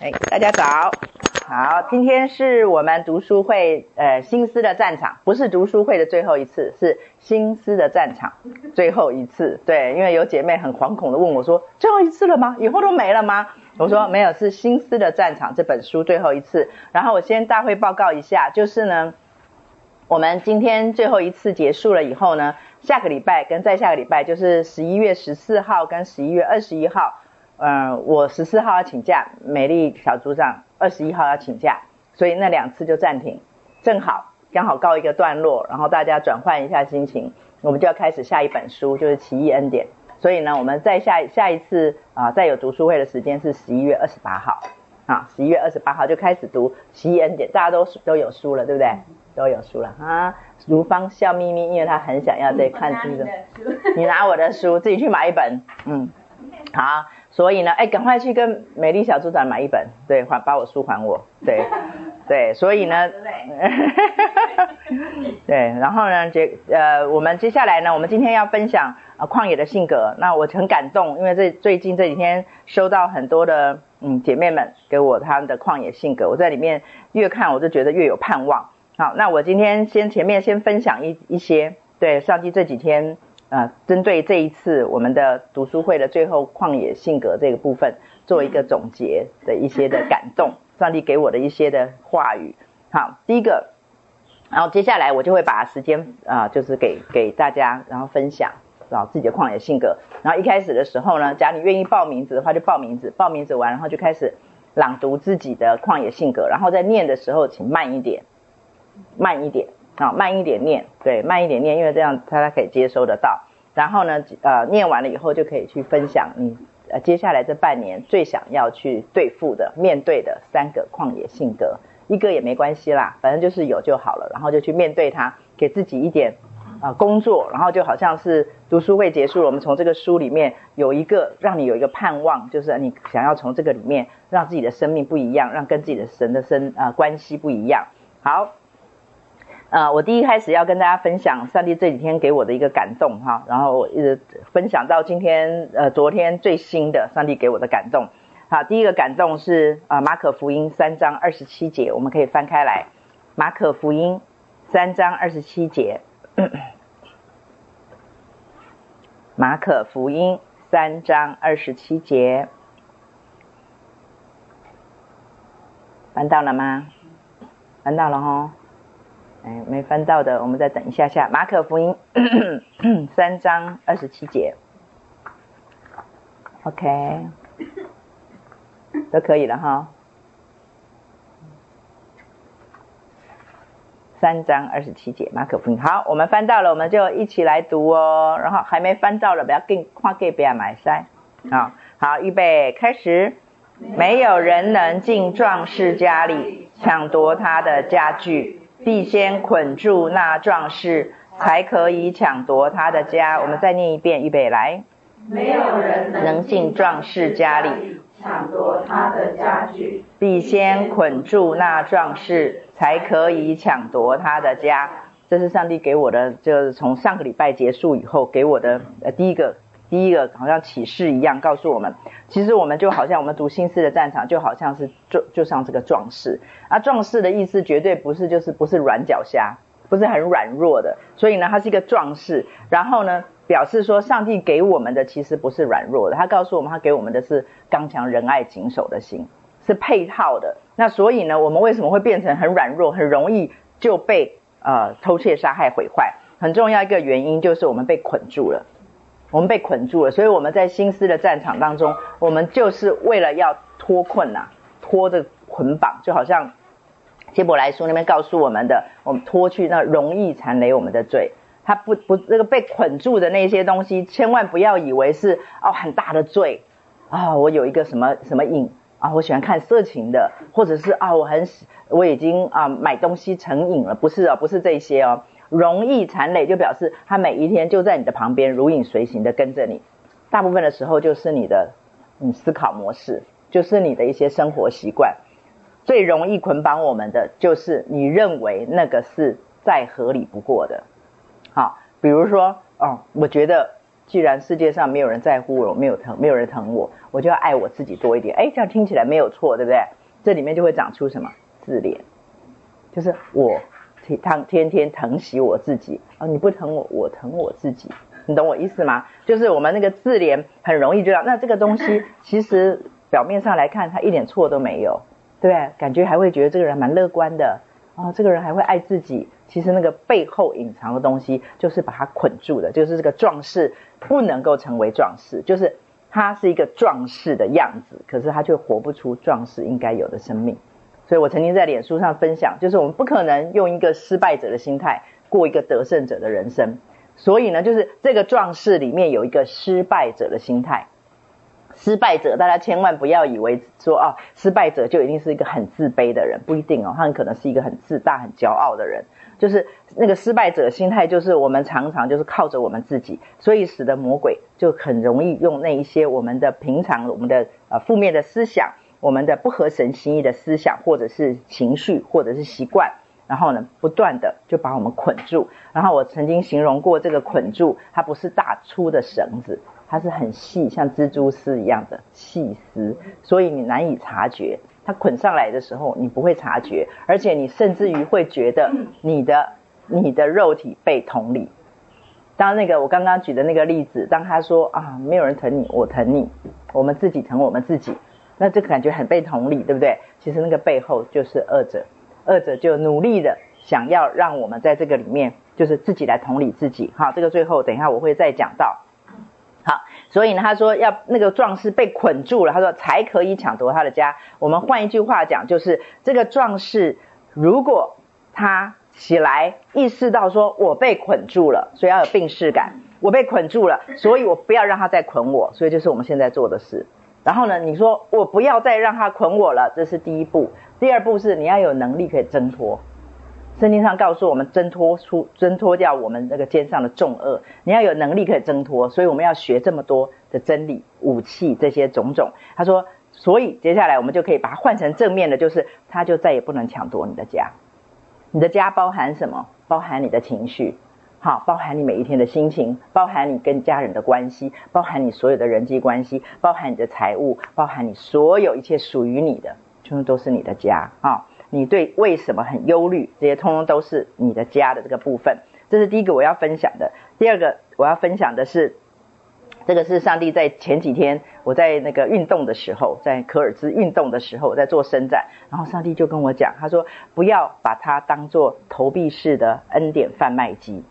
哎，hey，大家早好！今天是我們讀書會，呃，心思的戰場，不是讀書會的最後一次，是心思的戰場最後一次。對，因為有姐妹很惶恐地問我說：“最後一次了嗎？以後都沒了嗎？”我說：“沒有，是心思的戰場這本書最後一次。”然後我先大會報告一下，就是呢，我們今天最後一次結束了以後呢，下個禮拜跟再下個禮拜就是十一月十四號跟十一月二十一號。嗯、呃，我十四號要請假，美麗小組長二十一號要請假，所以那兩次就暫停，正好剛好告一個段落，然後大家轉換一下心情，我們就要開始下一本書，就是《奇異恩典》。所以呢，我們再下下一次啊、呃，再有讀書會的時間是十一月二十八號啊，十一月二十八號就開始讀《奇異恩典》，大家都都有書了，對不對？都有書了啊。盧芳笑眯眯，因為她很想要這一款書的，你拿我的書， 自己去買一本，嗯，好。所以呢，哎，趕快去跟美麗小組長買一本，對，還把我書還我，對，對， 所以呢，對，對， 對，然後呢，接呃，我們接下來呢，我們今天要分享啊、呃，曠野的性格。那我很感動，因為這最近這幾天收到很多的嗯姐妹們給我她們的曠野性格，我在裡面越看我就覺得越有盼望。好，那我今天先前面先分享一一些，對，上帝這幾天。啊，針對這一次我們的讀書會的最後曠野性格這個部分，做一個總結的一些的感動，上帝給我的一些的話語。好，第一個，然後接下來我就會把時間啊，就是給給大家，然後分享然後自己的曠野性格。然後一開始的時候呢，假如你願意報名字的話，就報名字，報名字完，然後就開始朗讀自己的曠野性格。然後在念的時候，請慢一點，慢一點。啊、哦，慢一點念，對，慢一點念，因為這樣大家可以接收得到。然後呢，呃，念完了以後就可以去分享你呃接下來這半年最想要去對付的、面對的三個曠野性格，一個也沒關係啦，反正就是有就好了。然後就去面對它，給自己一點啊、呃、工作。然後就好像是讀書會結束了，我們從這個書裡面有一個讓你有一個盼望，就是你想要從這個裡面讓自己的生命不一樣，讓跟自己的神的生啊、呃、關係不一樣。好。啊、呃，我第一開始要跟大家分享上帝這幾天給我的一個感動哈，然後我一直分享到今天，呃，昨天最新的上帝給我的感動。好，第一個感動是啊、呃，馬可福音三章二十七節，我們可以翻開來，馬可福音三章二十七節呵呵，馬可福音三章二十七節，翻到了嗎？翻到了哈、哦。沒翻到的，我們再等一下下。馬可福音呵呵三章二十七節，OK，都可以了哈。三章二十七節，馬可福音。好，我們翻到了，我們就一起來讀哦。然後還沒翻到的，不要更，跨給，不要買塞。啊，好，預備開始。沒有人能進壯士家裡，壯士家裡，家裡搶奪他的家具。必先捆住那壯士，才可以搶奪他的家。我們再念一遍，預備來。沒有人能進壯士家裡，搶奪他的家具。必先捆住那壯士，才可以搶奪他的家。這是上帝給我的，就是從上個禮拜結束以後給我的呃第一個。第一個好像啟示一樣告訴我們，其實我們就好像我們讀心思的戰場，就好像是就就像這個壯士啊，壯士的意思絕對不是就是不是軟腳蝦，不是很軟弱的，所以呢，他是一個壯士。然後呢，表示說上帝給我們的其實不是軟弱的，他告訴我們他給我們的是剛強仁愛謹守的心，是配套的。那所以呢，我們為什麼會變成很軟弱，很容易就被呃偷竊、殺害、毀壞？很重要一個原因就是我們被捆住了。我們被綑住了，所以我們在心思的戰場當中，我們就是為了要脫困吶、啊，脫這個綑綁，就好像希伯來書那邊告訴我們的，我們脫去那容易纏累我們的罪。他不不，那個被綑住的那些東西，千萬不要以為是哦，很大的罪啊、哦，我有一個什麼什麼癮啊、哦，我喜歡看色情的，或者是啊、哦、我很喜我已經啊、呃、買東西成癮了，不是啊、哦，不是這些哦。容易纏累，就表示他每一天就在你的旁邊，如影隨形的跟着你。大部分的時候，就是你的，你思考模式，就是你的一些生活習慣，最容易捆綁我們的，就是你認為那個是再合理不過的。好，比如說，哦，我覺得既然世界上沒有人在乎我，沒有疼，沒有人疼我，我就要愛我自己多一點。誒，這樣聽起來沒有錯，對不對？這裡面就會長出什麼自戀，就是我。他天天疼惜我自己啊、哦！你不疼我，我疼我自己。你懂我意思嗎？就是我們那個自憐很容易就讓那這個東西，其實表面上來看他一點錯都沒有，對不對？感覺還會覺得這個人蠻樂觀的啊、哦，這個人還會愛自己。其實那個背後隱藏的東西，就是把他捆住的，就是這個壯士不能夠成為壯士，就是他是一個壯士的樣子，可是他卻活不出壯士應該有的生命。所以，我曾經在臉書上分享，就是我們不可能用一個失敗者的心態過一個得勝者的人生。所以呢，就是這個壯士裡面有一個失敗者的心態。失敗者，大家千萬不要以為說啊，失敗者就一定是一個很自卑的人，不一定哦，他很可能是一個很自大、很驕傲的人。就是那個失敗者的心態，就是我們常常就是靠着我們自己，所以使得魔鬼就很容易用那一些我們的平常、我們的呃、啊、負面的思想。我們的不合神心意的思想，或者是情緒，或者是習慣，然後呢，不斷的就把我們捆住。然後我曾經形容過這個捆住，它不是大粗的繩子，它是很細，像蜘蛛絲一樣的細絲，所以你難以察覺。它捆上來的時候，你不會察覺，而且你甚至於會覺得你的你的肉體被同理。當那個我剛剛舉的那個例子，當他說啊，沒有人疼你，我疼你，我們自己疼我們自己。那這個感覺很被同理，對不對？其實那個背後就是惡者，惡者就努力的想要讓我們在這個裡面，就是自己來同理自己。好，這個最後等一下我會再講到。好，所以呢，他說要那個壯士被捆住了，他說才可以搶奪他的家。我們換一句話講，就是這個壯士如果他起來意識到說我被捆住了，所以要有病識感。我被捆住了，所以我不要讓他再捆我，所以就是我們現在做的事。然後呢，你說我不要再讓他捆我了，這是第一步。第二步是你要有能力可以掙脫。聖經上告訴我們，掙脫出、掙脫掉我們那個肩上的重軛，你要有能力可以掙脫。所以我們要學這麼多的真理、武器這些種種。他說，所以接下來我們就可以把它換成正面的，就是他就再也不能搶奪你的家。你的家包含什麼？包含你的情緒。好，包含你每一天的心情，包含你跟家人的關係，包含你所有的人際關係，包含你的財務，包含你所有一切屬於你的，通、就、通、是、都是你的家啊、哦！你對為什麼很憂慮，這些通通都是你的家的這個部分。這是第一個我要分享的。第二個我要分享的是，這個是上帝在前幾天我在那個運動的時候，在可爾茲運動的時候，我在做伸展，然後上帝就跟我講，他說不要把它當做投幣式的恩典販賣機。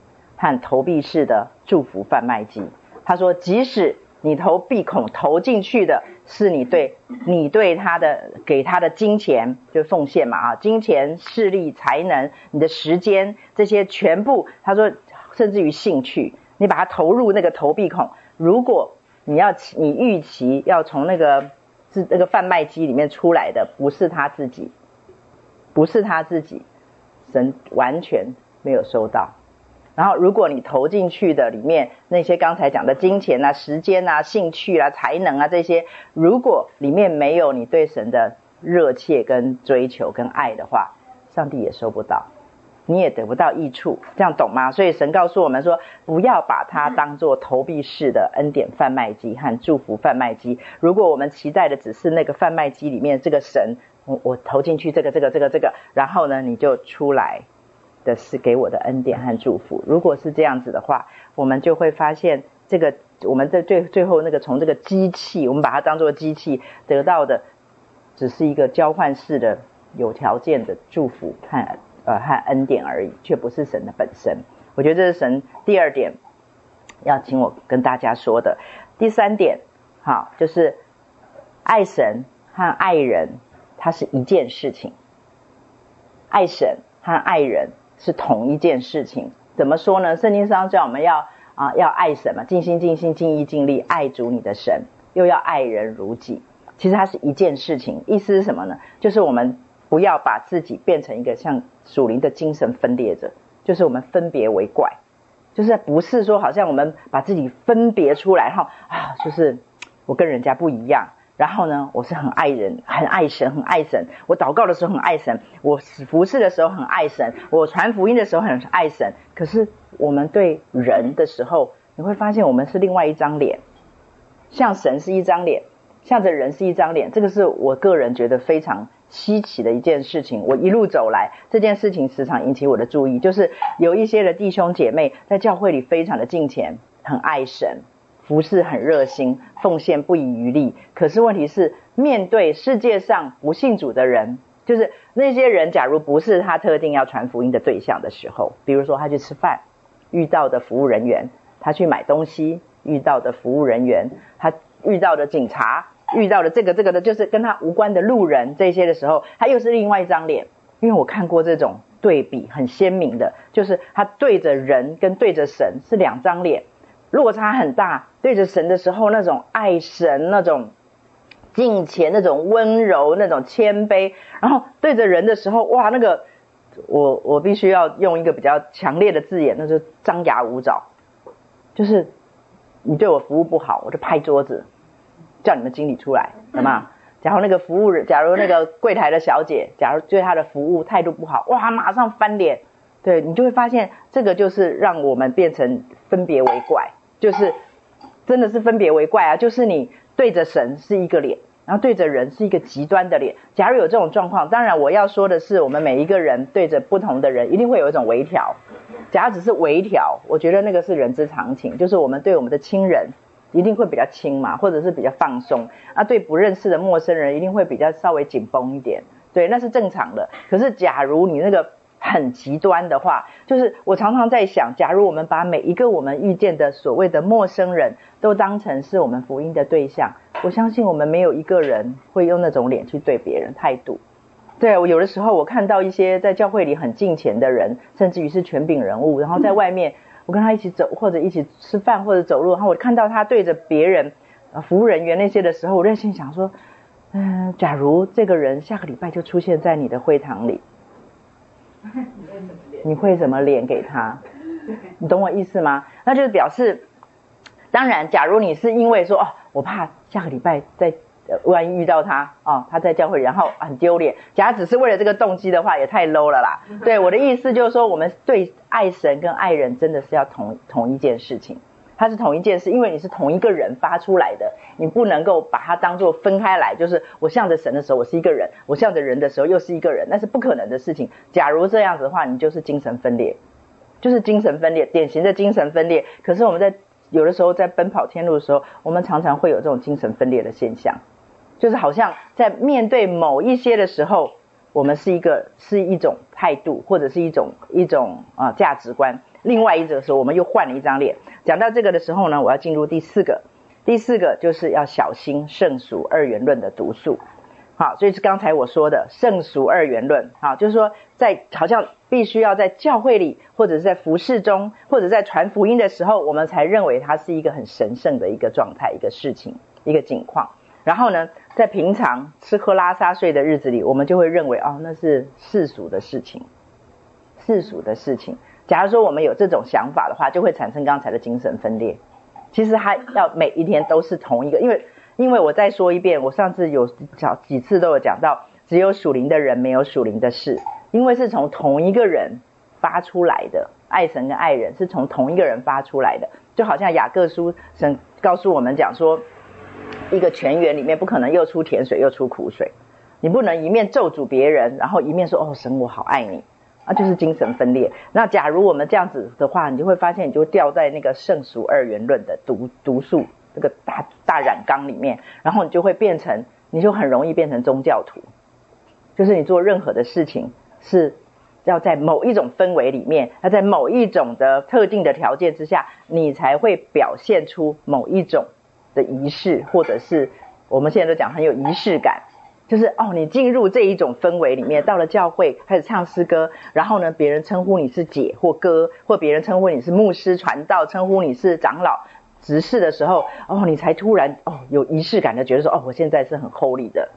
看投幣式的祝福販賣機，他說，即使你投幣孔投進去的是你對你對他的給他的金錢，就奉獻嘛啊，金錢、勢力、才能、你的時間，這些全部，他說，甚至於興趣，你把它投入那個投幣孔，如果你要你預期要從那個是那個販賣機裡面出來的，不是他自己，不是他自己，神完全沒有收到。然後，如果你投進去的裡面那些剛才講的金錢啊、時間啊、興趣啊、才能啊這些，如果裡面沒有你對神的熱切跟追求跟愛的話，上帝也收不到，你也得不到益處，這樣懂嗎？所以神告訴我們說，不要把它當做投幣式的恩典販賣機和祝福販賣機。如果我們期待的只是那個販賣機裡面這個神，我我投進去這個這個這個這個，然後呢你就出來。的是給我的恩典和祝福。如果是這樣子的話，我們就會發現，這個我們在最最後那個從這個機器，我們把它當做機器得到的，只是一個交換式的、有條件的祝福和呃和恩典而已，卻不是神的本身。我覺得這是神第二點要請我跟大家說的。第三點，好，就是愛神和愛人，它是一件事情。愛神和愛人，是同一件事情，怎麼說呢？聖經上叫我們要啊、呃，要愛神嘛，盡心、盡心、盡意、盡力愛主你的神，又要愛人如己。其實它是一件事情，意思是什麼呢？就是我們不要把自己變成一個像屬靈的精神分裂者，就是我們分別為怪，就是不是說好像我們把自己分別出來，哈啊，就是我跟人家不一樣。然後呢，我是很愛人，很愛神，很愛神。我禱告的時候很愛神，我服侍的時候很愛神，我傳福音的時候很愛神。可是我們對人的時候，你會發現我們是另外一張臉，像神是一張臉，向著人是一張臉。這個是我個人覺得非常稀奇的一件事情。我一路走來，這件事情時常引起我的注意，就是有一些的弟兄姐妹在教會裡非常的敬虔，很愛神。服侍很熱心，奉獻不遺餘力。可是問題是，面對世界上不信主的人，就是那些人，假如不是他特定要傳福音的對象的時候，比如說他去吃飯遇到的服務人員，他去買東西遇到的服務人員，他遇到的警察，遇到的這個這個的，就是跟他無關的路人這些的時候，他又是另外一張臉。因為我看過這種對比很鮮明的，就是他對着人跟對着神是兩張臉，落差很大。對着神的時候，那種愛神，那種敬虔，那種溫柔，那種謙卑；然後對着人的時候，哇，那個我我必須要用一個比較強烈的字眼，那就是張牙舞爪。就是你對我服務不好，我就拍桌子，叫你們經理出來，懂嗎？假如那個服務人，假如那個櫃台的小姐，假如對他的服務態度不好，哇，馬上翻臉。對，你就會發現，這個就是讓我們變成分別為怪，就是。真的是分別為怪啊！就是你對着神是一個臉，然後對着人是一個極端的臉。假如有這種狀況，當然我要說的是，我們每一個人對着不同的人，一定會有一種微調。假如只是微調，我覺得那個是人之常情，就是我們對我們的親人一定會比較親嘛，或者是比較放鬆啊，對不認識的陌生人一定會比較稍微緊繃一點，對，那是正常的。可是假如你那個。很極端的話，就是我常常在想，假如我們把每一個我們遇見的所謂的陌生人都當成是我們福音的對象，我相信我們沒有一個人會用那種臉去對別人態度。對，我有的時候我看到一些在教會裡很敬虔的人，甚至於是權柄人物，然後在外面我跟他一起走，或者一起吃飯，或者走路，然後我看到他對着別人，服務人員那些的時候，我就心想說，嗯，假如這個人下個禮拜就出現在你的會堂裡。 你會怎麼臉你會怎麼臉給他？你懂我意思嗎？那就是表示，當然，假如你是因為說哦，我怕下個禮拜再萬一遇到他哦，他在教會，然後很丟臉。假如只是為了這個動機的話，也太 low 了啦。對，我的意思就是說，我們對愛神跟愛人真的是要同同一件事情。它是同一件事，因為你是同一個人發出來的，你不能夠把它當做分開來。就是我向着神的時候，我是一個人；我向着人的時候，又是一個人，那是不可能的事情。假如這樣子的話，你就是精神分裂，就是精神分裂，典型的精神分裂。可是我們在有的時候在奔跑天路的時候，我們常常會有這種精神分裂的現象，就是好像在面對某一些的時候，我們是一個是一種態度，或者是一種一種啊、呃、價值觀。另外一個時候，我們又換了一張臉。講到這個的時候呢，我要進入第四個。第四個就是要小心聖俗二元論的毒素。好，所以是剛才我說的聖俗二元論。好，就是說在，在好像必須要在教會裡，或者是在服侍中，或者在傳福音的時候，我們才認為它是一個很神聖的一個狀態、一個事情、一個情況。然後呢，在平常吃喝拉撒睡的日子裡，我們就會認為哦，那是世俗的事情，世俗的事情。假如說我們有這種想法的話，就會產生剛才的精神分裂。其實還要每一天都是同一個，因為因為我再說一遍，我上次有找，幾次都有講到，只有屬靈的人沒有屬靈的事，因為是從同一個人發出來的，愛神跟愛人是從同一個人發出來的，就好像雅各書神告訴我們講說，一個泉源裡面不可能又出甜水又出苦水，你不能一面咒詛別人，然後一面說哦神我好愛你。那、啊、就是精神分裂。那假如我們這樣子的話，你就會發現，你就會掉在那個聖俗二元論的毒毒素這個大大染缸裡面，然後你就會變成，你就很容易變成宗教徒。就是你做任何的事情，是要在某一種氛圍裡面，那在某一種的特定的條件之下，你才會表現出某一種的儀式，或者是我們現在都講很有儀式感。就是哦，你進入這一種氛圍裡面，到了教會開始唱詩歌，然後呢，別人稱呼你是姐或哥，或別人稱呼你是牧師、傳道，稱呼你是長老、執事的時候，哦，你才突然哦有儀式感的覺得說，哦，我現在是很 Holy 的。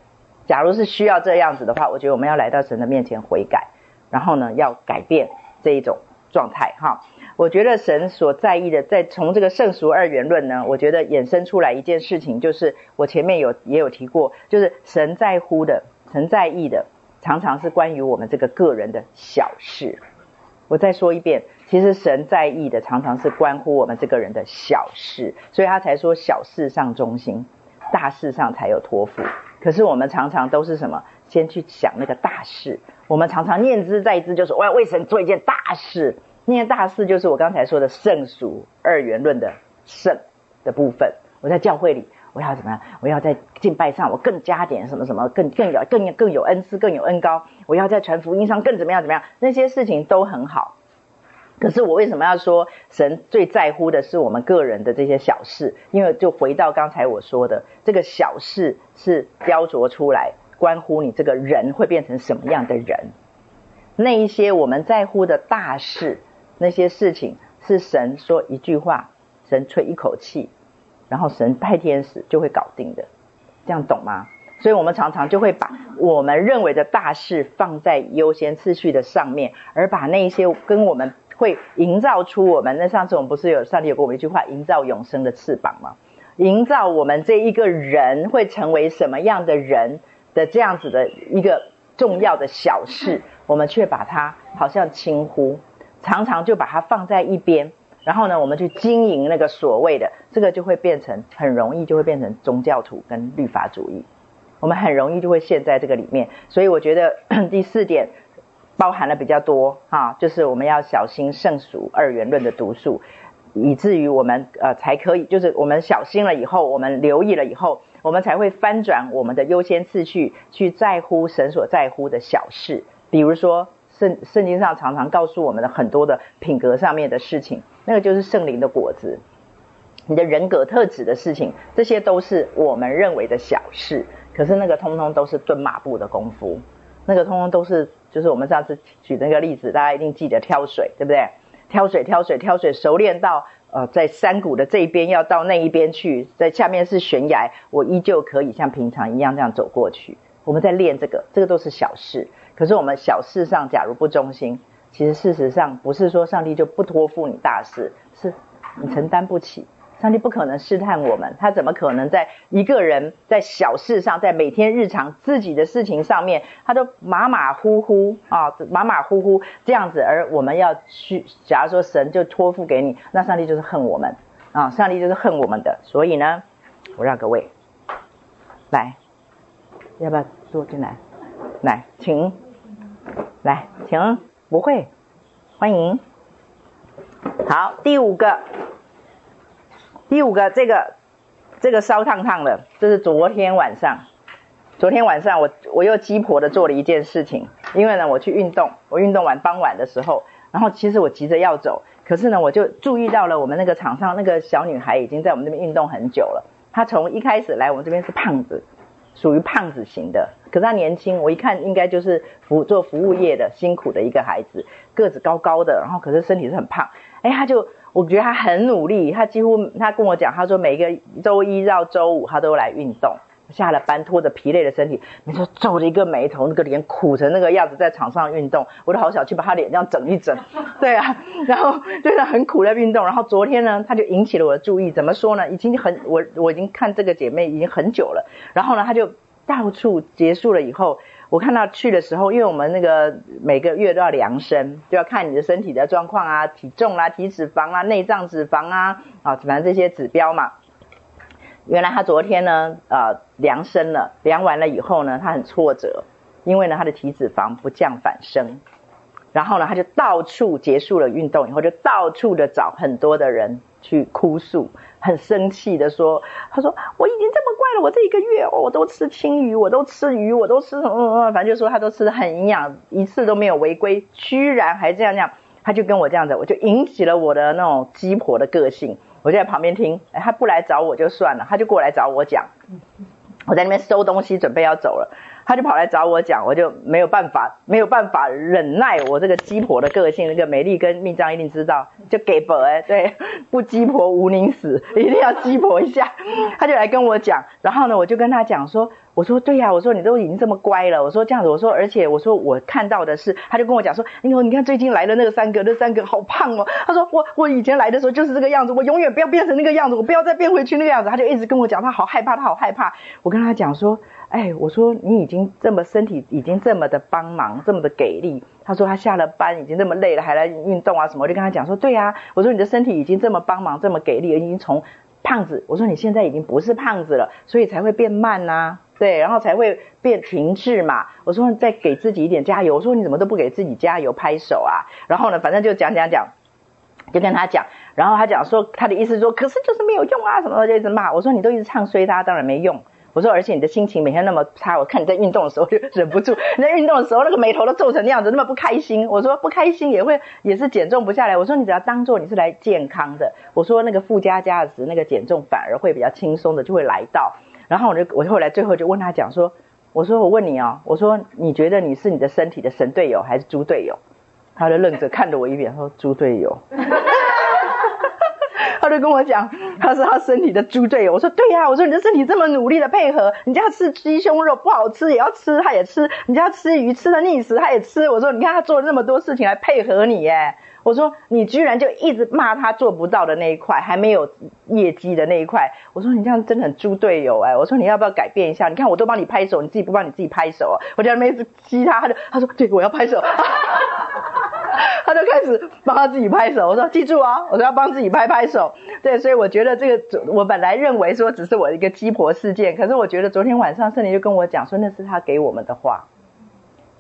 假如是需要這樣子的話，我覺得我們要來到神的面前悔改，然後呢要改變這一種狀態哈。我覺得神所在意的，在從這個聖俗二元論呢，我覺得衍生出來一件事情，就是我前面有也有提過，就是神在乎的、神在意的，常常是關於我們這個個人的小事。我再說一遍，其實神在意的常常是關乎我們這個人的小事，所以他才說小事上忠心，大事上才有托付。可是我們常常都是什麼？先去想那個大事，我們常常念茲在茲，就是我要為神做一件大事。那些大事就是我剛才說的聖俗二元論的聖的部分。我在教會裡，我要怎麼樣？我要在敬拜上，我更加點什麼什麼，更更有更更有恩賜，更有恩膏。我要在傳福音上更怎麼樣怎麼樣？那些事情都很好。可是我為什麼要說神最在乎的是我們個人的這些小事？因為就回到剛才我說的，這個小事是雕琢出來，關乎你這個人會變成什麼樣的人。那一些我們在乎的大事。那些事情是神說一句話，神吹一口氣，然後神派天使就會搞定的，這樣懂嗎？所以，我們常常就會把我們認為的大事放在優先次序的上面，而把那一些跟我們會營造出我們那上次我們不是有上帝有過我們一句話，營造永生的翅膀嗎？營造我們這一個人會成為什麼樣的人的這樣子的一個重要的小事，我們卻把它好像輕忽。常常就把它放在一邊，然後呢，我們去經營那個所謂的，這個就會變成很容易就會變成宗教徒跟律法主義，我們很容易就會陷在這個裡面。所以我覺得第四點包含了比較多哈、啊，就是我們要小心聖俗二元論的毒素，以至於我們呃才可以，就是我們小心了以後，我們留意了以後，我們才會翻轉我們的優先次序，去在乎神所在乎的小事，比如說。聖聖經上常常告訴我們的很多的品格上面的事情，那個就是聖靈的果子，你的人格特質的事情，這些都是我們認為的小事，可是那個通通都是蹲馬步的功夫，那個通通都是就是我們上次舉那個例子，大家一定記得挑水，對不對？挑水挑水挑水，熟練到呃在山谷的這一邊要到那一邊去，在下面是懸崖，我依舊可以像平常一樣這樣走過去。我們在練這個，這個都是小事。可是我們小事上假如不忠心，其實事實上不是說上帝就不托付你大事，是你承擔不起。上帝不可能試探我們，他怎麼可能在一個人在小事上，在每天日常自己的事情上面，他都馬馬虎虎啊，馬馬虎虎這樣子，而我們要去，假如說神就托付給你，那上帝就是恨我們啊，上帝就是恨我們的。所以呢，我讓各位來，要不要坐進來？來，請。來，請不會，歡迎。好，第五個，第五個，這個這個燒燙燙的，這是昨天晚上。昨天晚上我我又雞婆的做了一件事情，因為呢，我去運動，我運動完傍晚的時候，然後其實我急着要走，可是呢，我就注意到了我們那個場上那個小女孩已經在我們這邊運動很久了，她從一開始來我們這邊是胖子。屬於胖子型的，可是他年輕，我一看應該就是服做服務業的辛苦的一個孩子，個子高高的，然後可是身體是很胖，哎、欸，他就我覺得他很努力，他幾乎他跟我講，他說每一個周一到周五他都來運動。下了班，拖着疲累的身體，你說皺着一個眉頭，那個臉苦成那個樣子，在場上運動，我都好想去把他臉這樣整一整，對啊，然後真的很苦在運動，然後昨天呢，他就引起了我的注意，怎麼說呢？已經很我我已經看這個姐妹已經很久了，然後呢，他就到處結束了以後，我看到去的時候，因為我們那個每個月都要量身，就要看你的身體的狀況啊，體重啦、啊，體脂肪啊，內臟脂肪啊，啊，反正這些指標嘛。原來他昨天呢，呃，量身了，量完了以後呢，他很挫折，因為呢，他的體脂肪不降反升，然後呢，他就到處結束了運動以後，就到處的找很多的人去哭訴，很生氣的說，他說我已經這麼怪了，我這一個月我都吃青魚，我都吃魚，我都吃什麼什麼，反正就說他都吃得很營養，一次都沒有違規，居然還這樣講這樣，他就跟我這樣子，我就引起了我的那種雞婆的個性。我就在旁邊聽，哎，他不來找我就算了，他就過來找我講。我在那邊收東西，準備要走了，他就跑來找我講，我就沒有辦法，沒有辦法忍耐我這個雞婆的個性。那、這個美麗跟蜜章一定知道，就給本哎，對，不雞婆無寧死，一定要雞婆一下。他就來跟我講，然後呢，我就跟他講說。我說對呀、啊，我說你都已經這麼乖了，我說這樣子，我說而且我說我看到的是，他就跟我講說，哎喲你看最近來的那個三哥，那三哥好胖哦。他說我我以前來的時候就是這個樣子，我永遠不要變成那個樣子，我不要再變回去那個樣子。他就一直跟我講，他好害怕，他好害怕。我跟他講說，哎，我說你已經這麼身體已經這麼的幫忙，這麼的給力。他說他下了班已經這麼累了，還來運動啊什麼。我就跟他講說，對呀、啊，我說你的身體已經這麼幫忙，這麼給力，已經從胖子，我說你現在已經不是胖子了，所以才會變慢吶、啊。對，然後才會變停滯嘛。我說你再給自己一點加油。我說你怎麼都不給自己加油拍手啊？然後呢，反正就講講講，就跟他講。然後他講說，他的意思說，可是就是沒有用啊什麼的，就一直罵。我說你都一直唱衰他，當然沒用。我說而且你的心情每天那麼差，我看你在運動的時候就忍不住，你在運動的時候那個眉頭都皺成那樣子，那麼不開心。我說不開心也會也是減重不下來。我說你只要當做你是來健康的，我說那個附加價值，那個減重反而會比較輕鬆的就會來到。然後我就我就後來最後就問他講說，我說我問你啊、哦，我說你覺得你是你的身體的神隊友還是豬隊友？他就愣着看着我一眼說豬隊友。 他就跟我講他是他身體的豬隊友。我說對呀、啊，我說你的身體這麼努力的配合，你家吃雞胸肉不好吃也要吃，他也吃；你家吃魚吃的膩死他也吃。我說你看他做了那麼多事情來配合你耶。我說，你居然就一直罵他做不到的那一塊，還沒有業績的那一塊。我說你這樣真的很豬隊友哎、欸！我說你要不要改變一下？你看我都幫你拍手，你自己不幫你自己拍手啊！我就那邊一激他，他就他說對，我要拍手， 他就開始幫他自己拍手。我說記住哦、啊，我說要幫自己拍拍手。對，所以我覺得這個我本來認為說只是我一個雞婆事件，可是我覺得昨天晚上聖靈就跟我講說那是他給我們的話，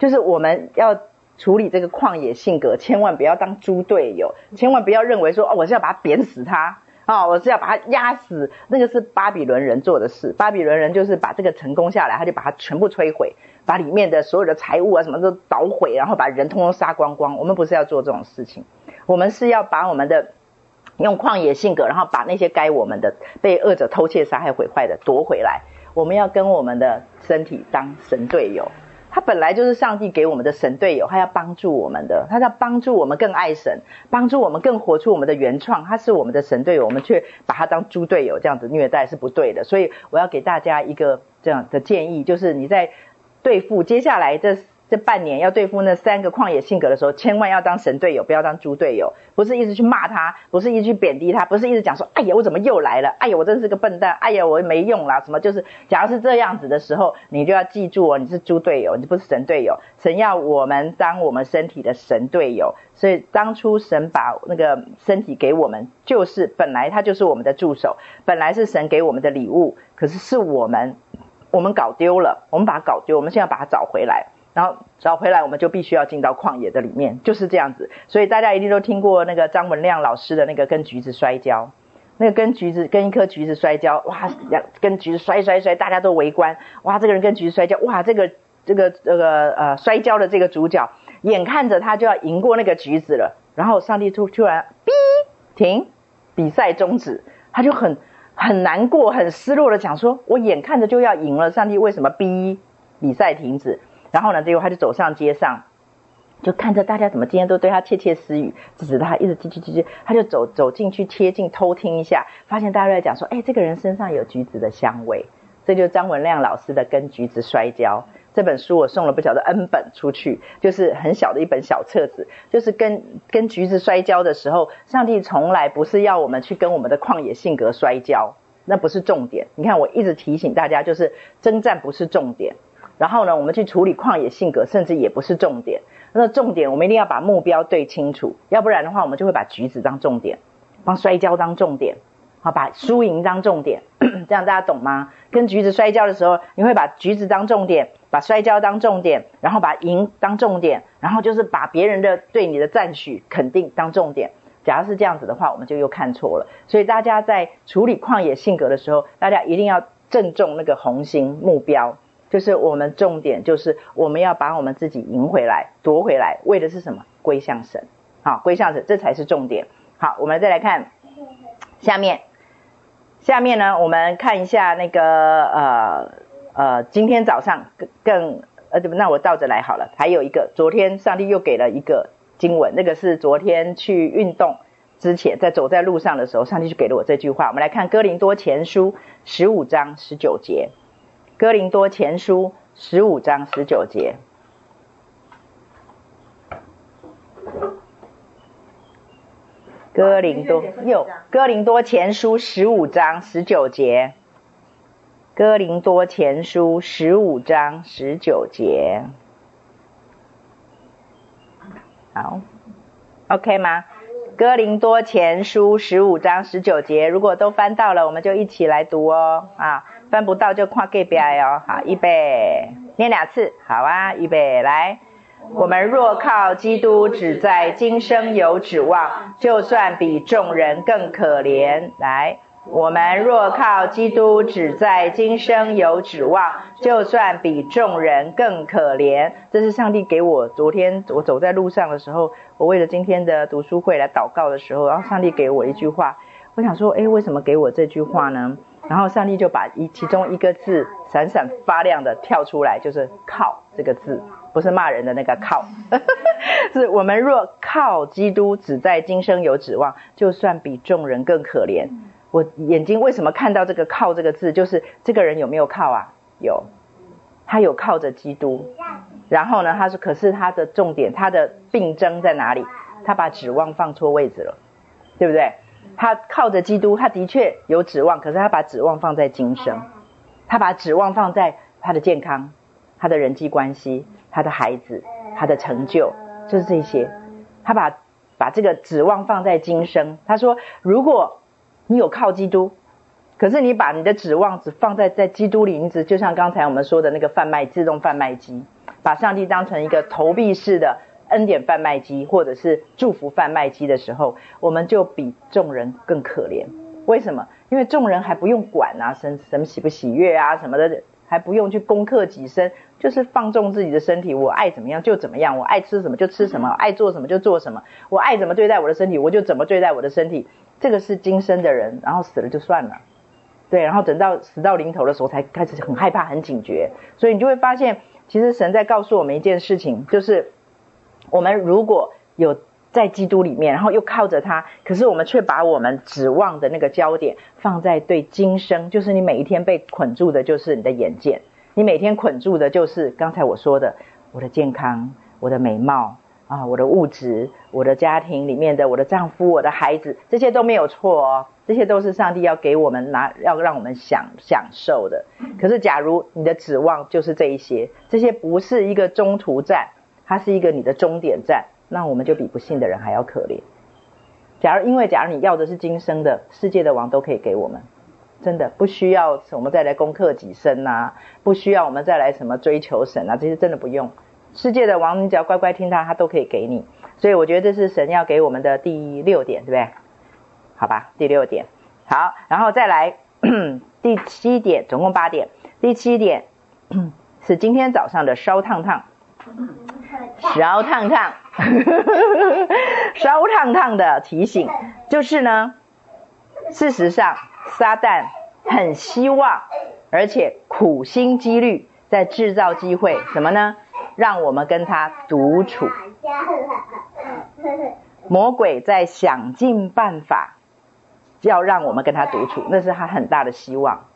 就是我們要。處理這個曠野性格，千萬不要當豬隊友，千萬不要認為說哦，我是要把它扁死他，啊、哦，我是要把它壓死，那個是巴比倫人做的事。巴比倫人就是把這個成功下來，他就把它全部摧毀，把裡面的所有的財物啊什麼都搗毀，然後把人通通殺光光。我們不是要做這種事情，我們是要把我們的用曠野性格，然後把那些該我們的被惡者偷竊、殺害、毀壞的奪回來。我們要跟我們的身體當神隊友。他本來就是上帝給我們的神隊友，他要幫助我們的，他要幫助我們更愛神，幫助我們更活出我們的原創。他是我們的神隊友，我們卻把他當豬隊友，這樣子虐待是不對的。所以我要給大家一個這樣的建議，就是你在對付接下來這。這半年要對付那三個曠野性格的時候，千萬要當神隊友，不要當豬隊友。不是一直去罵他，不是一直去貶低他，不是一直講說：“哎呀，我怎麼又來了？哎呀，我真的是個笨蛋！哎呀，我沒用啦！”什麼就是，假如是這樣子的時候，你就要記住哦，你是豬隊友，你不是神隊友。神要我們當我們身體的神隊友，所以當初神把那個身體給我們，就是本來他就是我們的助手，本來是神給我們的禮物，可是是我們，我們搞丟了，我們把它搞丟，我們現在要把它找回來。然後找回來，我們就必須要進到曠野的裡面，就是這樣子。所以大家一定都聽過那個張文亮老師的那個跟橘子摔跤，那個跟橘子跟一顆橘子摔跤，哇，兩跟橘子摔摔摔，大家都圍觀，哇，這個人跟橘子摔跤，哇，這個這個這個呃摔跤的這個主角，眼看着他就要贏過那個橘子了，然後上帝突突然嗶停，比賽終止，他就很很難過、很失落的講說，我眼看着就要贏了，上帝為什麼嗶比賽停止？然後呢，結果他就走上街上，就看着大家怎麼今天都對他竊竊私語，指指他，一直嘰嘰嘰嘰。他就走走進去，貼近偷聽一下，發現大家在講說：“哎，這個人身上有橘子的香味。”這就是張文亮老師的《跟橘子摔跤》這本書，我送了不曉得 N 本出去，就是很小的一本小冊子，就是跟跟橘子摔跤的時候，上帝從來不是要我們去跟我們的曠野性格摔跤，那不是重點。你看，我一直提醒大家，就是爭戰不是重點。然後呢，我們去處理曠野性格，甚至也不是重點，那個、重點，我們一定要把目標對清楚，要不然的話，我們就會把橘子當重點，幫摔跤當重點，好，把輸贏當重點。這樣大家懂嗎？跟橘子摔跤的時候，你會把橘子當重點，把摔跤當重點，然後把贏當重點，然後就是把別人的對你的讚許肯定當重點。假如是這樣子的話，我們就又看錯了。所以大家在處理曠野性格的時候，大家一定要正中那個紅心目標。就是我們重點，就是我們要把我們自己贏回來、奪回來，為的是什麼？歸向神。好，歸向神，這才是重點。好，我們再來看下面。下面呢，我們看一下那個呃呃，今天早上更、呃、那我倒着來好了。還有一個，昨天上帝又給了一個經文，那個是昨天去運動之前，在走在路上的時候，上帝就給了我這句話。我們來看哥林多前書十五章十九節。哥林多前書十五章十九節。哥林多又哥林多前書十五章十九節。哥林多前書十五章十九節。好，OK 嗎？哥林多前書十五章十九節，okay 嗯，如果都翻到了，我們就一起來讀哦，嗯、啊。翻不到就跨隔壁哦。好，預備，念兩次。好啊，預備，來。我們若靠基督，只在今生有指望，就算比眾人更可憐。來，我們若靠基督，只在今生有指望，就算比眾人更可憐。這是上帝給我。昨天我走在路上的時候，我為了今天的讀書會來禱告的時候，然後上帝給我一句話。我想說，哎，為什麼給我這句話呢？然後上帝就把一其中一個字閃閃發亮的跳出來，就是“靠”這個字，不是罵人的那個“靠”， 是我們若靠基督，只在今生有指望，就算比眾人更可憐。我眼睛為什麼看到這個“靠”這個字？就是這個人有沒有靠啊？有，他有靠着基督。然後呢？他說：“可是他的重點，他的病徵在哪裡？他把指望放錯位置了，對不對？”他靠着基督，他的確有指望，可是他把指望放在今生，他把指望放在他的健康、他的人際關係、他的孩子、他的成就，就是這些。他把把這個指望放在今生。他說：“如果你有靠基督，可是你把你的指望只放在在基督裡，就像剛才我們說的那個販賣自動販賣機，把上帝當成一個投幣式的。”恩典販賣機或者是祝福販賣機的時候，我們就比眾人更可憐。為什麼？因為眾人還不用管啊，什什麼喜不喜悅啊，什麼的，還不用去攻克己身，就是放縱自己的身體，我愛怎麼樣就怎麼樣，我愛吃什麼就吃什麼，愛做什麼就做什麼，我愛怎麼對待我的身體，我就怎麼對待我的身體。這個是今生的人，然後死了就算了，對，然後等到死到臨頭的時候才開始很害怕、很警覺。所以你就會發現，其實神在告訴我們一件事情，就是。我們如果有在基督裡面，然後又靠着他，可是我們卻把我們指望的那個焦點放在對今生，就是你每一天被捆住的，就是你的眼界，你每天捆住的，就是剛才我說的，我的健康、我的美貌啊，我的物質、我的家庭裡面的我的丈夫、我的孩子，這些都沒有錯哦，這些都是上帝要給我們拿，要讓我們享享受的。可是，假如你的指望就是這一些，這些不是一個中途站。它是一個你的終點站，那我們就比不幸的人還要可憐。假如因為假如你要的是今生的世界的王都可以給我們，真的不需要我們再來攻克己身吶，不需要我們再來什麼追求神啊，這些真的不用。世界的王，你只要乖乖聽他，他都可以給你。所以我覺得這是神要給我們的第六點，對不對？好吧，第六點好，然後再來第七點，總共八點。第七點是今天早上的燒燙燙。燒燙燙，燒 燙燙的提醒就是呢。事實上，撒旦很希望，而且苦心積慮在制造機會，什麼呢？讓我們跟他獨處。魔鬼在想盡辦法要讓我們跟他獨處，那是他很大的希望，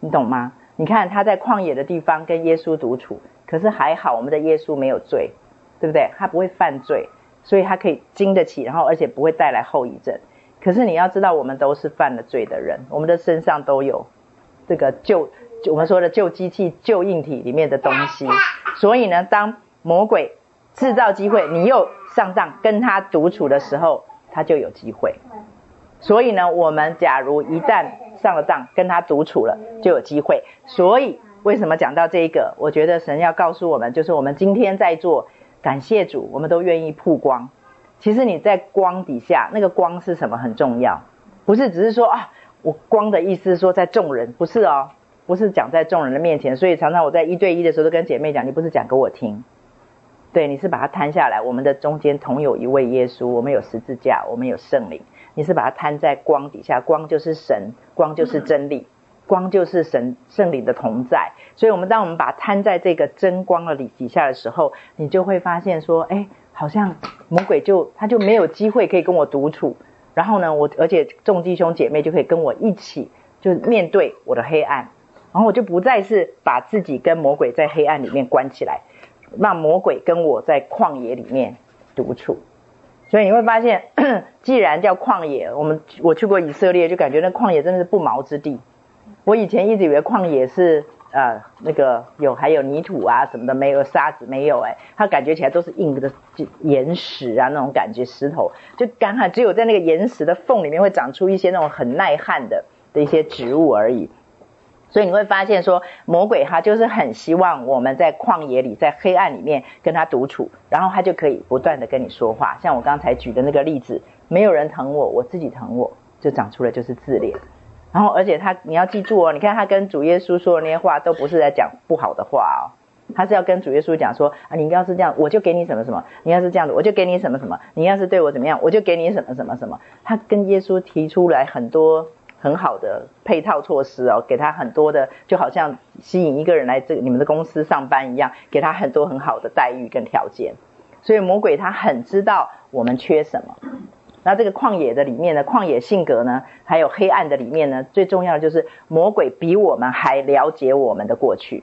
你懂嗎？你看他在曠野的地方跟耶穌獨處，可是還好，我們的耶穌沒有罪。對不對？他不會犯罪，所以他可以經得起，然後而且不會帶來後遺症。可是你要知道，我們都是犯了罪的人，我們的身上都有這個舊，我們說的舊機器、舊硬體裡面的東西。所以呢，當魔鬼制造機會，你又上當跟他獨處的時候，他就有機會。所以呢，我們假如一旦上了當跟他獨處了，就有機會。所以為什麼講到這一個，我覺得神要告訴我們，就是我們今天在做。感謝主，我們都願意曝光。其實你在光底下，那個光是什麼很重要？不是只是說啊，我光的意思是說在眾人，不是哦，不是講在眾人的面前。所以常常我在一對一的時候都跟姐妹講，你不是講給我聽，對，你是把它攤下來。我們的中間同有一位耶穌，我們有十字架，我們有聖靈，你是把它攤在光底下，光就是神，光就是真理，光就是神聖靈的同在。所以，我們當我們把它攤在這個真光的底底下的時候，你就會發現說，哎，好像魔鬼就他就沒有機會可以跟我獨處。然後呢，我而且眾弟兄姐妹就可以跟我一起，就面對我的黑暗。然後我就不再是把自己跟魔鬼在黑暗裡面關起來，讓魔鬼跟我在曠野裡面獨處。所以你會發現，既然叫曠野，我們我去過以色列，就感覺那曠野真的是不毛之地。我以前一直以為曠野是。啊、呃，那個有還有泥土啊什麼的，沒有沙子，沒有哎、欸，它感覺起來都是硬的岩石啊，那種感覺石頭就乾旱，只有在那個岩石的縫裡面會長出一些那種很耐旱的的一些植物而已。所以你會發現說，魔鬼他就是很希望我們在曠野裡，在黑暗裡面跟他獨處，然後他就可以不斷的跟你說話。像我剛才舉的那個例子，沒有人疼我，我自己疼我，就長出來就是自戀。然後，而且他，你要記住哦，你看他跟主耶穌說的那些話，都不是在講不好的話哦，他是要跟主耶穌講說，啊，你要是這樣，我就給你什麼什麼；你要是這樣子，我就給你什麼什麼；你要是對我怎麼樣，我就給你什麼什麼什麼。他跟耶穌提出來很多很好的配套措施哦，給他很多的，就好像吸引一個人來這你們的公司上班一樣，給他很多很好的待遇跟條件。所以魔鬼他很知道我們缺什麼。那這個曠野的裡面呢，曠野性格呢，還有黑暗的裡面呢，最重要的就是魔鬼比我們還了解我們的過去，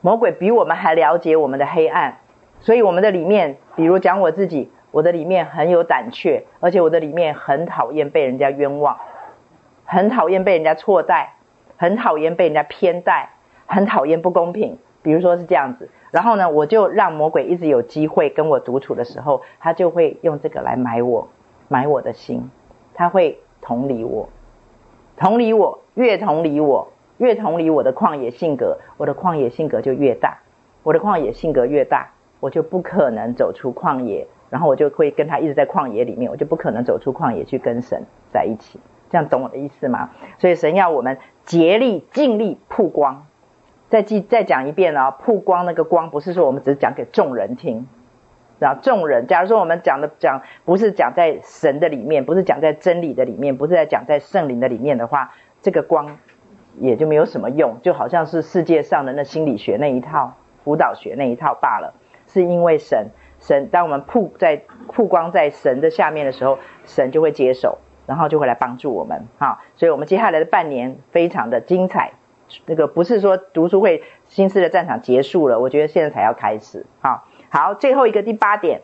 魔鬼比我們還了解我們的黑暗，所以我們的裡面，比如講我自己，我的裡面很有膽怯，而且我的裡面很討厭被人家冤枉，很討厭被人家錯待，很討厭被人家偏待，很討厭不公平。比如說是這樣子，然後呢，我就讓魔鬼一直有機會跟我獨處的時候，他就會用這個來買我。買我的心，他會同理我，同理我，越同理我，越同理我的曠野性格，我的曠野性格就越大，我的曠野性格越大，我就不可能走出曠野，然後我就會跟他一直在曠野裡面，我就不可能走出曠野去跟神在一起，這樣懂我的意思嗎？所以神要我們竭力盡力曝光，再記再講一遍啊、哦，曝光那個光不是說我們只是講給眾人聽。然後，眾人，假如說我們講的講不是講在神的裡面，不是講在真理的裡面，不是在講在聖靈的裡面的話，這個光也就沒有什麼用，就好像是世界上的那心理學那一套、輔導學那一套罷了。是因為神神，當我們曝在曝光在神的下面的時候，神就會接手，然後就會來幫助我們哈。所以，我們接下來的半年非常的精彩，那、這個不是說讀書會心思的戰場結束了，我覺得現在才要開始哈。好，最後一個第八點，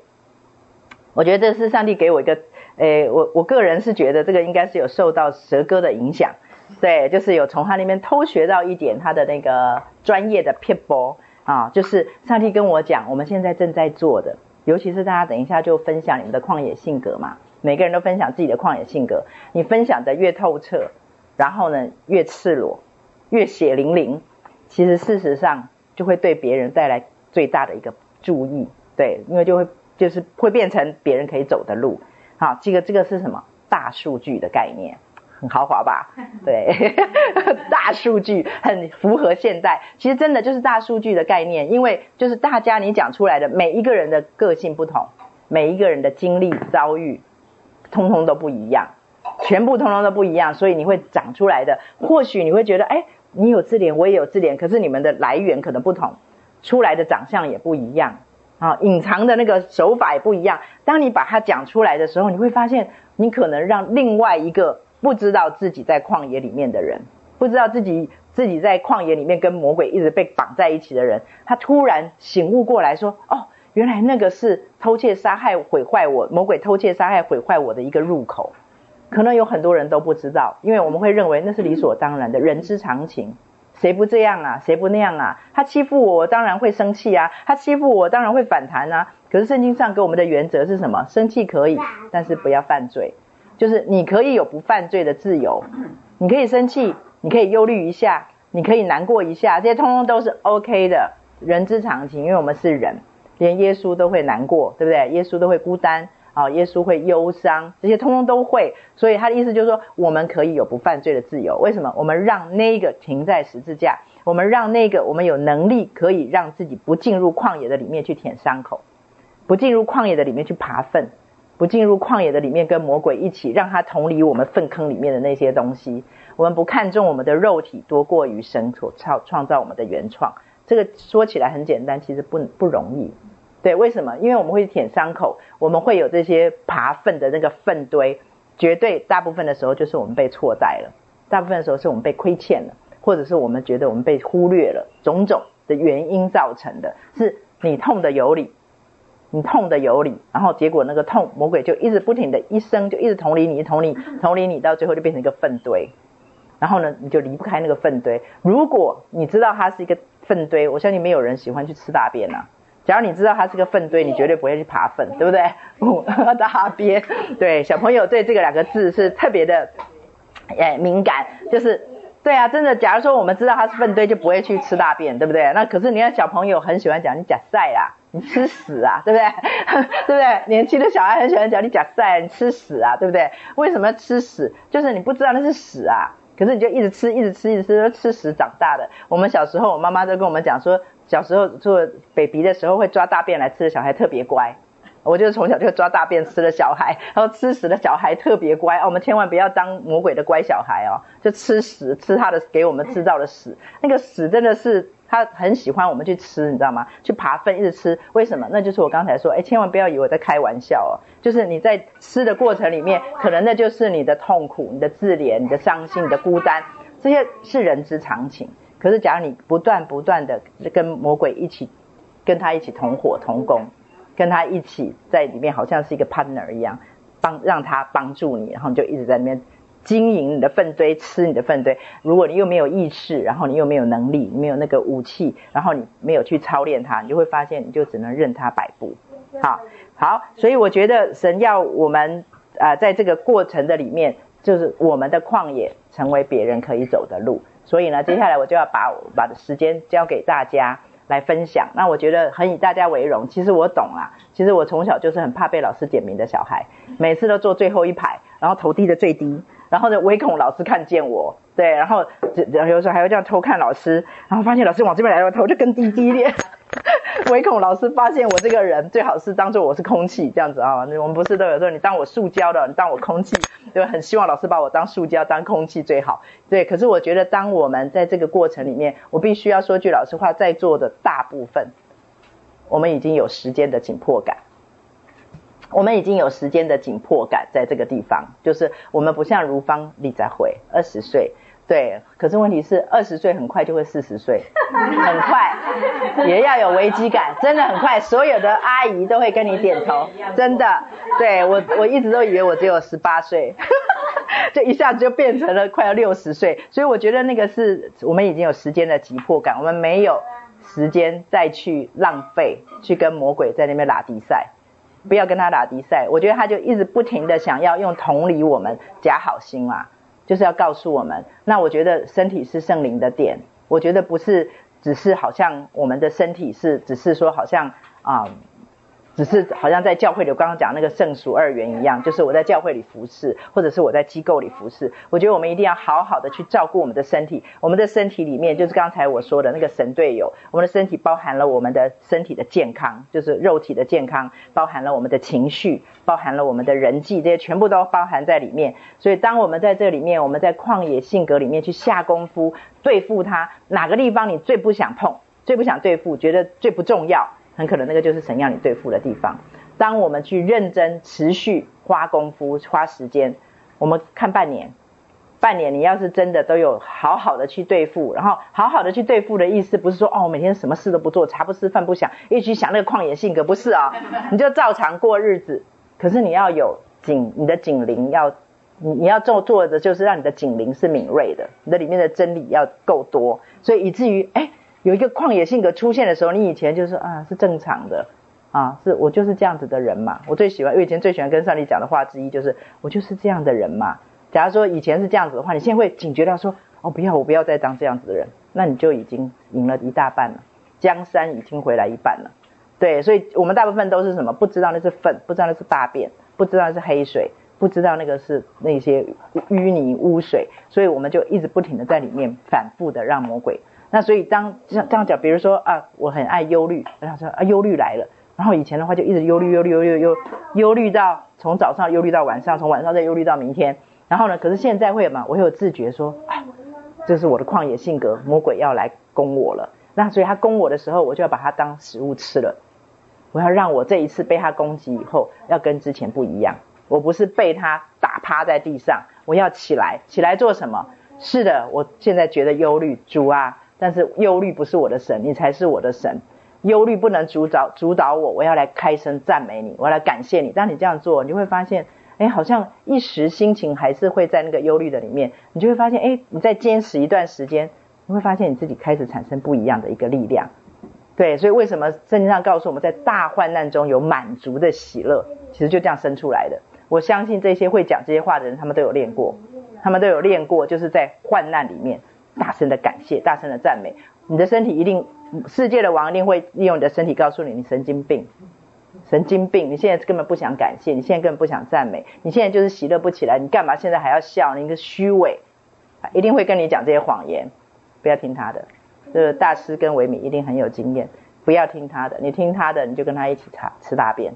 我覺得這是上帝給我一個，誒，我我個人是覺得這個應該是有受到蛇哥的影響，對，就是有從他那邊偷學到一點他的那個專業的撇步啊，就是上帝跟我講，我們現在正在做的，尤其是大家等一下就分享你們的曠野性格嘛，每個人都分享自己的曠野性格，你分享的越透徹，然後呢越赤裸，越血淋淋，其實事實上就會對別人帶來最大的一個。注意，對，因為就會就是會變成別人可以走的路，好，這個這個是什麼？大數據的概念，很豪華吧？ 對，大數據很符合現在，其實真的就是大數據的概念，因為就是大家你講出來的每一個人的個性不同，每一個人的經歷遭遇，通通都不一樣，全部通通都不一樣，所以你會長出來的，或許你會覺得，哎，你有自憐，我也有自憐，可是你們的來源可能不同。出來的長相也不一樣，啊，隱藏的那個手法也不一樣。當你把它講出來的時候，你會發現，你可能讓另外一個不知道自己在曠野裡面的人，不知道自己自己在曠野裡面跟魔鬼一直被綁在一起的人，他突然醒悟過來說：“哦，原來那個是偷竊、殺害、毀壞我，魔鬼偷竊、殺害、毀壞我的一個入口。”可能有很多人都不知道，因為我們會認為那是理所當然的，人之常情。誰不這樣啊？誰不那樣啊？他欺負我，我當然會生氣啊！他欺負我，我當然會反彈啊！可是聖經上給我們的原則是什麼？生氣可以，但是不要犯罪。就是你可以有不犯罪的自由，你可以生氣，你可以憂慮一下，你可以難過一下，這些通通都是 OK 的，人之常情。因為我們是人，連耶穌都會難過，對不對？耶穌都會孤單。好、哦，耶穌會憂傷，這些通通都會。所以他的意思就是說，我們可以有不犯罪的自由。為什麼？我們讓那個停在十字架，我們讓那個，我們有能力可以讓自己不進入曠野的裡面去舔傷口，不進入曠野的裡面去爬糞，不進入曠野的裡面跟魔鬼一起，讓他同理我們糞坑裡面的那些東西。我們不看重我們的肉體多過於神所創創造我們的原創。這個說起來很簡單，其實不不容易。對，為什麼？因為我們會舔傷口，我們會有這些爬糞的那個糞堆，絕對大部分的時候就是我們被錯待了，大部分的時候是我們被虧欠了，或者是我們覺得我們被忽略了，種種的原因造成的，是你痛得有理，你痛得有理，然後結果那個痛魔鬼就一直不停的，一生就一直同理你，同理同理你，到最後就變成一個糞堆，然後呢，你就離不開那個糞堆。如果你知道它是一個糞堆，我相信沒有人喜歡去吃大便吶、啊。只要你知道它是個糞堆，你絕對不會去爬糞，對不對？ 大鱉，對，小朋友對這個兩個字是特別的，哎、欸，敏感。就是，對啊，真的。假如說我們知道它是糞堆，就不會去吃大便，對不對？那可是你看，小朋友很喜歡講你假塞啊，你吃屎啊，對不對？ 對不對？年輕的小孩很喜歡講你假塞啊，你吃屎啊，對不對？為什麼要吃屎？就是你不知道那是屎啊，可是你就一直吃，一直吃，一直吃，吃屎長大的。我們小時候，我媽媽都跟我們講說，小時候做北鼻的時候，會抓大便來吃的小孩特別乖。我就是從小就抓大便吃的，小孩，然後吃屎的小孩特別乖、哦。我們千萬不要當魔鬼的乖小孩哦，就吃屎，吃他的給我們制造的屎。那個屎真的是他很喜歡我們去吃，你知道嗎？去爬糞一直吃。為什麼？那就是我剛才說，哎，千萬不要以為我在開玩笑哦。就是你在吃的過程裡面，可能那就是你的痛苦、你的自憐、你的傷心、你的孤單，這些是人之常情。可是，假如你不斷不斷的跟魔鬼一起，跟他一起同夥同工，跟他一起在裡面，好像是一個 partner 一樣，幫，讓他幫助你，然後你就一直在裡面經營你的糞堆，吃你的糞堆。如果你又沒有意識，然後你又沒有能力，你沒有那個武器，然後你沒有去操練他，你就會發現，你就只能任他擺佈。好，好，所以我覺得神要我們啊、呃，在這個過程的裡面，就是我們的曠野成為別人可以走的路。所以呢，接下來我就要把把時間交給大家來分享。那我覺得很以大家為榮。其實我懂啦，其實我從小就是很怕被老師點名的小孩，每次都坐最後一排，然後頭低的最低，然後呢唯恐老師看見我。對，然後有有時候還會這樣偷看老師，然後發現老師往這邊來，我頭就更低低的， 唯恐老師發現我這個人，最好是當做我是空氣這樣子啊、哦。我們不是都有時候你當我塑膠的，你當我空氣，就很希望老師把我當塑膠、當空氣最好。對，可是我覺得當我們在這個過程裡面，我必須要說句老實話，在座的大部分，我們已經有時間的緊迫感，我們已經有時間的緊迫感在這個地方，就是我們不像如芳、李在惠，二十歲。對，可是問題是，二十歲很快就會四十歲，很快也要有危機感，真的很快，所有的阿姨都會跟你點頭，真的，對，我我一直都以為我只有十八歲， 就一下子就變成了快要六十歲，所以我覺得那個是我們已經有時間的急迫感，我們沒有時間再去浪費，去跟魔鬼在那邊拉迪賽，不要跟他拉迪賽，我覺得他就一直不停的想要用同理我們假好心嘛、啊。就是要告訴我們，那我覺得身體是聖靈的殿，我覺得不是只是好像我們的身體是，只是說好像啊。嗯只是好像在教會裡，我剛剛講那個聖俗二元一樣，就是我在教會裡服侍，或者是我在機構裡服侍。我覺得我們一定要好好的去照顧我們的身體，我們的身體裡面就是剛才我說的那個神隊友。我們的身體包含了我們的身體的健康，就是肉體的健康，包含了我們的情緒，包含了我們的人際，這些全部都包含在裡面。所以，當我們在這裡面，我們在曠野性格裡面去下功夫對付它，哪個地方你最不想碰，最不想對付，覺得最不重要。很可能那個就是神要你對付的地方。當我們去認真、持續花功夫、花時間，我們看半年，半年你要是真的都有好好的去對付，然後好好的去對付的意思，不是說哦，我每天什麼事都不做，茶不思飯不想，一直想那個曠野性格，不是啊、哦，你就照常過日子。可是你要有警，你的警鈴要，你你要做做的就是讓你的警鈴是敏銳的，你的裡面的真理要夠多，所以以至於誒有一個曠野性格出現的時候，你以前就是啊，是正常的啊，是我就是這樣子的人嘛。我最喜歡，我以前最喜歡跟上帝講的話之一就是我就是這樣的人嘛。假如說以前是這樣子的話，你現在會警覺到說哦不要，我不要再當這樣子的人，那你就已經贏了一大半了，江山已經回來一半了。對，所以我們大部分都是什麼？不知道那是糞，不知道那是大便，不知道那是黑水，不知道那個是那些淤泥污水，所以我們就一直不停的在裡面反復的讓魔鬼。那所以當這樣這樣講，比如說啊，我很愛憂慮，然後說啊，憂慮來了，然後以前的話就一直憂慮，憂慮，憂慮，憂慮到從早上憂慮到晚上，從晚上再憂慮到明天。然後呢，可是現在會嘛，我有自覺說，啊，這是我的曠野性格，魔鬼要來攻我了。那所以他攻我的時候，我就要把它當食物吃了。我要讓我這一次被他攻擊以後，要跟之前不一樣。我不是被他打趴在地上，我要起來，起來做什麼？是的，我現在覺得憂慮，主啊。但是憂慮不是我的神，你才是我的神。憂慮不能主導主導我，我要來開聲讚美你，我要來感謝你。當你這樣做，你就會發現，哎，好像一時心情還是會在那個憂慮的裡面。你就會發現，哎，你再堅持一段時間，你會發現你自己開始產生不一樣的一個力量。對，所以為什麼聖經上告訴我們在大患難中有滿足的喜樂，其實就這樣生出來的。我相信這些會講這些話的人，他們都有練過，他們都有練過，就是在患難裡面。大聲的感謝，大聲的讚美，你的身體一定，世界的王一定會利用你的身體告訴你，你神經病，神經病，你現在根本不想感謝，你現在根本不想讚美，你現在就是喜樂不起來，你幹嘛現在還要笑呢？你個虛偽、啊，一定會跟你講這些謊言，不要聽他的，呃、這個，大師跟維米一定很有經驗，不要聽他的，你聽他的，你就跟他一起擦吃大便，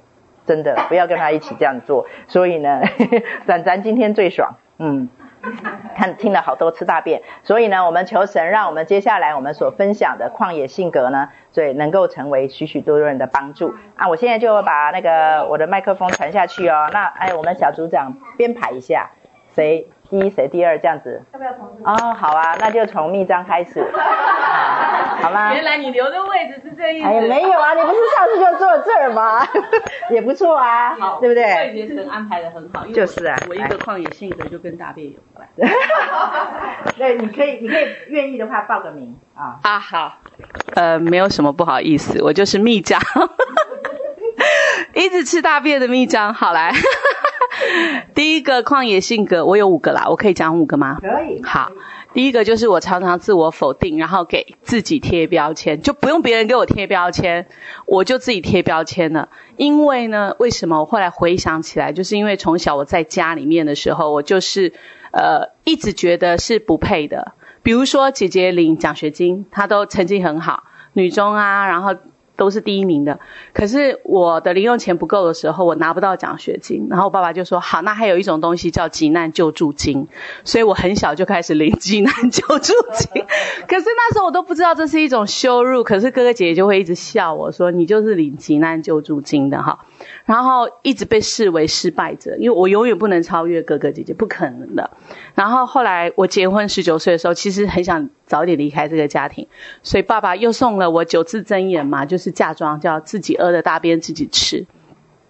真的不要跟他一起這樣做， 所以呢， 咱咱今天最爽，嗯。 看，聽了好多次大便，所以呢，我們求神讓我們接下來我們所分享的曠野性格呢，所以能夠成為許許多多人的幫助啊！我現在就把那個我的麥克風傳下去哦。那哎，我們小組長編排一下，誰？第一誰，第二這樣子？要不要從哦好啊，那就從秘章開始， 啊、好，啦，原來你留的位置是這意思？哎呀，沒有啊，你不是上次就坐這兒嗎？ 也不錯啊，好，對不對？這已經安排得很好。就是啊我，我一個曠野性格就跟大便有關。來 對，你可以，你可以願意的話報個名啊。啊好，呃，沒有什麼不好意思，我就是秘章， 一直吃大便的秘章，好來。 第一個曠野性格，我有五個啦，我可以講五個嗎？可以。好，第一個就是我常常自我否定，然後給自己貼標籤，就不用別人給我貼標籤，我就自己貼標籤了。因為呢，為什麼我後來回想起來，就是因為從小我在家裡面的時候，我就是呃一直覺得是不配的。比如說姐姐領獎學金，她都成績很好，女中啊，然後。都是第一名的，可是我的零用錢不夠的時候，我拿不到獎學金。然後我爸爸就說：“好，那還有一種東西叫急難救助金。”所以我很小就開始領急難救助金， 可是那時候我都不知道這是一種羞辱。可是哥哥姐姐就會一直笑我說：“你就是領急難救助金的哈。”然後一直被視為失敗者，因為我永遠不能超越哥哥姐姐，不可能的。然後後來我結婚十九歲的時候，其實很想早點離開這個家庭，所以爸爸又送了我九字真言嘛，就是嫁妝叫自己屙的大便自己吃。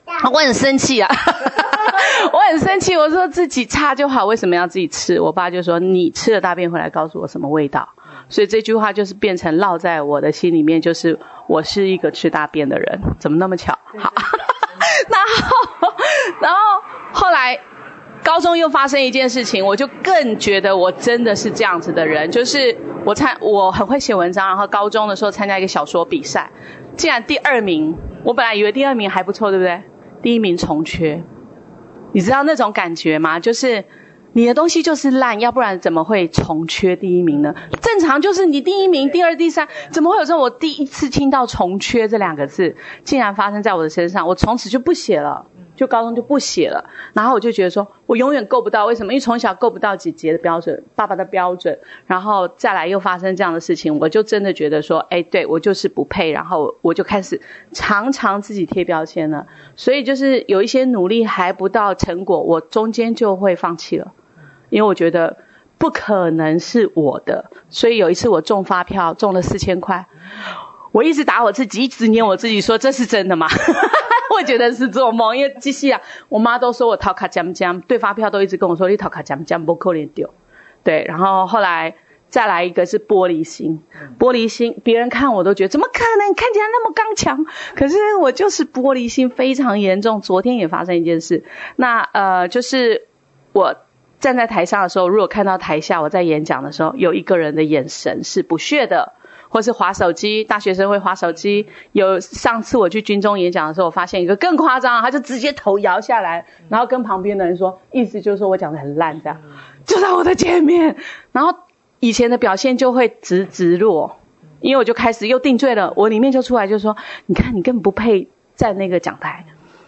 啊、我很生氣啊， 我很生氣，我說自己擦就好，為什麼要自己吃？我爸就說，你吃了大便回來告訴我什麼味道。所以這句話就是變成烙在我的心裡面，就是我是一個吃大便的人，怎麼那麼巧？對對好。 然後，然後後來，高中又發生一件事情，我就更覺得我真的是這樣子的人。就是我參，我很會寫文章。然後高中的時候參加一個小說比賽，竟然第二名。我本來以為第二名還不錯，對不對？第一名從缺，你知道那種感覺嗎？就是。你的東西就是爛，要不然怎麼會從缺第一名呢？正常就是你第一名，第二、第三，怎麼會有時候我第一次聽到“從缺”這兩個字，竟然發生在我的身上？我從此就不寫了，就高中就不寫了。然後我就覺得說，我永遠夠不到，為什麼？因為從小夠不到姐姐的標準、爸爸的標準，然後再來又發生這樣的事情，我就真的覺得說，哎，對，我就是不配。然後我就開始常常自己貼標籤了。所以就是有一些努力還不到成果，我中間就會放棄了。因為我覺得不可能是我的，所以有一次我中發票中了四千塊，我一直打我自己，一直捏我自己說，這是真的嗎？ 我覺得是做夢，因為繼續啊，我媽都說我掏卡漿漿，對發票都一直跟我說你套卡漿漿，不夠你丟。對，然後後來再來一個是玻璃心，玻璃心，別人看我都覺得怎麼可能看起來那麼剛強，可是我就是玻璃心非常嚴重。昨天也發生一件事，那呃就是我，站在台上的時候，如果看到台下我在演講的時候，有一個人的眼神是不屑的，或是滑手機，大學生會滑手機。有上次我去軍中演講的時候，我發現一個更誇張，他就直接頭搖下來，然後跟旁邊的人說，意思就是說我講的很爛這樣，就在我的前面。然後以前的表現就會直直落，因為我就開始又定罪了，我裡面就出來就說，你看你根本不配站那個講台。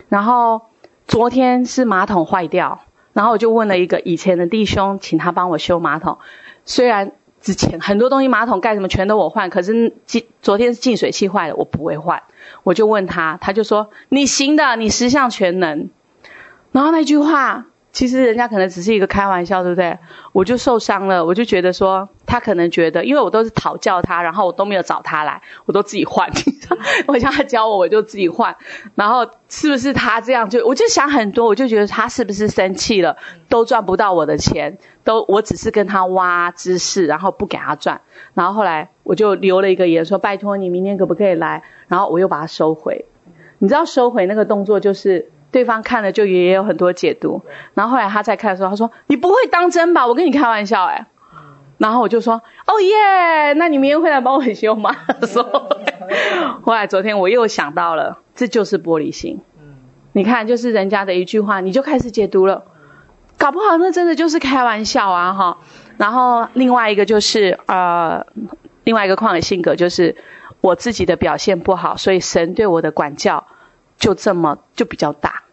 然後昨天是馬桶壞掉。然後我就問了一個以前的弟兄，請他幫我修馬桶。雖然之前很多東西，馬桶蓋什麼全都我換，可是昨天是淨水器壞了，我不會換，我就問他，他就說：“你行的，你十項全能。”然後那句話。其實人家可能只是一個開玩笑，對不對？我就受傷了，我就覺得說他可能覺得，因為我都是討教他，然後我都沒有找他來，我都自己換，你知道我叫他教我，我就自己換。然後是不是他這樣就我就想很多，我就覺得他是不是生氣了？都賺不到我的錢，都我只是跟他挖知識，然後不給他賺。然後後來我就留了一個言，言說拜托你明天可不可以來？然後我又把它收回，你知道收回那個動作就是。對方看了就也有很多解讀，然後後來他在看的時候，他說：“你不會當真吧？我跟你開玩笑、欸。嗯”誒。然後我就說：“哦耶，那你明天會來幫我修嗎？說、嗯嗯，後來昨天我又想到了，這就是玻璃心。嗯，你看，就是人家的一句話，你就開始解讀了，嗯、搞不好那真的就是開玩笑啊哈。然後另外一個就是呃，另外一個曠野性格就是我自己的表現不好，所以神對我的管教就這麼就比較大。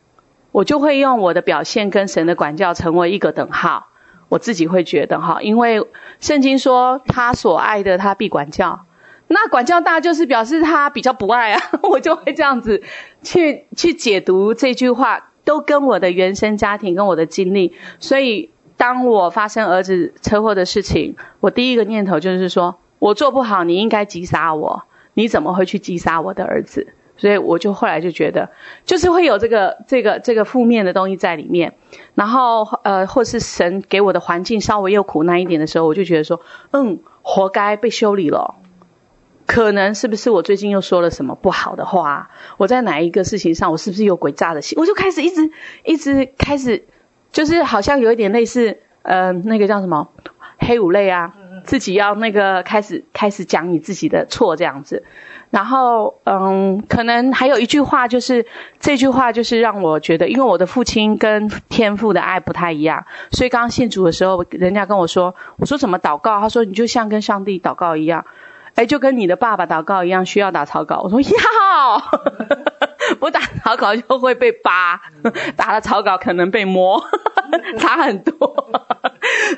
我就會用我的表現跟神的管教成為一個等號，我自己會覺得哈，因為聖經說他所愛的他必管教，那管教大就是表示他比較不愛啊，我就會這樣子去去解讀這句話，都跟我的原生家庭跟我的經歷，所以當我發生兒子車禍的事情，我第一個念頭就是說我做不好，你應該擊殺我，你怎麼會去擊殺我的兒子？所以我就後來就覺得，就是會有這個這個這個負面的東西在裡面，然後呃，或是神給我的環境稍微又苦難一點的時候，我就覺得說，嗯，活該被修理了。可能是不是我最近又說了什麼不好的話？我在哪一個事情上，我是不是有詭詐的心？我就開始一直一直開始，就是好像有一點類似，嗯、呃，那個叫什麼黑五類啊。自己要那個開始開始講你自己的錯這樣子，然後嗯，可能還有一句話就是這句話就是讓我覺得，因為我的父親跟天父的愛不太一樣，所以剛剛信主的時候，人家跟我說，我說怎麼禱告？他說你就像跟上帝禱告一樣，哎，就跟你的爸爸禱告一樣，需要打草稿。我說要，我 打草稿就會被扒，打了草稿可能被摸，差很多，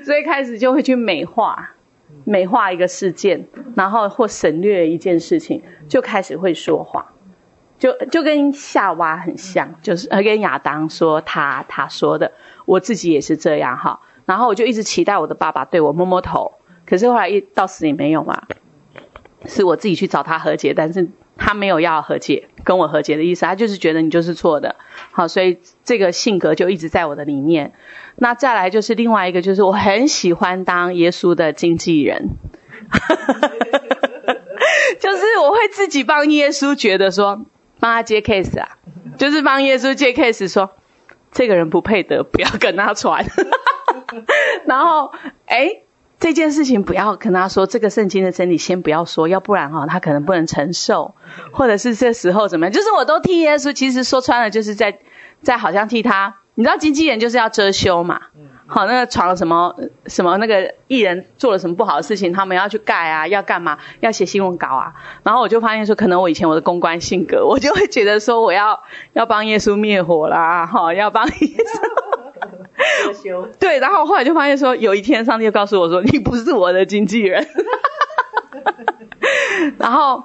所以開始就會去美化。美化一個事件，然後或省略一件事情，就開始會說謊，就就跟夏娃很像，就是跟亞當說他他說的，我自己也是這樣哈。然後我就一直期待我的爸爸對我摸摸頭，可是後來一到死也沒有嘛、啊，是我自己去找他和解，但是他沒有要和解，跟我和解的意思，他就是覺得你就是錯的。好，所以這個性格就一直在我的裡面。那再來就是另外一個，就是我很喜歡當耶穌的經紀人， 就是我會自己幫耶穌覺得說，幫他接 case 啊，就是幫耶穌接 case，說這個人不配得，不要跟他傳。 然後，誒、欸，這件事情不要跟他說這個聖經的真理，先不要說，要不然哈、哦，他可能不能承受，或者是這時候怎麼樣，就是我都替耶穌，其實說穿了就是在在好像替他。你知道經紀人就是要遮羞嘛？好，嗯，哦，那個闖了什麼什麼，那個藝人做了什麼不好的事情，他們要去蓋啊，要幹嘛？要寫新聞稿啊。然後我就發現說，可能我以前我的公關性格，我就會覺得說，我要要幫耶穌滅火啦，哈，哦，要幫耶穌遮羞。 對，然後後來就發現說，有一天上帝就告訴我說，你不是我的經紀人。 然後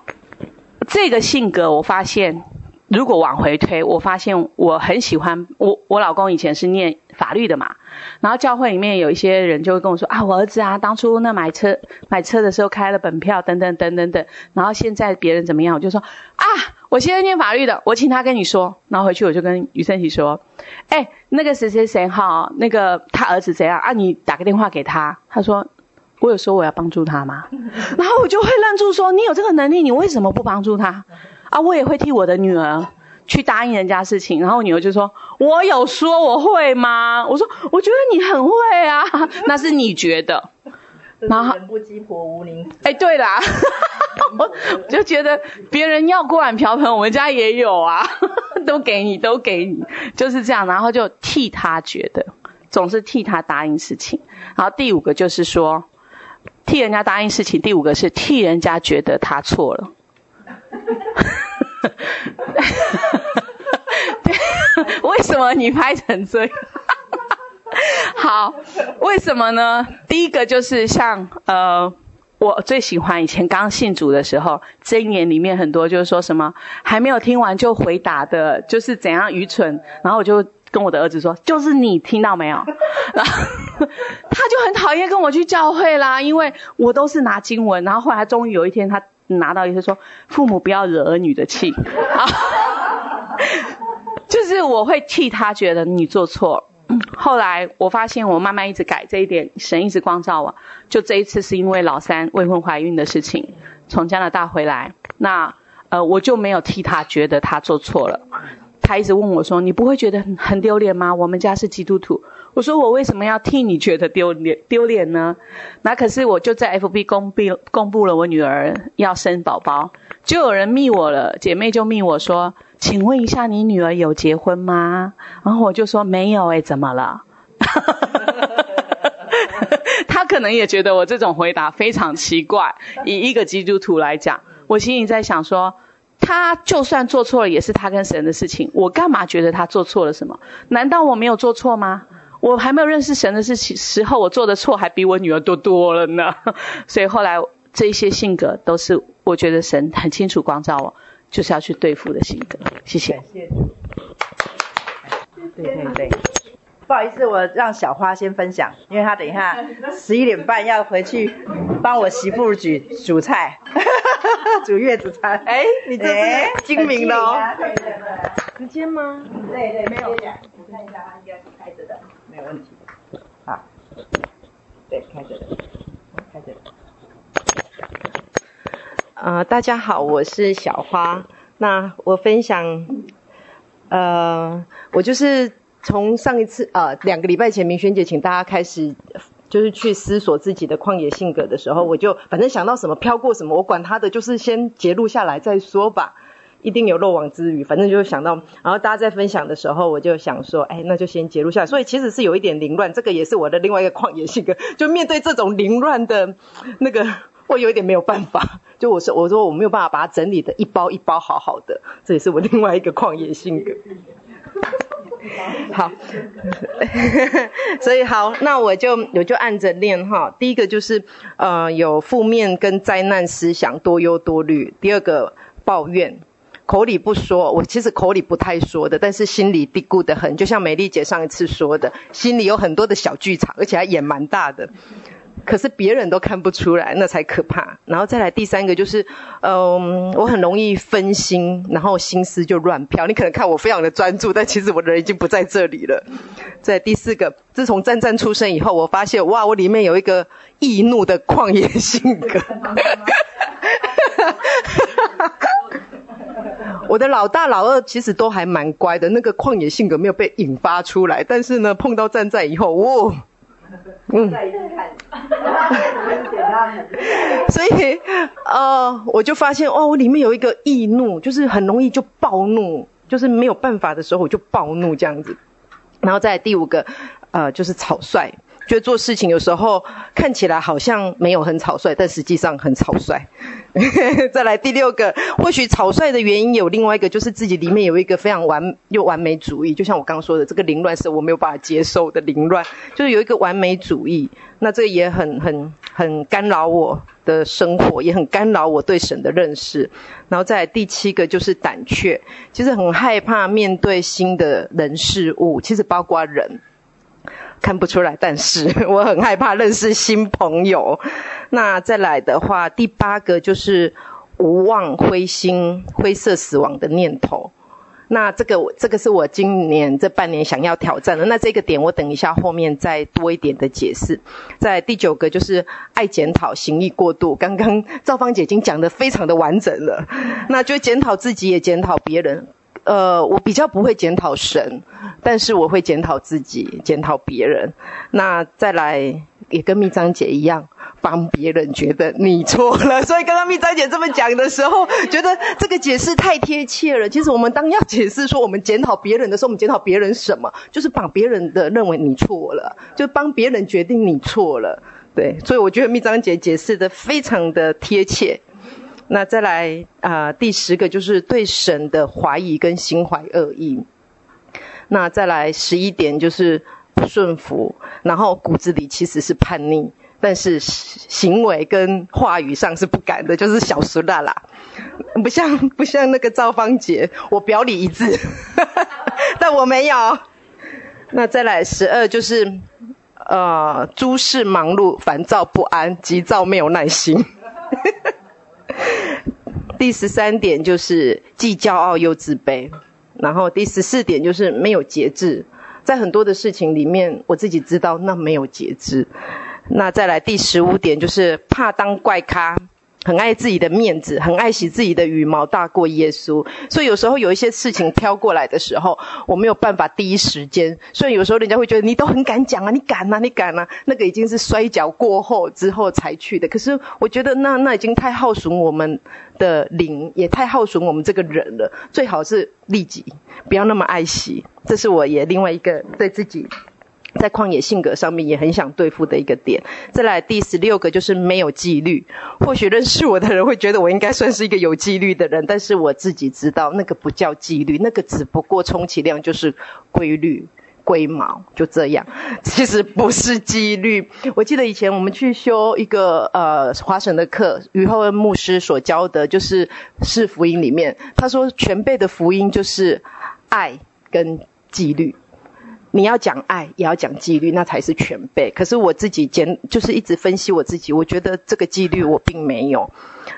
這個性格，我發現。如果往回推，我發現我很喜歡我。我老公以前是念法律的嘛，然後教會裡面有一些人就會跟我說啊，我兒子啊，當初那買車買車的時候開了本票，等等等等等。然後現在別人怎麼樣，我就說啊，我現在念法律的，我請他跟你說。然後回去我就跟余勝奇說，哎、欸，那個誰誰誰哈，那個他兒子怎樣啊？你打個電話給他，他說我有說我要幫助他嗎？ 然後我就會愣住說，你有這個能力，你為什麼不幫助他？啊，我也會替我的女兒去答應人家事情，然後我女兒就說：“我有說我會嗎？”我說：“我覺得你很會啊。”那是你覺得， 然後人不雞婆無靈。哎，對啦， 我就覺得別人要鍋碗瓢盆，我們家也有啊，哈 哈都給你，都給你，就是這樣。然後就替他覺得，總是替他答應事情。然後第五個就是說，替人家答應事情。第五個是替人家覺得他錯了。 為什麼你拍成這樣？好，為什麼呢？第一個就是像呃，我最喜歡以前剛信主的時候，箴言裡面很多就是說什麼還沒有聽完就回答的，就是怎樣愚蠢。然後我就跟我的兒子說：“就是你聽到沒有？”然後他就很討厭跟我去教會啦，因為我都是拿經文。然後後來終於有一天他。拿到一次說，父母不要惹兒女的氣， 就是我會替他覺得你做錯。後來我發現，我慢慢一直改這一點，神一直光照我。就這一次是因為老三未婚懷孕的事情，從加拿大回來，那呃我就沒有替他覺得他做錯了。他一直問我說：“你不會覺得很丟臉嗎？”我們家是基督徒。我說，我為什麼要替你覺得丟臉，丟臉呢？那可是我就在 FB 公布，公布了我女兒要生寶寶，就有人密我了。姐妹就密我說，請問一下你女兒有結婚嗎？然後我就說，沒有，欸，哎，怎麼了？ 他可能也覺得我這種回答非常奇怪。以一個基督徒來講，我心裡在想說，他就算做錯了，也是他跟神的事情，我幹嘛覺得他做錯了什麼？難道我沒有做錯嗎？我還沒有認識神的時時候，我做的錯還比我女兒多多了呢。所以後來這一些性格都是我覺得神很清楚光照我，就是要去對付的性格。謝謝。謝謝。對對對。不好意思，我讓小花先分享，因為她等一下十一點半要回去幫我媳婦煮煮菜， 煮月子餐。欸這欸啊、哎，你真精明的哦。時間嗎、嗯？對對，沒有。我看一下，應該是開着的。沒問題，好，對，開着的，開着的。呃，大家好，我是小花。那我分享，呃，我就是從上一次，呃，兩個禮拜前明軒姐請大家開始，就是去思索自己的曠野性格的時候，我就反正想到什麼飄過什麼，我管他的，就是先截錄下來再說吧。一定有漏網之魚，反正就想到，然後大家在分享的時候，我就想說，哎、欸，那就先截錄下來。所以其實是有一點凌亂，這個也是我的另外一個曠野性格。就面對這種凌亂的那個，我有一點沒有辦法。就我說，我說我沒有辦法把它整理的一包一包好好的，這也是我另外一個曠野性格。好 所以好，那我就我就按着念哈。第一個就是呃，有負面跟災難思想，多憂多慮。第二個抱怨。口裡不說，我其實口裡不太說的，但是心裡嘀咕得很。就像美麗姐上一次說的，心裡有很多的小劇場，而且還演蠻大的，可是別人都看不出來，那才可怕。然後再來第三個就是，嗯、呃，我很容易分心，然後心思就亂飄。你可能看我非常的專注，但其實我的人已經不在這裡了。再來第四個，自從戰戰出生以後，我發現哇，我裡面有一個易怒的曠野性格。 我的老大老二其實都還蠻乖的，那個曠野性格沒有被引發出來。但是呢，碰到站在以後，喔、哦、嗯， 所以呃，我就發現哦，我裡面有一個易怒，就是很容易就暴怒，就是沒有辦法的時候我就暴怒這樣子。然後再來第五個，呃，就是草率。覺得做事情有時候看起來好像沒有很草率，但實際上很草率。 再來第六個，或許草率的原因有另外一個，就是自己裡面有一個非常完又完美主義，就像我剛剛說的，這個凌亂是我沒有辦法接受的凌亂，就是有一個完美主義，那這個也很很很干擾我的生活，也很干擾我對神的認識。然後再來第七個就是膽怯，其實很害怕面對新的人事物，其實包括人。看不出來，但是我很害怕認識新朋友。那再來的話，第八個就是無望灰心、灰色死亡的念頭。那這個這個是我今年這半年想要挑戰的。那這個點我等一下後面再多一點的解釋。在第九個就是愛檢討、行義過度。剛剛趙芳姐已經講得非常的完整了，那就檢討自己也檢討別人。呃，我比較不會檢討神，但是我會檢討自己，檢討別人。那再來也跟蜜章姐一樣，幫別人覺得你錯了。所以剛剛蜜章姐這麼講的時候，覺得這個解釋太貼切了。其實我們當要解釋說我們檢討別人的時候，我們檢討別人什麼？就是幫別人的認為你錯了，就幫別人決定你錯了。對，所以我覺得蜜章姐解釋得非常的貼切。那再來啊，呃，第十個就是對神的懷疑跟心懷惡意。那再來十一點就是不順服，然後骨子裡其實是叛逆，但是行為跟話語上是不敢的，就是小俗辣啦，不像不像那個趙方杰，我表裡一致， 但我沒有。那再來十二就是，呃，諸事忙碌、煩躁不安、急躁、沒有耐心。 第十三點就是既驕傲又自卑，然後第十四點就是沒有節制，在很多的事情裡面，我自己知道那沒有節制。那再來第十五點就是怕當怪咖。很愛自己的面子，很愛惜自己的羽毛，大過耶穌。所以有時候有一些事情飄過來的時候，我沒有辦法第一時間。所以有時候人家會覺得你都很敢講啊，你敢啊，你敢啊，那個已經是摔跤過後之後才去的。可是我覺得那那已經太耗損我們的靈，也太耗損我們這個人了。最好是立即，不要那麼愛惜。這是我也另外一個對自己，在曠野性格上面也很想對付的一個點。再來第十六個就是沒有紀律。或許認識我的人會覺得我應該算是一個有紀律的人，但是我自己知道那個不叫紀律，那個只不過充其量就是規律、龜毛，就這樣。其實不是紀律。我記得以前我們去修一個呃華神的課，雨後恩牧師所教的就是是福音裡面，他說全備的福音就是愛跟紀律。你要講愛，也要講紀律，那才是全備。可是我自己檢，就是一直分析我自己，我覺得這個紀律我並沒有。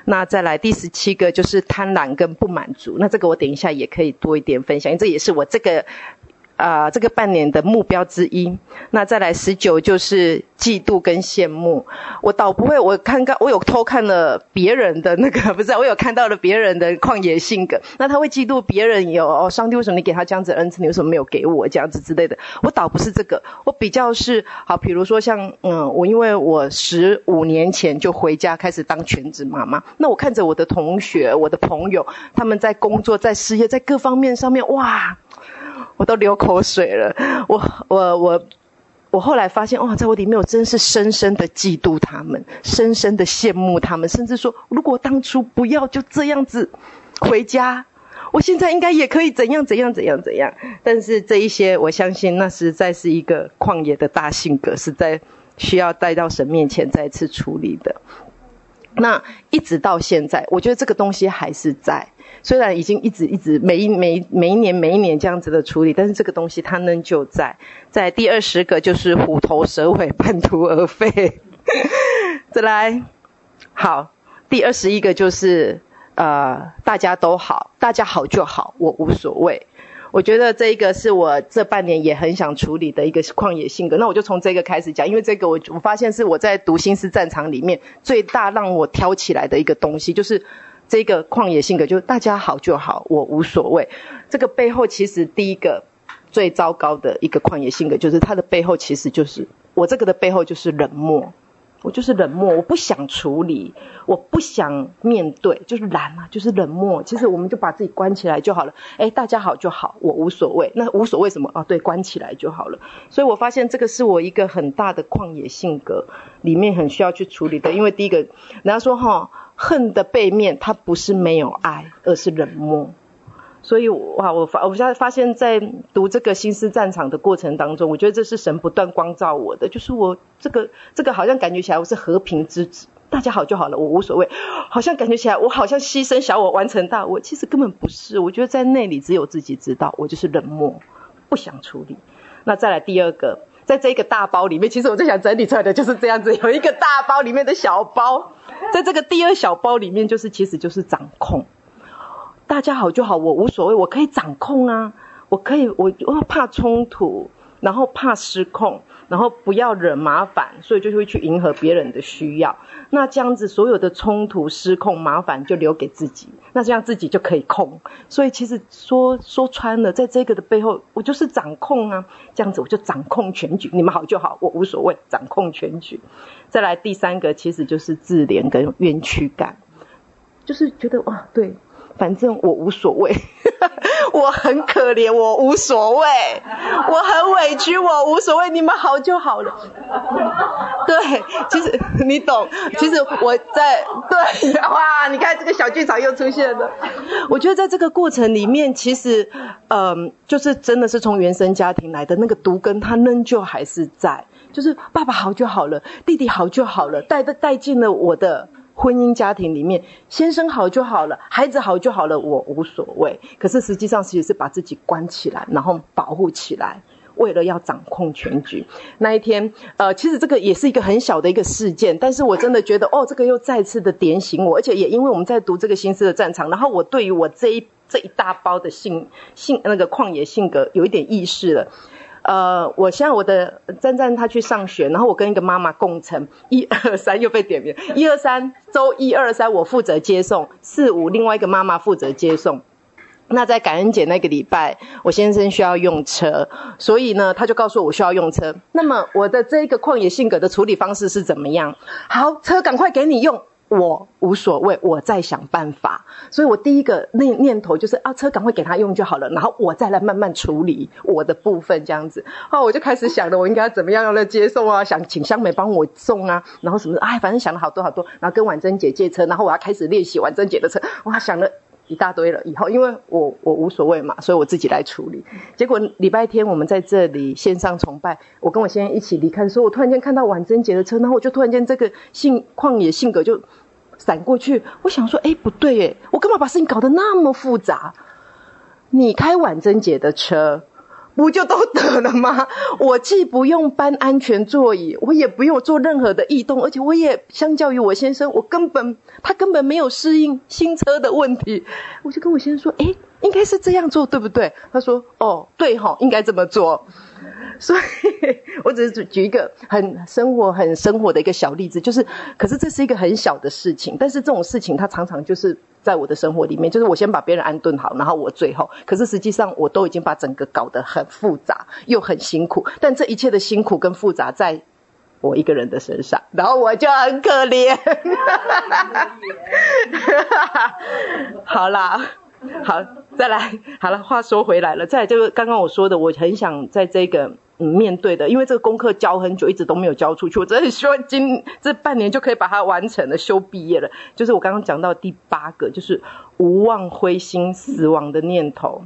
那再來第十七個就是貪婪跟不滿足。那這個我等一下也可以多一點分享，這也是我這個。啊、呃，這個半年的目標之一。那再來十九就是嫉妒跟羨慕。我倒不會，我看看我有偷看了別人的那個，不是、啊，我有看到了別人的曠野性格。那他會嫉妒別人有、哦、上帝，為什麼你給他這樣子恩賜，你為什麼沒有給我這樣子之類的？我倒不是這個，我比較是好，比如說像嗯，我因為我十五年前就回家開始當全職媽媽，那我看着我的同學、我的朋友，他們在工作、在事業、在各方面上面，哇。我都流口水了，我我我我後來發現，哦，在我裡面我真是深深的嫉妒他們，深深的羨慕他們，甚至說，如果當初不要就這樣子回家，我現在應該也可以怎樣怎樣怎樣怎樣。但是這一些，我相信那實在是一個曠野的大性格，是在需要帶到神面前再次處理的。那一直到現在，我覺得這個東西還是在。雖然已經一直一直每一每每一年每一年這樣子的處理，但是這個東西它呢，就在在第二十個，就是虎頭蛇尾半途而廢。 再來，好，第二十一個就是呃大家都好，大家好就好，我無所謂。我覺得這一個是我這半年也很想處理的一個曠野性格。那我就從這個開始講，因為這個我我發現是我在讀心思戰場裡面最大讓我挑起來的一個東西，就是。這個曠野性格就是大家好就好，我無所謂。這個背後其實第一個最糟糕的一個曠野性格，就是它的背後其實就是我這個的背後就是冷漠，我就是冷漠，我不想處理，我不想面對，就是懶嘛、啊，就是冷漠。其實我們就把自己關起來就好了。誒、欸、大家好就好，我無所謂。那無所謂什麼啊？對，關起來就好了。所以我發現這個是我一個很大的曠野性格裡面很需要去處理的，因為第一個，人家說哈。恨的背面，它不是沒有愛，而是冷漠。所以，哇，我發，我現在發現，在讀這個《心思戰場》的過程當中，我覺得這是神不斷光照我的，就是我這個這個好像感覺起來我是和平之子，大家好就好了，我無所謂。好像感覺起來，我好像犧牲小我完成大我，其實根本不是。我覺得在那裡只有自己知道，我就是冷漠，不想處理。那再來第二個，在這個大包裡面，其實我最想整理出來的就是這樣子，有一個大包裡面的小包。在這個第二小包裡面，就是其實就是掌控，大家好就好，我無所謂，我可以掌控啊，我可以，我，我怕衝突，然後怕失控，然後不要惹麻煩，所以就會去迎合別人的需要。那這樣子，所有的衝突失控麻煩就留給自己，那這樣自己就可以控。所以其實說說穿了，在這個的背後，我就是掌控啊，這樣子我就掌控全局。你們好就好，我無所謂。掌控全局，再來第三個，其實就是自憐跟冤屈感，就是覺得哇，對。反正我無所謂，哈哈，我很可憐，我無所謂，我很委屈，我無所謂，你們好就好了。對，其實你懂，其實我在，對，哇，你看這個小劇場又出現了。我覺得在這個過程裡面，其實，嗯、呃，就是真的是從原生家庭來的那個毒根，它仍舊還是在，就是爸爸好就好了，弟弟好就好了，帶的帶進了我的。婚姻家庭裡面，先生好就好了，孩子好就好了，我無所謂。可是實際上，其實是把自己關起來，然後保護起來，為了要掌控全局。那一天，呃，其實這個也是一個很小的一個事件，但是我真的覺得，哦，這個又再次的點醒我，而且也因為我們在讀這個心思的戰場，然後我對於我這一，這一大包的性，性，那個曠野性格有一點意識了。呃，我現在我的贊贊他去上學，然後我跟一個媽媽共乘，一二三，又被點名，一二三，週一、二三我負責接送，四五另外一個媽媽負責接送。那在感恩節那個禮拜，我先生需要用車，所以呢，他就告訴我需要用車。那麼我的這個曠野性格的處理方式是怎麼樣？好，車趕快給你用。我無所謂，我在想辦法。所以我第一個那念頭就是啊，車趕快給他用就好了，然後我再來慢慢處理我的部分這樣子。啊，我就開始想了，我應該要怎麼樣來接送啊？想請香美幫我送啊，然後什麼？哎，反正想了好多好多。然後跟婉貞姐借車，然後我要開始練習婉貞姐的車。哇，想了一大堆了。以後因為我我無所謂嘛，所以我自己來處理。結果禮拜天我們在這裡線上崇拜，我跟我先生一起離開的時候，說我突然間看到婉貞姐的車，然後我就突然間這個性曠野性格就閃過去，我想說，哎，不對耶，誒我幹嘛把事情搞得那麼複雜？你開婉珍姐的車，不就都得了嗎？我既不用搬安全座椅，我也不用做任何的異動，而且我也相較於我先生，我根本他根本沒有適應新車的問題。我就跟我先生說，哎，應該是這樣做，對不對？他說，哦，對哈，應該這麼做。所以，我只是舉一個很生活、很生活的一個小例子，就是，可是這是一個很小的事情，但是這種事情它常常就是在我的生活裡面，就是我先把別人安頓好，然後我最後，可是實際上我都已經把整個搞得很複雜又很辛苦，但這一切的辛苦跟複雜在我一個人的身上，然後我就很可憐。 好啦。 好，再來好了。話說回來了，再來就是剛剛我說的，我很想在這個嗯面對的，因為這個功課交很久，一直都沒有交出去。我真的很希望今這半年就可以把它完成了，修畢業了。就是我剛剛講到的第八個，就是無望、灰心、死亡的念頭。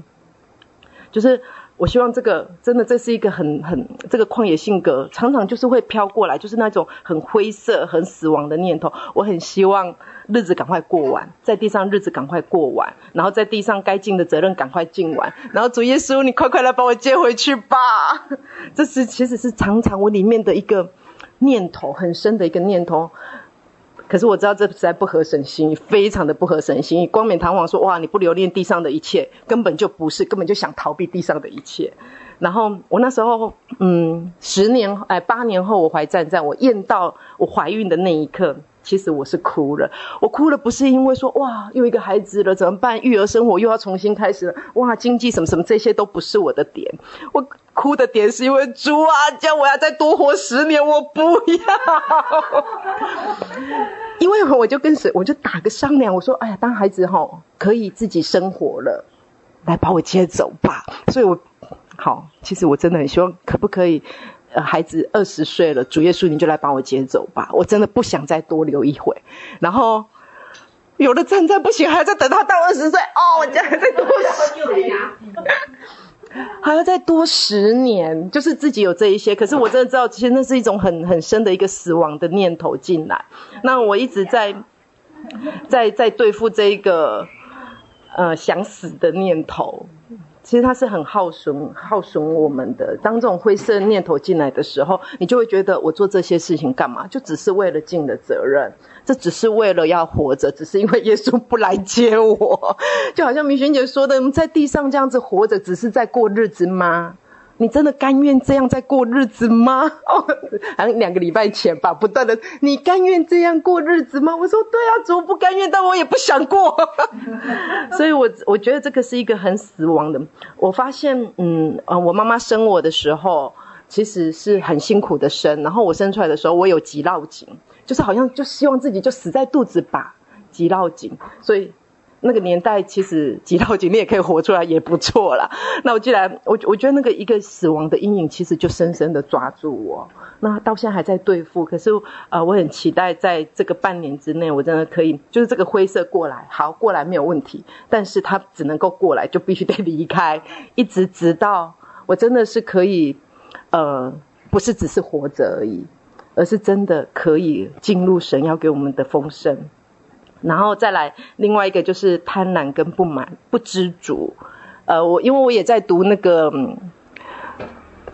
就是我希望這個真的，這是一個很很這個曠野性格，常常就是會飄過來，就是那種很灰色、很死亡的念頭。我很希望，日子趕快過完，在地上日子趕快過完，然後在地上該盡的責任趕快盡完，然後主耶穌，你快快來把我接回去吧。這是其實是常常我裡面的一個念頭，很深的一個念頭。可是我知道這實在不合神心意，非常的不合神心意。冠冕堂皇說：“哇，你不留戀地上的一切，根本就不是，根本就想逃避地上的一切。”然後我那時候，嗯，十年，哎，八年後我還站在，我驗到我懷孕的那一刻。其實我是哭了，我哭了不是因為說，哇，又一個孩子了怎麼辦？育兒生活又要重新開始了，哇，經濟什麼什麼，這些都不是我的點，我哭的點是因為主啊，叫我要再多活十年，我不要， 因為我就跟誰，我就打個商量，我說，哎呀當孩子吼、哦，可以自己生活了，來把我接走吧，所以我好其實我真的很希望可不可以。呃，孩子二十歲了，主耶穌，你就來把我接走吧！我真的不想再多留一回。然後，有的站在不行，還要再等他到二十歲哦，我家還在再多十年， 還要再多十年，就是自己有這一些。可是我真的知道，其實那是一種很很深的一個死亡的念頭進來。那我一直在在在對付這一個呃想死的念頭。其實他是很耗損，耗損我們的。當這種灰色念頭進來的時候，你就會覺得我做這些事情幹嘛？就只是為了盡了責任，這只是為了要活着，只是因為耶穌不來接我。就好像明軒姐說的，我們在地上這樣子活着，只是在過日子嗎？你真的甘願這樣在過日子嗎？哦，好像兩個禮拜前吧，不斷的，你甘願這樣過日子嗎？我說對啊，怎麼不甘願？但我也不想過。 所以我我覺得這個是一個很死亡的。我發現，嗯、呃，我媽媽生我的時候，其實是很辛苦的生。然後我生出來的時候，我有臍繞頸，就是好像就希望自己就死在肚子吧，臍繞頸。所以。那個年代，其實幾到幾年，也可以活出來，也不錯啦。那我既然我我覺得那個一個死亡的陰影，其實就深深的抓住我。那到現在還在對付，可是呃，我很期待，在這個半年之內，我真的可以就是這個灰色過來，好過來沒有問題。但是它只能夠過來，就必須得離開，一直直到我真的是可以，呃，不是只是活着而已，而是真的可以進入神要給我們的豐盛。然後再來另外一個就是貪婪跟不滿不知足，呃，我因為我也在讀那個嗯，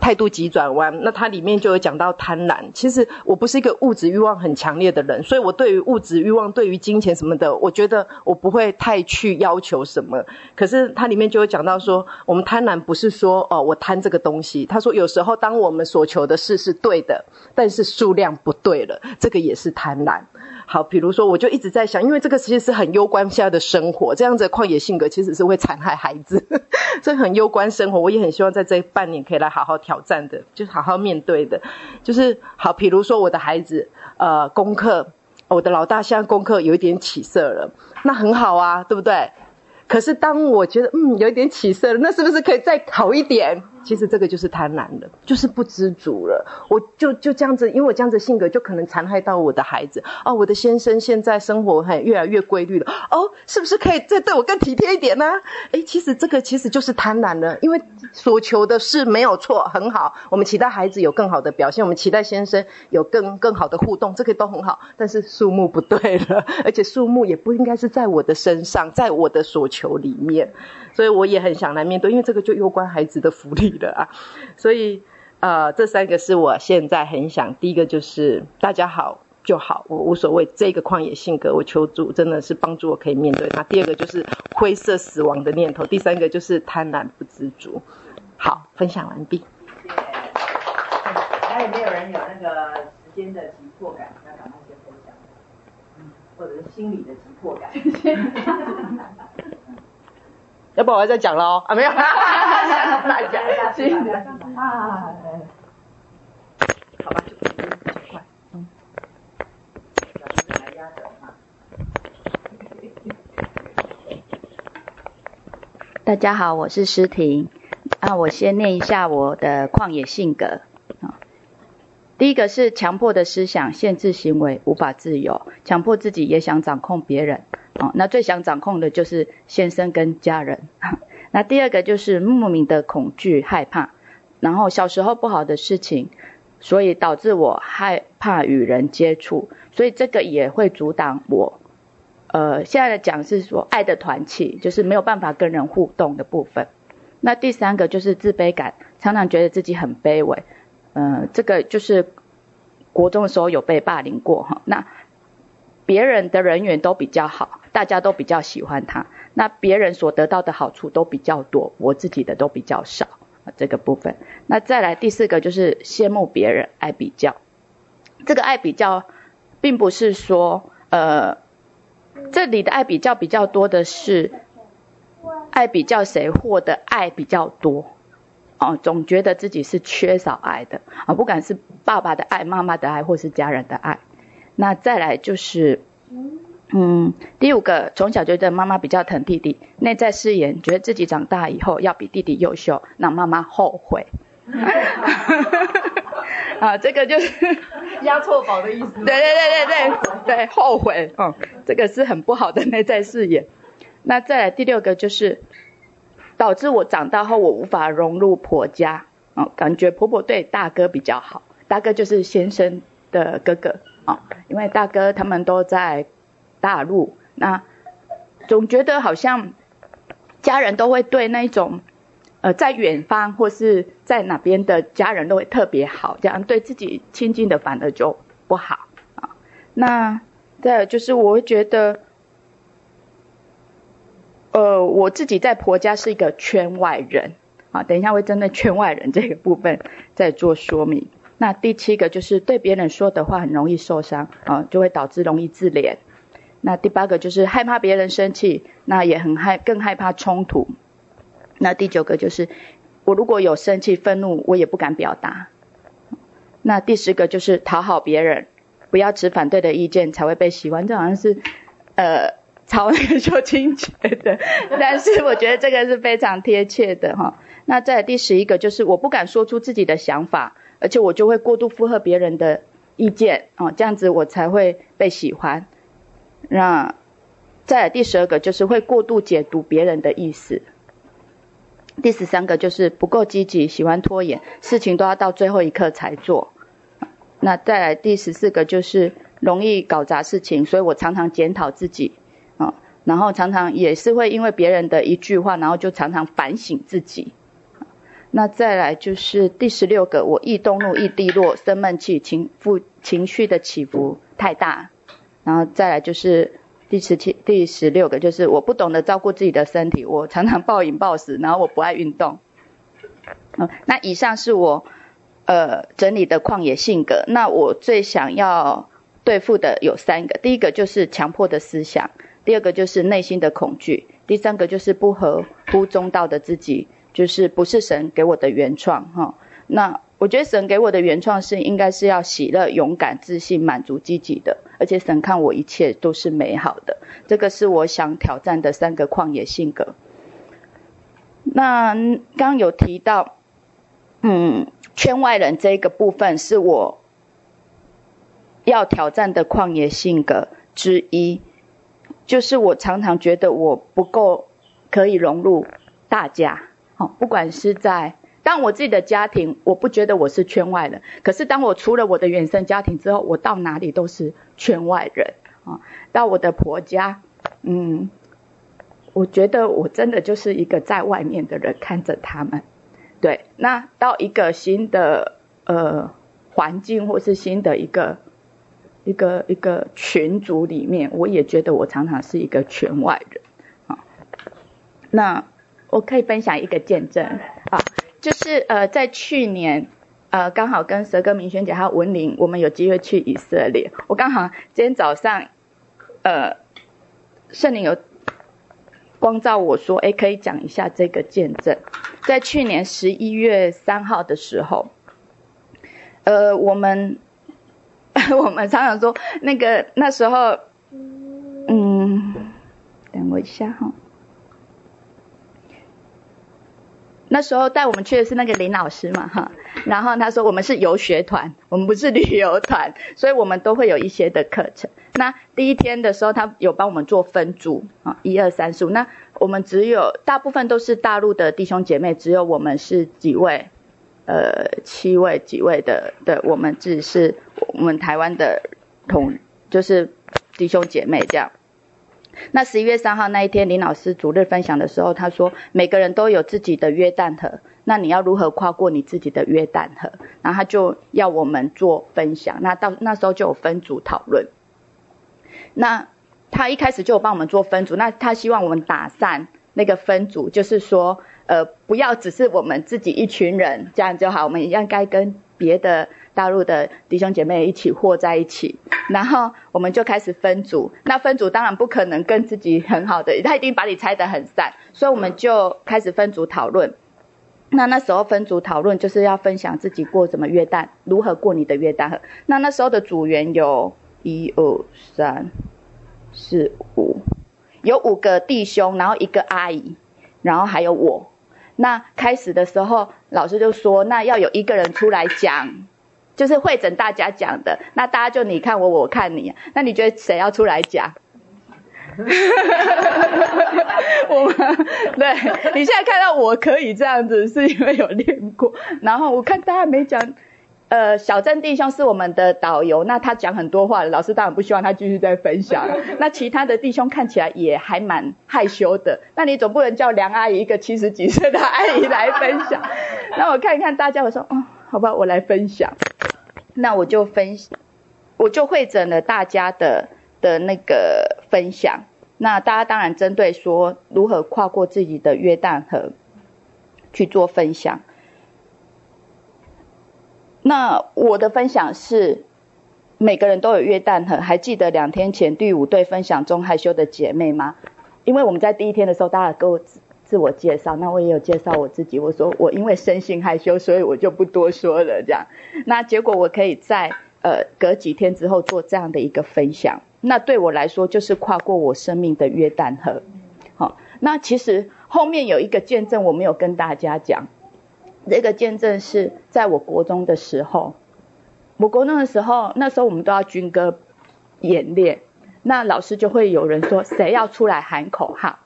《態度急轉彎》，那它裡面就有講到貪婪。其實我不是一個物質慾望很強烈的人，所以我對於物質慾望、對於金錢什麼的，我覺得我不會太去要求什麼。可是它裡面就有講到說，我們貪婪不是說哦我貪這個東西。他說有時候當我們所求的事是對的，但是數量不對了，這個也是貪婪。好，比如說，我就一直在想，因為這個其實是很攸關現在的生活，這樣子的曠野性格其實是會殘害孩子，呵呵，所以很攸關生活。我也很希望在這半年可以來好好挑戰的，就是好好面對的。就是好，比如說我的孩子，呃，功課，我的老大現在功課有一點起色了，那很好啊，對不對？可是當我覺得，嗯，有一點起色了，那是不是可以再好一點？其實這個就是貪婪了，就是不知足了。我就就這樣子，因為我這樣子性格，就可能殘害到我的孩子。哦，我的先生現在生活很越來越規律了，哦，是不是可以再對我更體貼一點呢、啊？哎，其實這個其實就是貪婪了，因為所求的是沒有錯，很好。我們期待孩子有更好的表現，我們期待先生有更更好的互動，這個都很好。但是數目不對了，而且數目也不應該是在我的身上，在我的所求裡面。所以我也很想來面對，因為這個就攸關孩子的福利了啊！所以，呃，這三個是我現在很想，第一個就是大家好就好，我無所謂。這一個曠野性格，我求助真的是幫助我可以面對。那第二個就是灰色死亡的念頭，第三個就是貪婪不知足。好，分享完畢。謝謝。還、嗯、有沒有人有那個時間的急迫感要把那些分享？嗯，或者是心理的急迫感？謝謝。要不我要再講了哦，啊沒有，講， 啊，好吧，就大家好，嗯啊、 大家好，我是詩婷，啊我先念一下我的曠野性格啊，第一個是強迫的思想，限制行為，無法自由，強迫自己也想掌控別人。哦，那最想掌控的就是先生跟家人。那第二個就是莫名的恐懼、害怕，然後小時候不好的事情，所以導致我害怕與人接觸，所以這個也會阻擋我。呃，現在講的講是說愛的團契，就是沒有辦法跟人互動的部分。那第三個就是自卑感，常常覺得自己很卑微。嗯、呃，這個就是國中的時候有被霸凌過哈、哦。那別人的人緣都比較好。大家都比較喜歡他，那別人所得到的好處都比較多，我自己的都比較少，這個部分，那再來第四個就是羨慕別人，愛比較。這個愛比較，並不是說，呃，這裡的愛比較比較多的是愛比較誰獲得愛比較多，哦，總覺得自己是缺少愛的啊、哦，不管是爸爸的愛、媽媽的愛，或是家人的愛。那再來就是。嗯，第五個，從小覺得媽媽比較疼弟弟，內在誓言覺得自己長大以後要比弟弟優秀，讓媽媽後悔。 啊，這個就是押錯寶的意思。對對對對對，對，後悔。哦、嗯，這個是很不好的內在誓言。那再來第六個就是，導致我長大後我無法融入婆家。哦、嗯，感覺婆婆對大哥比較好，大哥就是先生的哥哥。啊、嗯，因為大哥他們都在。大陸，那總覺得好像家人都會對那一種呃在遠方或是在哪邊的家人都會特別好，這樣對自己親近的反而就不好啊。那再有就是我會覺得呃我自己在婆家是一個圈外人啊，等一下會針對圈外人這個部分再做說明。那第七個就是對別人說的話很容易受傷啊，就會導致容易自憐。那第八個就是害怕別人生氣，那也很害，更害怕衝突。那第九個就是，我如果有生氣、憤怒，我也不敢表達。那第十個就是討好別人，不要持反對的意見才會被喜歡。這好像是，呃，超仁說清潔的，但是我覺得這個是非常貼切的哈。 那在第十一個就是我不敢說出自己的想法，而且我就會過度附和別人的意見啊，這樣子我才會被喜歡。那，再來第十二個就是會過度解讀別人的意思。第十三個就是不夠積極，喜歡拖延，事情都要到最後一刻才做。那再來第十四個就是容易搞砸事情，所以我常常檢討自己，啊，然後常常也是會因為別人的一句話，然後就常常反省自己。那再來就是第十六個，我易動怒、易低落、生悶氣，情負，情緒的起伏太大。然後再來就是第十七，第十六個，就是我不懂得照顧自己的身體，我常常暴飲暴食，然後我不愛運動。嗯，那以上是我呃整理的曠野性格。那我最想要對付的有三個，第一個就是強迫的思想，第二個就是內心的恐懼，第三個就是不合乎中道的自己，就是不是神給我的原創哈、哦。那我覺得神給我的原創是，應該是要喜樂、勇敢、自信、滿足、積極的，而且神看我一切都是美好的。這個是我想挑戰的三個曠野性格。那剛剛有提到，嗯，圈外人這一個部分是我要挑戰的曠野性格之一，就是我常常覺得我不夠可以融入大家，好、哦，不管是在。但我自己的家庭，我不覺得我是圈外人。可是當我出了我的原生家庭之後，我到哪裡都是圈外人啊！到我的婆家，嗯，我覺得我真的就是一個在外面的人，看着他們。對，那到一個新的呃環境，或是新的一個一個一個群組裡面，我也覺得我常常是一個圈外人啊。那我可以分享一個見證。就是呃，在去年，呃，剛好跟蛇哥、明軒姐還有文玲，我們有機會去以色列。我剛好今天早上，呃，聖靈有光照我說，誒，可以講一下這個見證。在去年十一月三號的時候，呃，我們我們常常說那個那時候，嗯，等我一下哈、哦。那時候帶我們去的是那個林老師嘛，哈，然後他說我們是遊學團，我們不是旅遊團，所以我們都會有一些的課程。那第一天的時候，他有幫我們做分組啊，一二三四五。那我們只有大部分都是大陸的弟兄姐妹，只有我們是幾位，呃，七位幾位的、的，我們只是我們台灣的同，就是弟兄姐妹這樣。那十一月三號那一天，林老師主日分享的時候，他說每個人都有自己的約旦河。那你要如何跨過你自己的約旦河？然後他就要我們做分享，那到那時候就有分組討論。那他一開始就有幫我們做分組，那他希望我們打散那個分組，就是說，呃，不要只是我們自己一群人這樣就好，我們應該跟別的，大陸的弟兄姐妹一起和在一起，然後我們就開始分組。那分組當然不可能跟自己很好的，他一定把你拆得很散，所以我們就開始分組討論。那那時候分組討論就是要分享自己過怎麼約旦，如何過你的約旦。那那時候的組員有一二三，四五，有五個弟兄，然後一個阿姨，然後還有我。那開始的時候，老師就說，那要有一個人出來講。就是會診，大家講的，那大家就你看我，我看你。那你覺得誰要出來講？ 我們對你現在看到我可以這樣子，是因為有練過。然後我看大家沒講，呃，小鎮弟兄是我們的導遊，那他講很多話，老師當然不希望他繼續再分享。那其他的弟兄看起來也還蠻害羞的，那你總不能叫梁阿姨一個七十幾歲的阿姨來分享。那我看一看大家，我說，哦、嗯。」好吧，我來分享。那我就分，我就彙整了大家的的那個分享。那大家當然針對說如何跨過自己的約旦河去做分享。那我的分享是每個人都有約旦河。還記得兩天前第五對分享中害羞的姐妹嗎？因為我們在第一天的時候，大家給我。自我介紹，那我也有介紹我自己。我說我因為生性害羞，所以我就不多說了。這樣，那結果我可以在呃隔幾天之後做這樣的一個分享。那對我來說，就是跨過我生命的約旦河。好、哦，那其實後面有一個見證，我沒有跟大家講。這個見證是在我國中的時候，我國中的時候，那時候我們都要軍歌演練。那老師就會有人說，誰要出來喊口號？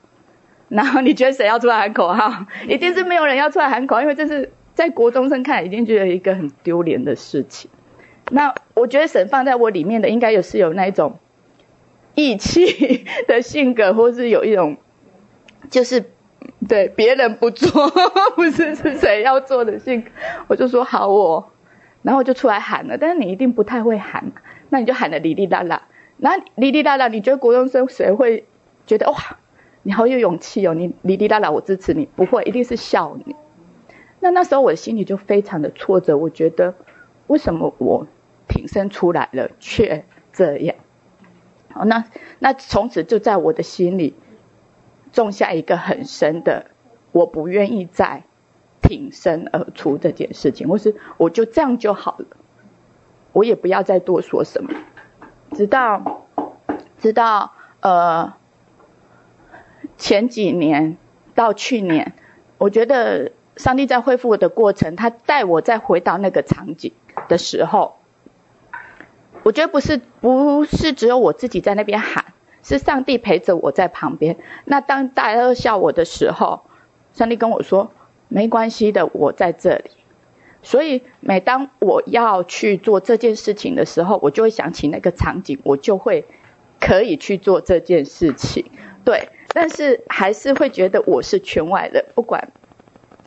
然後你覺得誰要出來喊口號？一定是沒有人要出來喊口號，因為這是在國中生看來，一定覺得一個很丟臉的事情。那我覺得神放在我裡面的，應該也是有那一種義氣的性格，或是有一種就是對別人不做，不是是誰要做的性格。我就說好我，哦，然後就出來喊了。但是你一定不太會喊，那你就喊了里里拉拉“哩哩啦啦”。那“哩哩啦啦”，你覺得國中生誰會覺得哇？你好，有勇氣哦！你哩哩啦啦，我支持你。不會，一定是笑你。那那時候我的心裡就非常的挫折，我覺得為什麼我挺身出來了，卻這樣？好，那那從此就在我的心裡種下一個很深的，我不願意再挺身而出這件事情，或是我就這樣就好了，我也不要再多說什麼。直到直到呃。前幾年到去年，我覺得上帝在恢復我的過程，他帶我再回到那個場景的時候，我覺得不是不是只有我自己在那邊喊，是上帝陪着我在旁邊。那當大家都笑我的時候，上帝跟我說：“沒關係的，我在這裡。”所以每當我要去做這件事情的時候，我就會想起那個場景，我就會。可以去做這件事情，對，但是還是會覺得我是圈外人，不管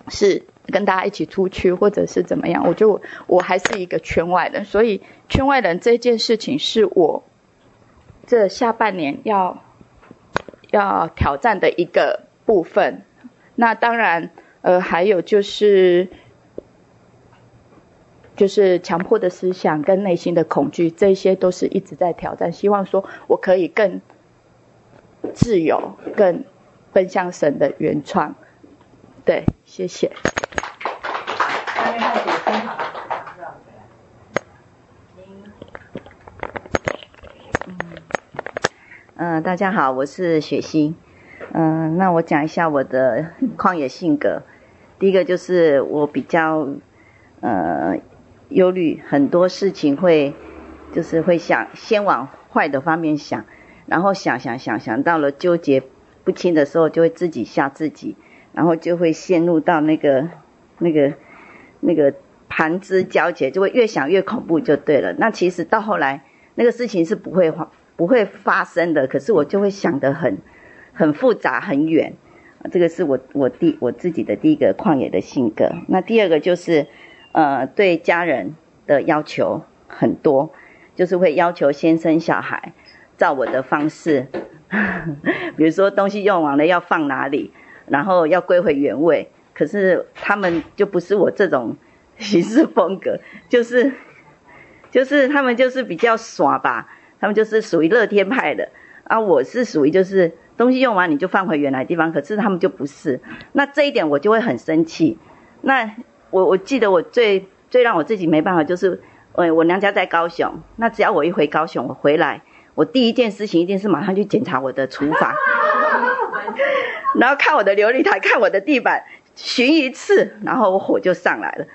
是跟大家一起出去，或者是怎麼樣，我就我還是一個圈外人，所以圈外人這件事情是我這下半年要要挑戰的一個部分。那當然，呃，還有就是。就是強迫的思想跟內心的恐懼，這些都是一直在挑戰。希望說我可以更自由，更奔向神的原創。對，謝謝。嗯，大家好，我是雪心。嗯，那我講一下我的曠野性格。第一個就是我比較呃。憂慮很多事情會，就是會想先往壞的方面想，然後想想想想到了糾結不清的時候，就會自己嚇自己，然後就會陷入到那個那個那個盤枝交結，就會越想越恐怖，就對了。那其實到後來那個事情是不會不會發生的，可是我就會想得很很複雜很遠。這個是我我第我自己的第一個曠野的性格。那第二個就是。呃，對家人的要求很多，就是會要求先生小孩照我的方式，呵呵，比如說東西用完了要放哪裡，然後要歸回原位。可是他們就不是我這種行事風格，就是就是他們就是比較耍吧，他們就是屬於樂天派的啊。我是屬於就是東西用完你就放回原來的地方，可是他們就不是，那這一點我就會很生氣。那我我記得我最最讓我自己沒辦法就是，我娘家在高雄，那只要我一回高雄，我回來，我第一件事情一定是馬上去檢查我的廚房， 然後看我的流理台，看我的地板，巡一次，然後我火就上來了，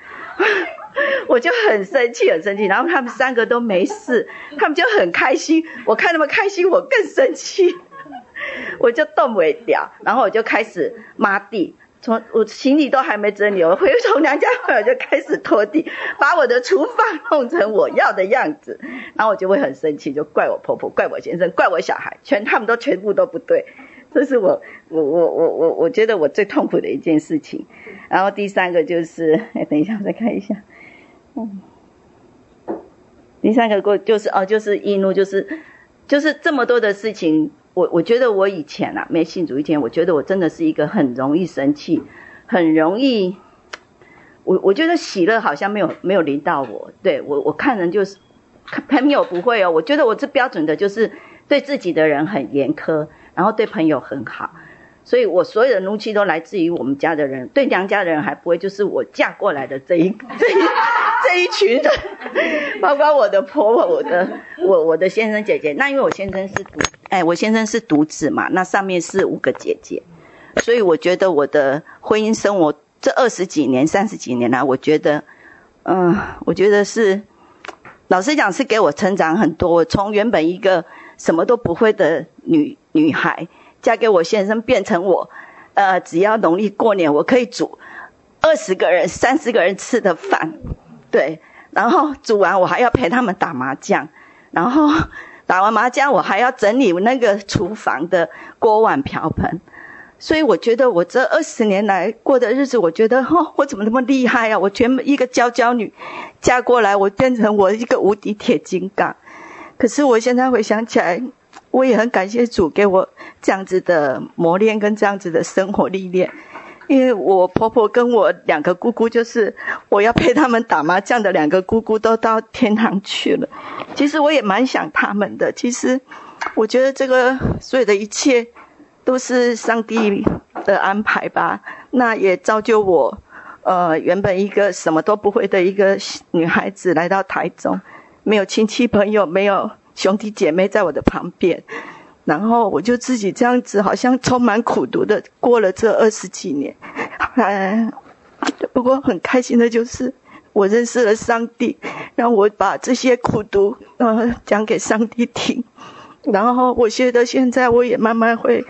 我就很生氣很生氣，然後他們三個都沒事，他們就很開心，我看他們開心，我更生氣， 我就動不了，然後我就開始抹地。從我行李都還沒整理，我回從娘家回來就開始拖地，把我的廚房弄成我要的樣子，然後我就會很生氣，就怪我婆婆，怪我先生，怪我小孩，全他們都全部都不對，這是我我我我我我覺得我最痛苦的一件事情。然後第三個就是，哎，等一下，我再看一下，嗯，第三個過就是哦，就是易怒，就是就是這麼多的事情。我我覺得我以前啊，沒信主以前，我覺得我真的是一個很容易生氣，很容易。我我覺得喜樂好像沒有沒有臨到我，對我我看人就是看朋友不會哦，我覺得我這標準的就是對自己的人很嚴苛，然後對朋友很好，所以我所有的怒氣都來自於我們家的人，對娘家的人還不會，就是我嫁過來的這一這一這一群的，包括我的婆婆、我的我我的先生姐姐，那因為我先生是。哎，我先生是獨子嘛，那上面是五個姐姐，所以我覺得我的婚姻生活這二十幾年、三十幾年來，啊，我覺得，嗯，我覺得是，老實講是給我成長很多。從原本一個什麼都不會的女女孩，嫁給我先生變成我，呃，只要農曆過年我可以煮二十個人、三十個人吃的飯，對，然後煮完我還要陪他們打麻將，然後。打完麻將，我還要整理那個廚房的鍋碗瓢盆，所以我覺得我這二十年來過的日子，我覺得哈、哦，我怎麼那麼厲害啊？我全一個嬌嬌女，嫁過來我變成我一個無敵鐵金剛。可是我現在回想起來，我也很感謝主給我這樣子的磨練跟這樣子的生活歷練。因為我婆婆跟我兩個姑姑，就是我要陪他們打麻將的兩個姑姑，都到天堂去了。其實我也蠻想他們的。其實，我覺得這個所有的一切都是上帝的安排吧。那也造就我，呃，原本一個什麼都不會的一個女孩子來到台中，沒有親戚朋友，沒有兄弟姐妹在我的旁邊。然後我就自己這樣子，好像充滿苦毒的過了這二十幾年，不過很開心的就是，我認識了上帝，讓我把這些苦毒，呃，講給上帝聽。然後我覺得現在，我也慢慢會，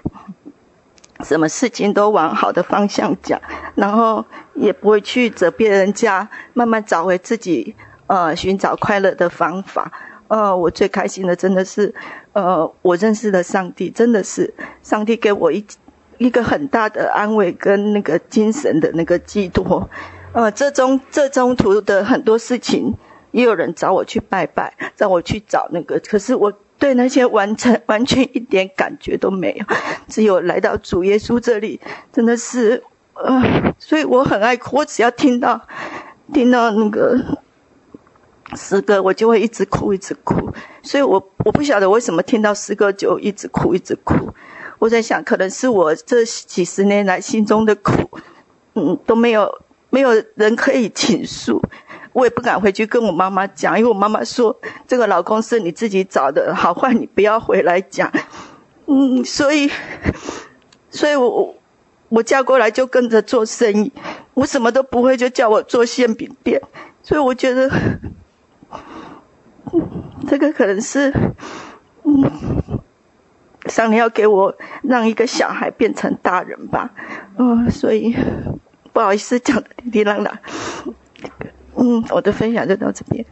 什麼事情都往好的方向講，然後也不會去責別人家，慢慢找回自己，呃，尋找快樂的方法。呃，我最開心的真的是。呃，我認識的上帝真的是，上帝給我一一個很大的安慰跟那個精神的那個寄託。呃，這中這中途的很多事情，也有人找我去拜拜，讓我去找那個，可是我對那些完成完全一點感覺都沒有，只有來到主耶穌這裡，真的是，呃，所以我很愛哭，我只要聽到聽到那個。詩歌，我就會一直哭，一直哭。所以我，我我不曉得為什麼聽到詩歌就一直哭，一直哭。我在想，可能是我這幾十年來心中的苦，嗯，都沒有沒有人可以傾訴。我也不敢回去跟我媽媽講，因為我媽媽說，這個老公是你自己找的，好壞你不要回來講。嗯，所以，所以我我嫁過來就跟着做生意，我什麼都不會，就叫我做餡餅店。所以，我覺得。嗯、這個可能是，嗯，上帝要給我讓一個小孩變成大人吧，嗯，所以不好意思講的跌跌撞撞，嗯，我的分享就到這邊。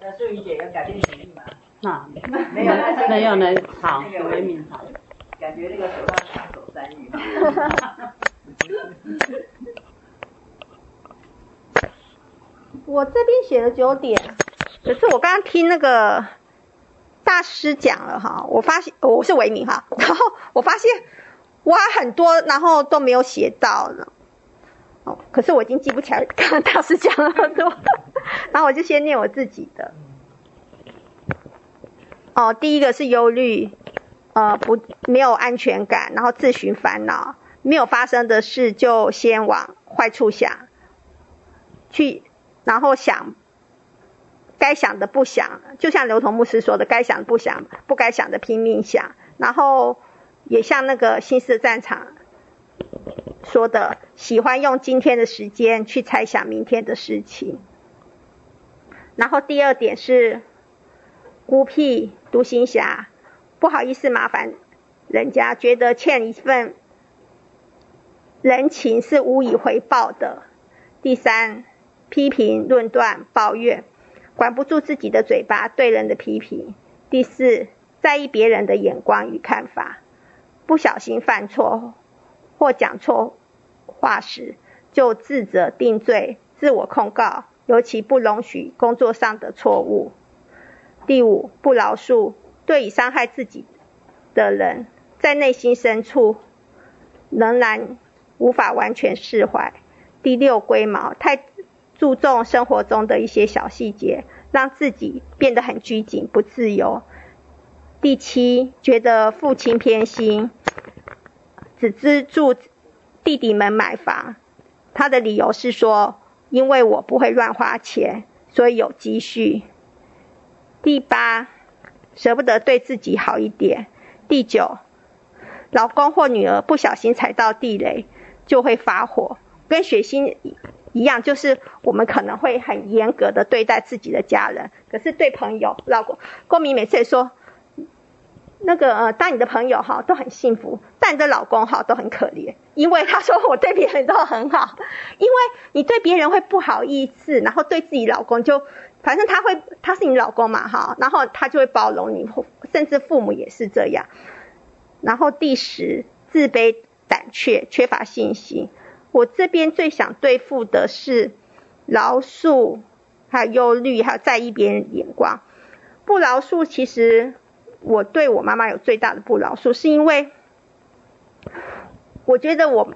那祝雨姐要改變主意嗎？啊， 沒有，沒有，沒有，那個，好。感覺那個流浪殺手三與。 我這邊寫了九點，可是我剛剛聽那個大師講了哈，我發現、哦、我是維尼哈，然後我發現哇，很多，然後都沒有寫到呢。哦，可是我已經記不起來，剛剛大師講了很多， 然後我就先念我自己的。哦，第一個是憂慮，呃，不，沒有安全感，然後自尋煩惱，沒有發生的事就先往壞處想，去。然後想，該想的不想，就像劉同牧師說的，該想的不想，不該想的拼命想。然後也像那個《心思戰場》說的，喜歡用今天的時間去猜想明天的事情。然後第二點是孤僻獨行俠，不好意思麻煩人家，覺得欠一份人情是無以回報的。第三。批評、論斷、抱怨，管不住自己的嘴巴，對人的批評。第四，在意別人的眼光與看法，不小心犯錯或講錯話時，就自責定罪、自我控告，尤其不容許工作上的錯誤。第五，不饒恕對已傷害自己的人，在內心深處仍然無法完全釋懷。第六，龜毛太，注重生活中的一些小細節，讓自己變得很拘謹、不自由。第七，覺得父親偏心，只資助弟弟們買房，他的理由是說，因為我不會亂花錢，所以有積蓄。第八，捨不得對自己好一點。第九，老公或女兒不小心踩到地雷，就會發火，跟血腥。一樣，就是我們可能會很嚴格的對待自己的家人，可是對朋友、老公，郭敏每次也說，那個、呃、當你的朋友哈都很幸福，但你的老公哈都很可憐，因為他說我對別人都很好，因為你對別人會不好意思，然後對自己老公就，反正他會，他是你老公嘛哈，然後他就會包容你，甚至父母也是這樣。然後第十，自卑、膽怯、缺乏信心。我這邊最想對付的是饒恕，還有憂慮，還有在意別人眼光。不饒恕，其實我對我媽媽有最大的不饒恕，是因為我覺得我，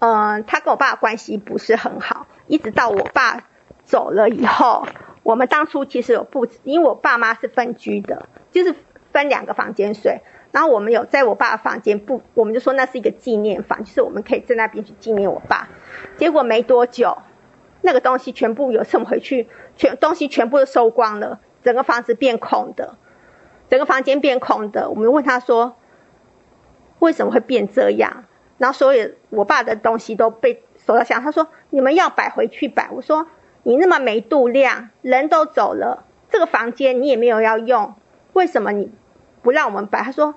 嗯、呃，她跟我爸的關係不是很好，一直到我爸走了以後，我們當初其實有不止，因為我爸媽是分居的，就是分兩個房間睡。然後我們有在我爸的房間不，我們就說那是一個紀念房，就是我們可以在那邊去紀念我爸。結果沒多久，那個東西全部有送回去，全東西全部都收光了，整個房子變空的，整個房間變空的。我們問他說，為什麼會變這樣？然後所有我爸的東西都被收到箱。他說，你們要擺回去擺。我說，你那麼沒度量，人都走了，這個房間你也沒有要用，為什麼你？不讓我們擺，他說：“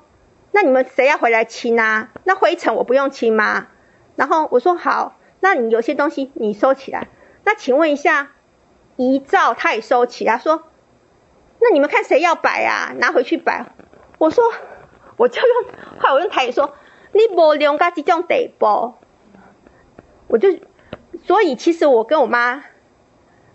那你們誰要回來清呢、啊？那灰塵我不用清嗎？”然後我說：“好，那你有些東西你收起來。”那請問一下，遺照他也收起來，他說：“那你們看誰要擺啊？拿回去擺。”我說：“我就用，後來我用台語說，你不用家這種地步。”我就，所以其實我跟我媽，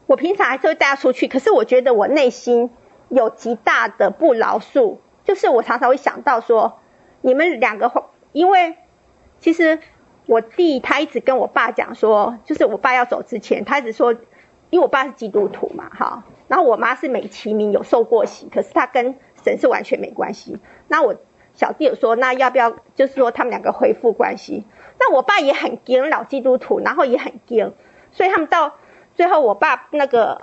我平常還是會帶她出去，可是我覺得我內心有極大的不饒恕。就是我常常會想到說，你們兩個，因為其實我弟他一直跟我爸講說，就是我爸要走之前，他一直說，因為我爸是基督徒嘛，哈，然後我媽是美其名有受過洗，可是他跟神是完全沒關係。那我小弟有說，那要不要就是說他們兩個恢復關係？那我爸也很驚，老基督徒，然後也很驚，所以他們到最後我爸那個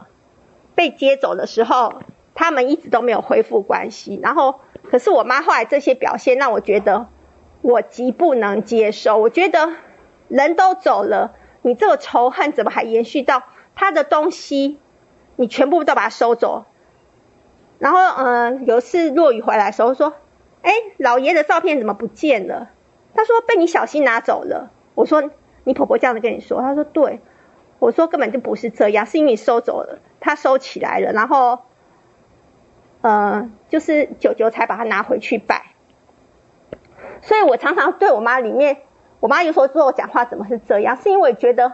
被接走的時候，他們一直都沒有恢復關係，然後。可是我媽後來這些表現讓我覺得，我極不能接受。我覺得人都走了，你這個仇恨怎麼還延續到他的東西？你全部都把它收走。然後，嗯、呃，有一次若雨回來的時候說：“哎，老爺的照片怎麼不見了？”他說：“被你小心拿走了。”我說：“你婆婆這樣子跟你說？”他說：“對。”我說：“根本就不是這樣，是因為你收走了，他收起來了。”然後。嗯、呃，就是九九才把它拿回去擺，所以我常常對我媽，裡面我媽有時候說我講話怎麼是這樣，是因為覺得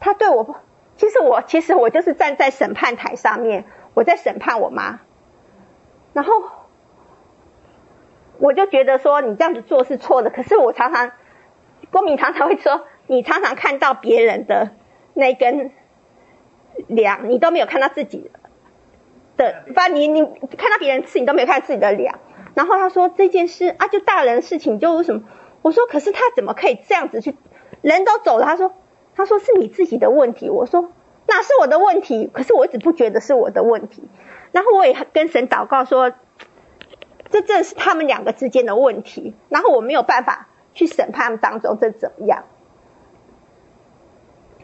她對我不，其實我其實我就是站在審判台上面，我在審判我媽，然後我就覺得說你這樣子做是錯的，可是我常常，郭敏常常會說，你常常看到別人的那根梁，你都沒有看到自己的，不然你你看到別人吃，你都沒看自己的臉。然後他說這件事啊，就大人的事情，就為什麼？我說可是他怎麼可以這樣子去？人都走了，他說他說是你自己的問題。我說那是我的問題，可是我一直不覺得是我的問題。然後我也跟神禱告說，這正是他們兩個之間的問題。然後我沒有辦法去審判他們當中這怎麼樣，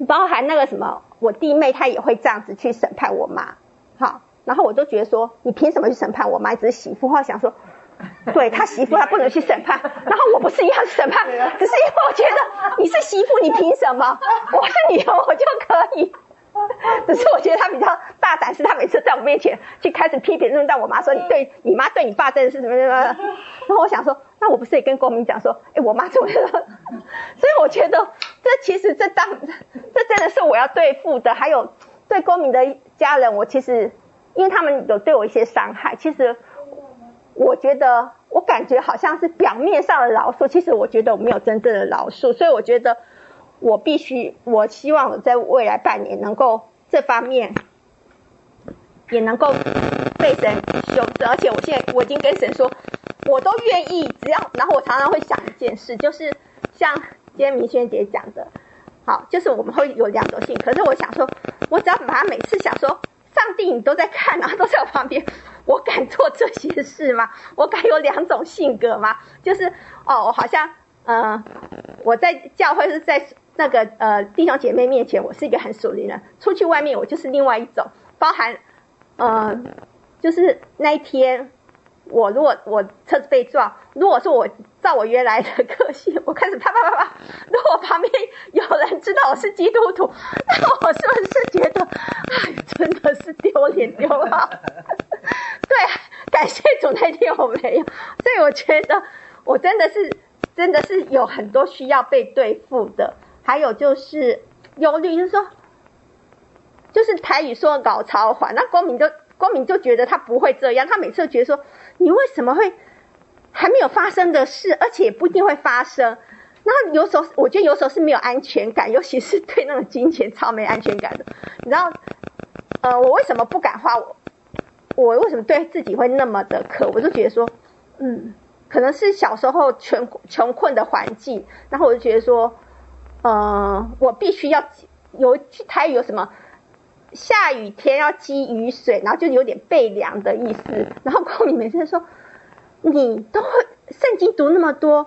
包含那個什麼，我弟妹她也會這樣子去審判我媽。好。然後我都覺得說，你憑什麼去審判我媽？只是媳婦後來想說，對他媳婦她不能去審判， 然後我不是一樣是審判，只是因為我覺得你是媳婦，你憑什麼？我是女兒，我就可以。只是我覺得她比較大膽，是她每次在我面前就開始批評、論到我媽說，說你對你媽對你爸真的是什麼什麼。然後我想說，那我不是也跟公民講說，哎，我媽怎麼樣？所以我覺得這其實這當這真的是我要對付的，還有對公民的家人，我其實。因為他們有對我一些傷害，其實我覺得我感覺好像是表面上的饒恕，其實我覺得我沒有真正的饒恕，所以我覺得我必須，我希望我在未來半年能夠這方面也能夠被神修復，而且我現在我已經跟神說，我都願意，只要，然後我常常會想一件事，就是像今天明軒姐講的，好，就是我們會有兩種性，可是我想說，我只要把它每次想說。上帝，你都在看啊，都在我旁邊。我敢做這些事嗎？我敢有兩種性格嗎？就是哦，我好像嗯、呃，我在教會是在那個呃弟兄姐妹面前，我是一個很屬靈的人；出去外面，我就是另外一種。包含嗯、呃，就是那一天。我如果，我車子被撞，如果說我照我原來的個性，我開始啪啪啪啪。如果旁邊有人知道我是基督徒，那我是不是覺得，哎，真的是丟臉丟啊？ 對，感謝主，那天我沒有。所以我覺得我真的是，真的是有很多需要被對付的。還有就是憂慮，就是說，就是台語說的搞超煩。那光明就光明就覺得他不會這樣，他每次覺得說。你為什麼會還沒有發生的事，而且也不一定會發生？然後有時候我覺得有時候是沒有安全感，尤其是對那種金錢超沒安全感的。你知道，呃，我為什麼不敢花？我我為什麼對自己會那麼的渴？我就覺得說，嗯，可能是小時候窮窮困的環境，然後我就覺得說，呃，我必須要有去台有什麼？下雨天要積雨水，然後就有點備糧的意思。然後光明每次說：“你都會聖經讀那麼多，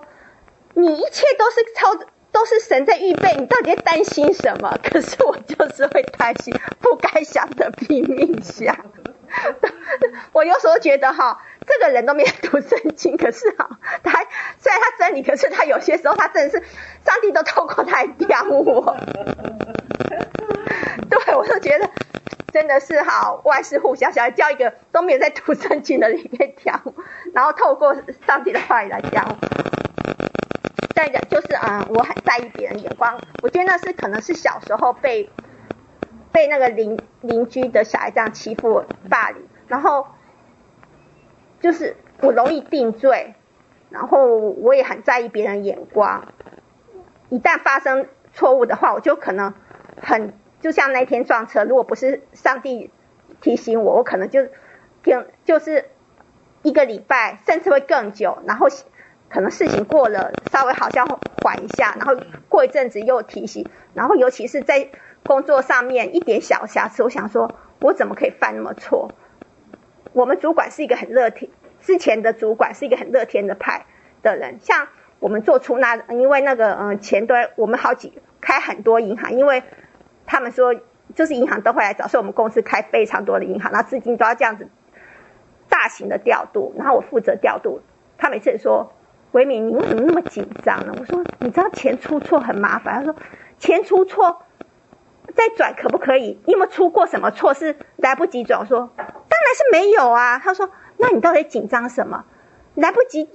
你一切都是操，都是神在預備，你到底在擔心什麼？”可是我就是會擔心不該想的拼命想。 我有時候覺得哈，這個人都沒有讀聖經，可是哈，他雖然他真理，可是他有些時候他真的是，上帝都透過他來教我。 對我都覺得真的是好，萬事互相小，想要教一個都沒有在讀聖經的裡面教，然後透過上帝的話語來教。再講就是啊、嗯，我很在意別人眼光，我覺得那是可能是小時候被。被那個鄰鄰居的小孩這樣欺負、霸凌，然後就是我容易定罪，然後我也很在意別人眼光。一旦發生錯誤的話，我就可能很，就像那天撞車，如果不是上帝提醒我，我可能就就是一個禮拜，甚至會更久。然後可能事情過了，稍微好像緩一下，然後過一陣子又提醒。然後尤其是在工作上面一點小瑕疵，我想說，我怎麼可以犯那麼錯？我們主管是一個很樂天，之前的主管是一個很樂天的派的人。像我們做出納，因為那個嗯，錢多，我們好幾開很多銀行，因為他們說就是銀行都會來找，說我們公司開非常多的銀行，那資金都要這樣子大型的調度，然後我負責調度。他每次說：“維敏，你為什麼那麼緊張呢？”我說：“你知道錢出錯很麻煩。”他說：“錢出錯。”再轉可不可以？你有沒有出過什麼錯事？來不及轉，我說，當然是沒有啊。他說，那你到底緊張什麼？來不及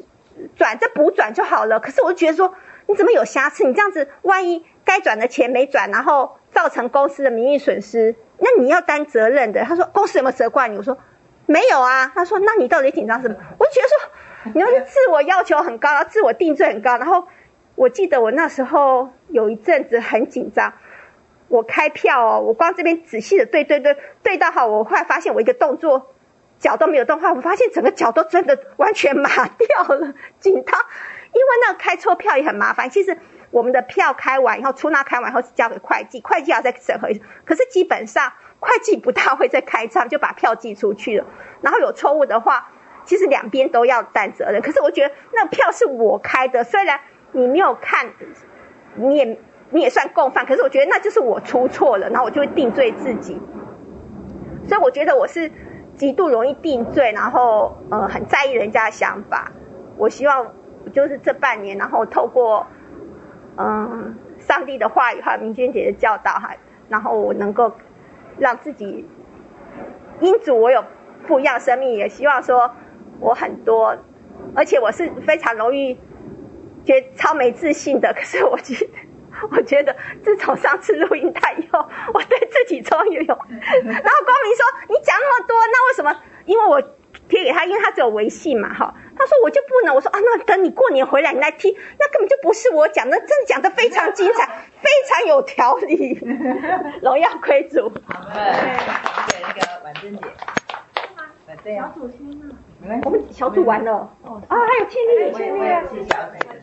轉，再補轉就好了。可是我就覺得說，你怎麼有瑕疵？你這樣子，萬一該轉的錢沒轉，然後造成公司的名譽損失，那你要擔責任的。他說，公司有沒有責怪你？我說，沒有啊。他說，那你到底緊張什麼？我就覺得說，你要是自我要求很高，然後自我定罪很高。然後我記得我那時候有一陣子很緊張。我開票哦，我光這邊仔細的對對對對到好。我快發現我一個動作，腳都沒有動，畫我發現整個腳都真的完全麻掉了，緊到。因為那個開錯票也很麻煩。其實我們的票開完以後，出納開完以後是交給會計，會計要再審核一下。可是基本上會計不大會再開賬，就把票寄出去了。然後有錯誤的話，其實兩邊都要擔責任。可是我覺得那個票是我開的，雖然你沒有看，你也。你也算共犯，可是我覺得那就是我出錯了，然後我就會定罪自己。所以我覺得我是極度容易定罪，然後呃很在意人家的想法。我希望就是這半年，然後透過嗯、呃、上帝的話語哈，和明君姐的教導哈，然後我能夠讓自己因主我有不一樣的生命，也希望說我很多，而且我是非常容易覺得超沒自信的。可是我覺得。我覺得自從上次錄音帶以後，我對自己超有用。然後光明說：“你講那麼多，那為什麼？因為我貼給他，因為他只有微信嘛，哈、喔。”他說：“我就不能。”我說：“啊，那等你過年回來，你來聽。那根本就不是我講的，真的講的非常精彩，非常有條理。魁 ”榮耀歸主。好嘞那個婉貞姐。是嗎？小組清了。小組完了。哦啊，還有倩倩。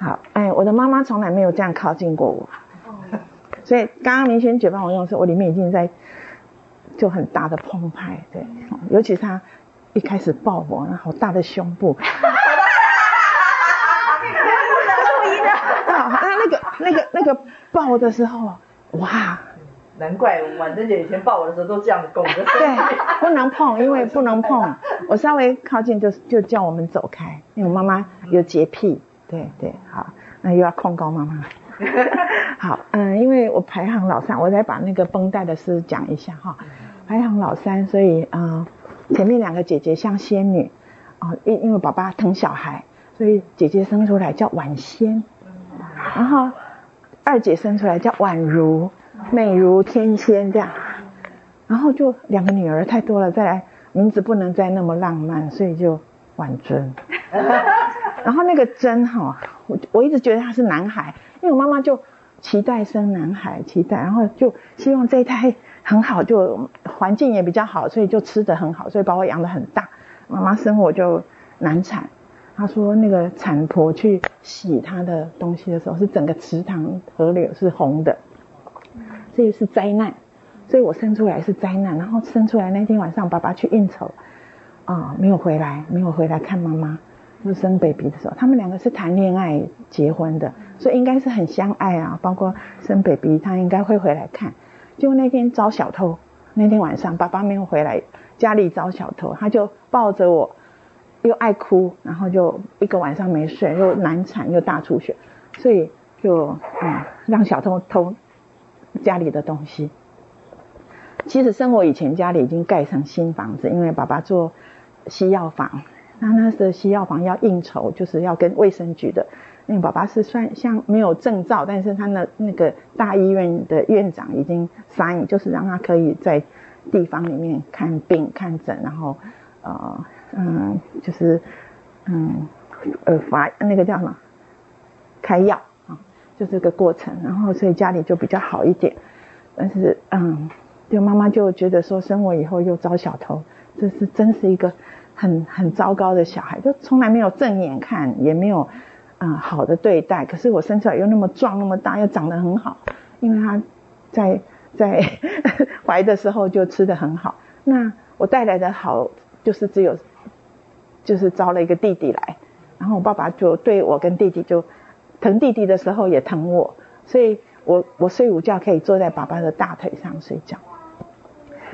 好，哎、欸，我的媽媽從來沒有這樣靠近過我，oh, 所以剛剛明軒姐幫我用的時候，我裡面已經在就很大的澎湃，對，oh. 尤其她一開始抱我，好大的胸部，注意的，那個那個那個抱的時候，哇，嗯、難怪婉珍姐以前抱我的時候都這樣拱着，對， 不能碰，因為不能碰， 我稍微靠近就就叫我們走開，因為我媽媽有潔癖。嗯嗯對對好，那又要控告媽媽， 好嗯，因為我排行老三，我再把那個繃帶的事講一下哈，排行老三，所以啊、呃，前面兩個姐姐像仙女，啊、呃、因因為爸爸疼小孩，所以姐姐生出來叫婉仙，然後二姐生出來叫婉如，美如天仙這樣，然後就兩個女兒太多了，再來名字不能再那麼浪漫，所以就。晚針， 然後那個針哈，我我一直覺得他是男孩，因為我媽媽就期待生男孩，期待，然後就希望這一胎很好，就環境也比較好，所以就吃得很好，所以把我養得很大。媽媽生我就難產，她說那個產婆去洗她的東西的時候，是整個池塘河流是紅的，所以是災難，所以我生出來是災難。然後生出來那天晚上，爸爸去應酬。啊、哦，沒有回來，沒有回來看媽媽。就生 baby 的時候，他們兩個是談戀愛結婚的，所以應該是很相愛啊。包括生 baby，他應該會回來看。就那天遭小偷，那天晚上爸爸沒有回來，家裡遭小偷，他就抱着我，又愛哭，然後就一個晚上沒睡，又難產又大出血，所以就嗯讓小偷偷家裡的東西。其實生我以前家裡已經蓋上新房子，因為爸爸做。西藥房，那那是西藥房要應酬，就是要跟衛生局的。那爸爸是算像沒有證照，但是他那那個大醫院的院長已經 sign，就是讓他可以在地方裡面看病看診，然後呃嗯就是嗯呃發那個叫什麼開藥啊，就是這個過程。然後所以家裡就比較好一點，但是嗯，就媽媽就覺得說生我以後又招小偷，這是真是一個。很很糟糕的小孩，就從來沒有正眼看，也沒有，嗯、呃，好的對待。可是我生出來又那麼壯，那麼大，又長得很好，因為他在，在在懷 的時候就吃得很好。那我帶來的好就是只有，就是招了一個弟弟來，然後我爸爸就對我跟弟弟就疼弟弟的時候也疼我，所以我我睡午覺可以坐在爸爸的大腿上睡覺。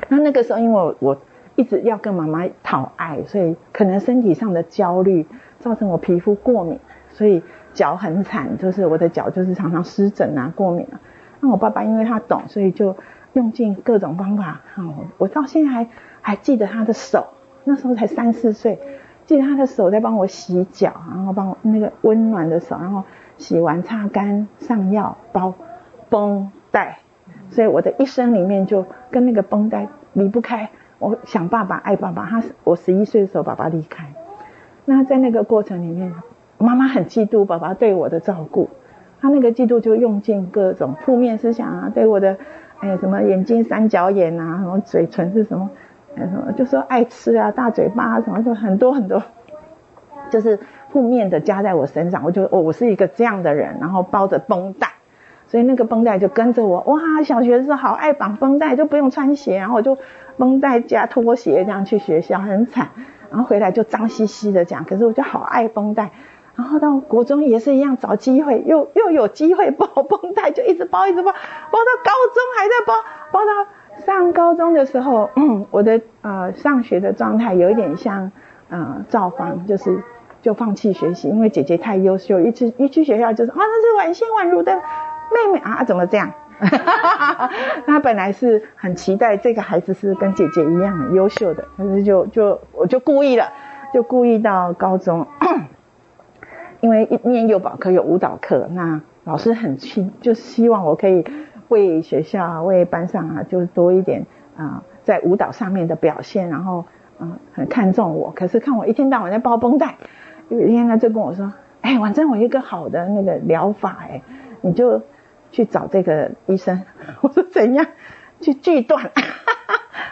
那那個時候，因為我。我一直要跟媽媽討愛，所以可能身體上的焦慮造成我皮膚過敏，所以腳很慘，就是我的腳就是常常濕疹啊、過敏啊。那我爸爸因為他懂，所以就用盡各種方法。哦，我到現在還還記得他的手，那時候才三四歲，記得他的手在幫我洗腳，然後幫我那個溫暖的手，然後洗完擦乾，上藥包繃帶。所以我的一生裡面就跟那個繃帶離不開。我想爸爸愛爸爸，他是我十一歲的時候爸爸離開，那在那個過程裡面，媽媽很嫉妒爸爸對我的照顧，他那個嫉妒就用盡各種負面思想啊，對我的，哎什麼眼睛三角眼啊，什麼嘴唇是什麼，哎、什麼就說愛吃啊，大嘴巴啊，什麼就很多很多，就是負面的加在我身上，我就我、哦、我是一個這樣的人，然後包着繃帶。所以那個繃帶就跟着我，哇！小學的時候好愛綁繃帶，就不用穿鞋，然後就繃帶加拖鞋這樣去學校，很慘。然後回來就髒兮兮的，這樣。可是我就好愛繃帶，然後到國中也是一樣，找機會又又有機會包繃帶，就一直包一直包，包到高中還在包，包到上高中的時候，嗯、我的呃上學的狀態有一點像嗯、呃、造訪，就是就放棄學習，因為姐姐太優秀，一去一去學校就是啊，那是宛心宛如的。妹妹啊，怎麼這樣？她 本來是很期待這個孩子是跟姐姐一樣很優秀的，可是就就我就故意了，就故意到高中，因為一年幼保科有舞蹈課，那老師很親，就希望我可以為學校啊，為班上啊，就多一點啊、呃、在舞蹈上面的表現，然後嗯、呃、很看重我。可是看我一天到晚在包繃帶，有一天她就跟我說，哎、欸，反正我有一個好的那個療法、欸，哎，你就。去找這個醫生，我說怎樣去鋸斷？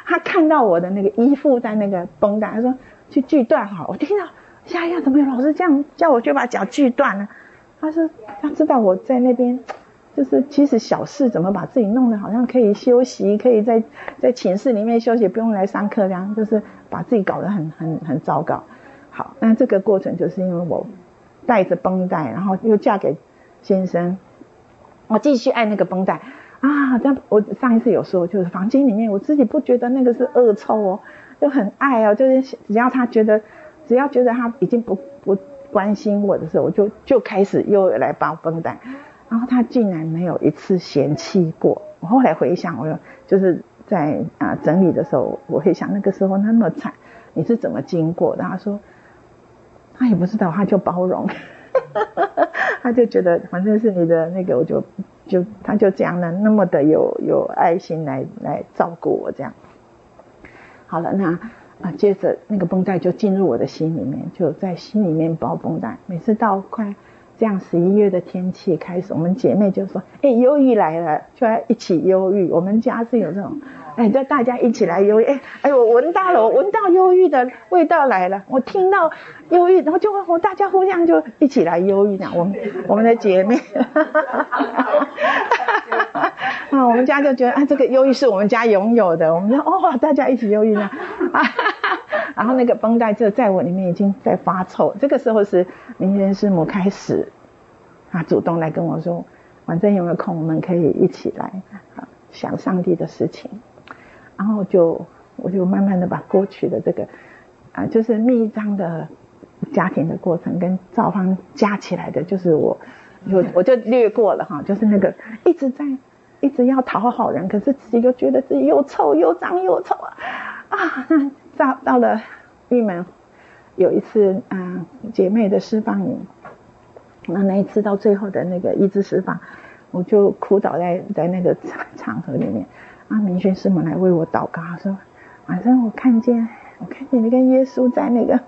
他看到我的那個衣服，在那個繃帶，他說去鋸斷。好，我聽到呀呀，怎麼有老師這樣叫我去把腳鋸斷呢？他說他知道我在那邊，就是其實小事，怎麼把自己弄得好像可以休息，可以在在寢室裡面休息，不用來上課這樣，就是把自己搞得很很很糟糕。好，那這個過程就是因為我帶着繃帶，然後又嫁給先生。我繼續愛那個繃帶啊，那我上一次有說，就是房間裡面我自己不覺得那個是惡臭哦，就很愛哦，就是只要他覺得，只要覺得他已經不不關心我的時候，我就就開始又來包繃帶，然後他竟然沒有一次嫌棄過。我後來回想，我又就是在啊、呃、整理的時候，我會想那個時候那麼慘，你是怎麼經過的？他說，他也不知道，他就包容。哈哈哈哈哈，他就覺得反正是你的那個，我就就他就這樣了，那麼的有有愛心來來照顧我這樣。好了，那啊接着那個繃帶就進入我的心裡面，就在心裡面包繃帶。每次到快這樣十一月的天氣開始，我們姐妹就說：“哎、欸，憂鬱來了，就要一起憂鬱。”我們家是有這種。哎，叫大家一起來憂鬱。哎，哎，我聞到了，我聞到憂鬱的味道來了。我聽到憂鬱，然後就會和大家互相就一起來憂鬱呢。我們我們的姐妹，啊、 嗯，我們家就覺得啊、哎，這個憂鬱是我們家擁有的。我們說哦，大家一起憂鬱呢。然後那個繃帶就在我裡面已經在發臭。這個時候是明天師母開始，啊，主動來跟我說，反正有沒有空，我們可以一起來啊，想上帝的事情。然後我就我就慢慢的把過去的這個，啊、呃，就是密章的家庭的過程跟趙方加起來的，就是我，我我就略過了哈，就是那個一直在一直要討好人，可是自己又覺得自己又臭又髒又臭啊，啊，那到到了玉門，有一次啊、呃、姐妹的釋放營，那那一次到最後的那個一直釋放，我就哭倒在在那個場合裡面。啊，明軒師母來為我禱告，說：晚上我看見，我看見你跟耶穌在那個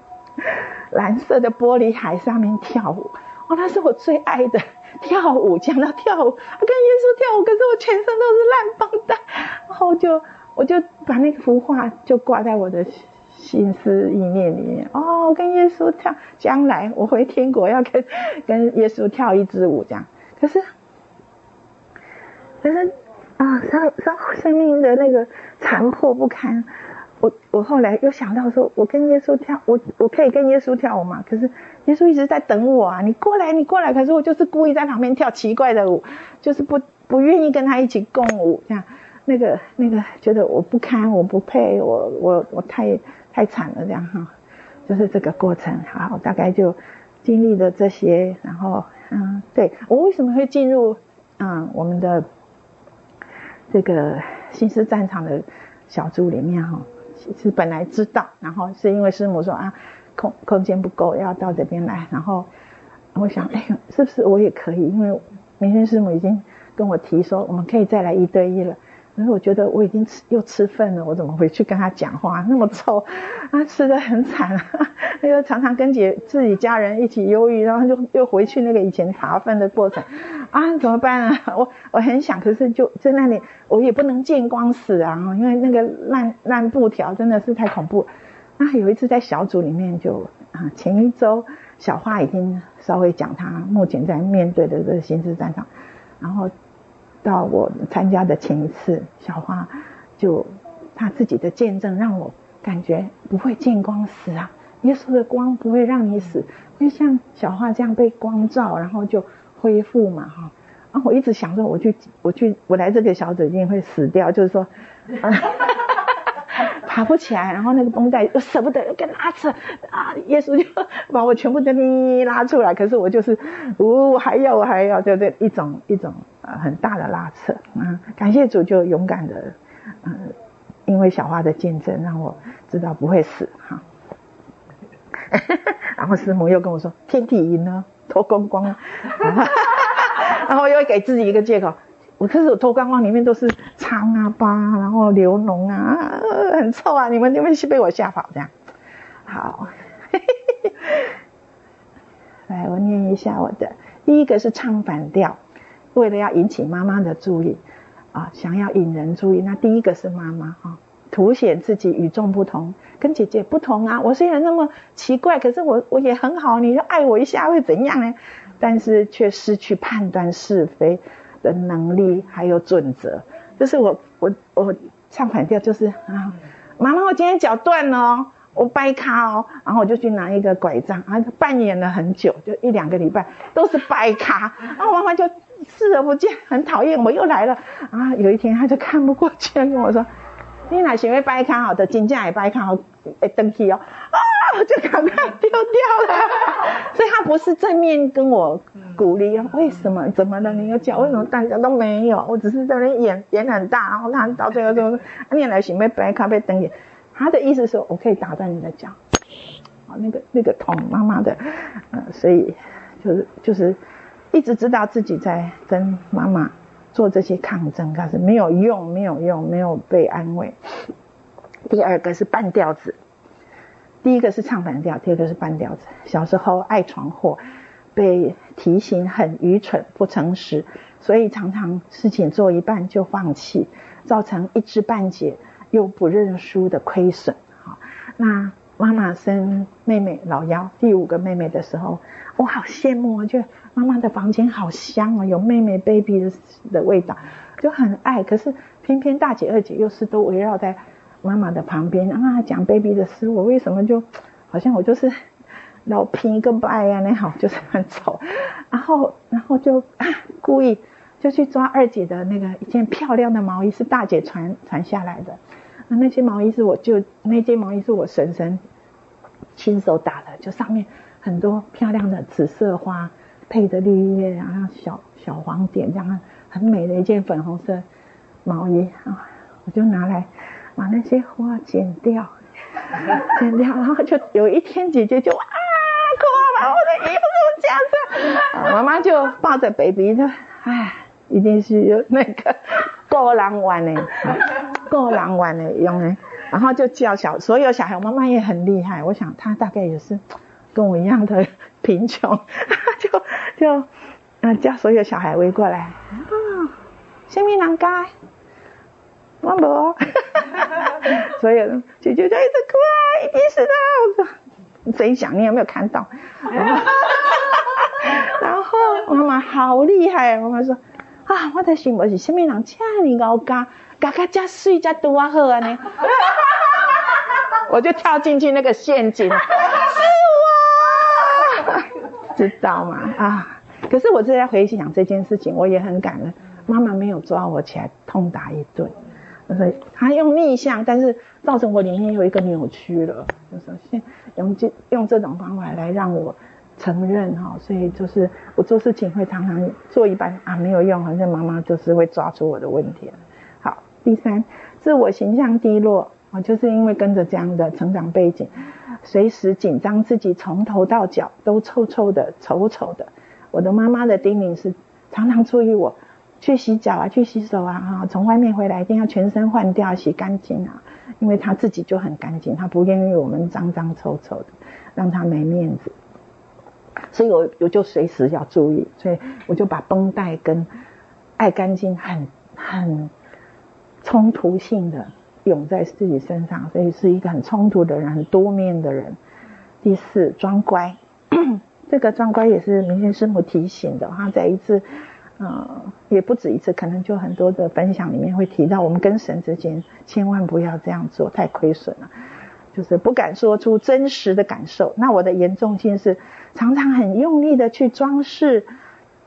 藍色的玻璃海上面跳舞。哦，那是我最愛的跳舞。講到跳舞，啊、我跟耶穌跳舞，可是我全身都是爛繃帶。然後就，我就把那幅畫就掛在我的心思意念裡面。哦，跟耶穌跳，將來我回天國要跟跟耶穌跳一支舞。這樣，可是，可是。啊、哦，生生生命的那個殘破不堪，我我後來又想到說，我跟耶穌跳，我我可以跟耶穌跳舞嗎？可是耶穌一直在等我啊，你過來，你過來。可是我就是故意在旁邊跳奇怪的舞，就是不不願意跟他一起共舞，這樣那個那個覺得我不堪，我不配，我我我太太慘了這樣哈、哦，就是這個過程。好，我大概就經歷了這些，然後嗯，對，我為什麼會進入嗯我們的。這個心思戰場的小組裡面哈，其實本來知道，然後是因為師母說啊，空空間不夠要到這邊來，然後我想，哎，是不是我也可以？因為明天師母已經跟我提說，我們可以再來一對一了。可是我覺得我已經吃又吃糞了，我怎麼回去跟他講話那麼臭？啊，吃得很慘啊，他又常常跟姐自己家人一起憂鬱，然後就又回去那個以前查糞的過程，啊，怎麼辦啊？我我很想，可是就在那裡，我也不能見光死啊，因為那個爛爛布條真的是太恐怖。啊有一次在小組裡面就啊，前一周小花已經稍微講她目前在面對的這個心思戰場，然後。到我參加的前一次，小花就，就她自己的見證，讓我感覺不會見光死啊！耶穌的光不會讓你死，會像小花這樣被光照，然後就恢復嘛哈！然後，啊，我一直想說，我去，我去，我來這個小組一定會死掉，就是說，哈、啊 爬不起來，然後那個繃帶，又捨不得又跟拉扯啊！耶穌就把我全部的你拉出來，可是我就是，嗚、哦，我還要，我還要，就這一種一種呃很大的拉扯啊、嗯！感謝主，就勇敢的，嗯、呃，因為小花的見證讓我知道不會死哈。啊、 然後師母又跟我說，天體營呢，脫光光了，嗯、 然後又給自己一個借口。我，可是我脫光光，裡面都是蒼啊巴啊，然後流膿啊、呃，很臭啊！你們有沒有是被我嚇跑這樣？好， 來，我念一下我的。第一個是唱反調，為了要引起媽媽的注意，啊，想要引人注意。那第一個是媽媽啊，凸顯自己與眾不同，跟姐姐不同啊。我雖然那麼奇怪，可是我我也很好，你就愛我一下會怎樣呢？但是卻失去判斷是非的能力還有準則，就是我我我唱反調，就是啊，媽媽，我今天腳斷了，哦，我掰卡哦，然後我就去拿一個拐杖，啊，扮演了很久，就一兩個禮拜都是掰卡啊，媽媽就視而不見，很討厭，我又來了啊，有一天她就看不過去了，跟我說，你哪時沒掰卡好的，金價也掰卡好，登基哦啊。就趕快丟掉了，所以他不是正面跟我鼓勵啊？為什麼？怎麼了？你有腳？為什麼大家都沒有？我只是在那演演很大，然後到到最後說、就是：“啊、你來洗杯白咖啡，等你，他的意思是我可以打斷你的腳。好”那個那個痛，媽媽的，呃，所以就是就是一直知道自己在跟媽媽做這些抗爭，但是沒有用，沒有用，沒有被安慰。第二個是半吊子。第一個是唱反調，第二個是半調子。小時候愛闖禍，被提醒很愚蠢、不誠實，所以常常事情做一半就放棄，造成一知半解又不認輸的虧損。好，那媽媽生妹妹老幺第五個妹妹的時候，我好羨慕啊，就媽媽的房間好香啊，哦，有妹妹 baby 的味道，就很愛。可是偏偏大姐二姐又是都圍繞在。媽媽的旁邊啊，講 baby 的詩，我為什麼就，好像我就是老拼一個拜啊？那好，就是很醜。然後，然後就，啊，故意就去抓二姐的那個一件漂亮的毛衣，是大姐傳傳下來的那些，那件毛衣是我就那件毛衣是我嬸嬸親手打的，就上面很多漂亮的紫色花，配着綠葉，然後，啊，小小黃點，這樣很美的一件粉紅色毛衣啊，我就拿來。把那些花剪掉， 剪掉，然後就有一天姐姐就哭啊，給我把我的衣服都剪掉。媽媽就抱着 baby，就唉，一定是有那個過人玩的，過人玩的用的，然後就叫小所有小孩，我媽媽也很厲害。我想她大概也是跟我一樣的貧窮，就就、啊、叫所有小孩圍過來啊，新年好外婆，啊，所以姐姐就一直哭，啊，一定是他。我說，回想你有沒有看到？我哎，呵呵，然後媽媽好厲害，媽媽說啊，我的想我是什面人這猛猛這，這麼傲嬌，嘎嘎，才睡才多好啊你。我就跳進去那個陷阱， 是我，知道嗎？啊！可是我正在回想這件事情，我也很感恩媽媽沒有抓我起來痛打一頓。所以他用逆向，但是造成我裡面有一個扭曲了。就是先用這用這種方法來讓我承認哈，所以就是我做事情會常常做一半啊沒有用，好像媽媽就是會抓住我的問題。好，第三，自我形象低落啊，就是因為跟着這樣的成長背景，隨時緊張自己從頭到腳都臭臭的、醜丑的。我的媽媽的叮嚀是常常注意我。去洗腳啊，去洗手啊，哈！從外面回來一定要全身換掉，洗乾淨啊，因為他自己就很乾淨，他不願意我們髒髒臭臭的，讓他沒面子。所以，我我就隨時要注意，所以我就把繃帶跟愛乾淨很很衝突性的湧在自己身上，所以是一個很衝突的人，很多面的人。第四，裝乖， 這個裝乖也是明天師母提醒的，他在一次。嗯，也不止一次，可能就很多的分享裡面會提到，我們跟神之間千萬不要這樣做，太虧損了。就是不敢說出真實的感受。那我的嚴重性是，常常很用力的去裝飾，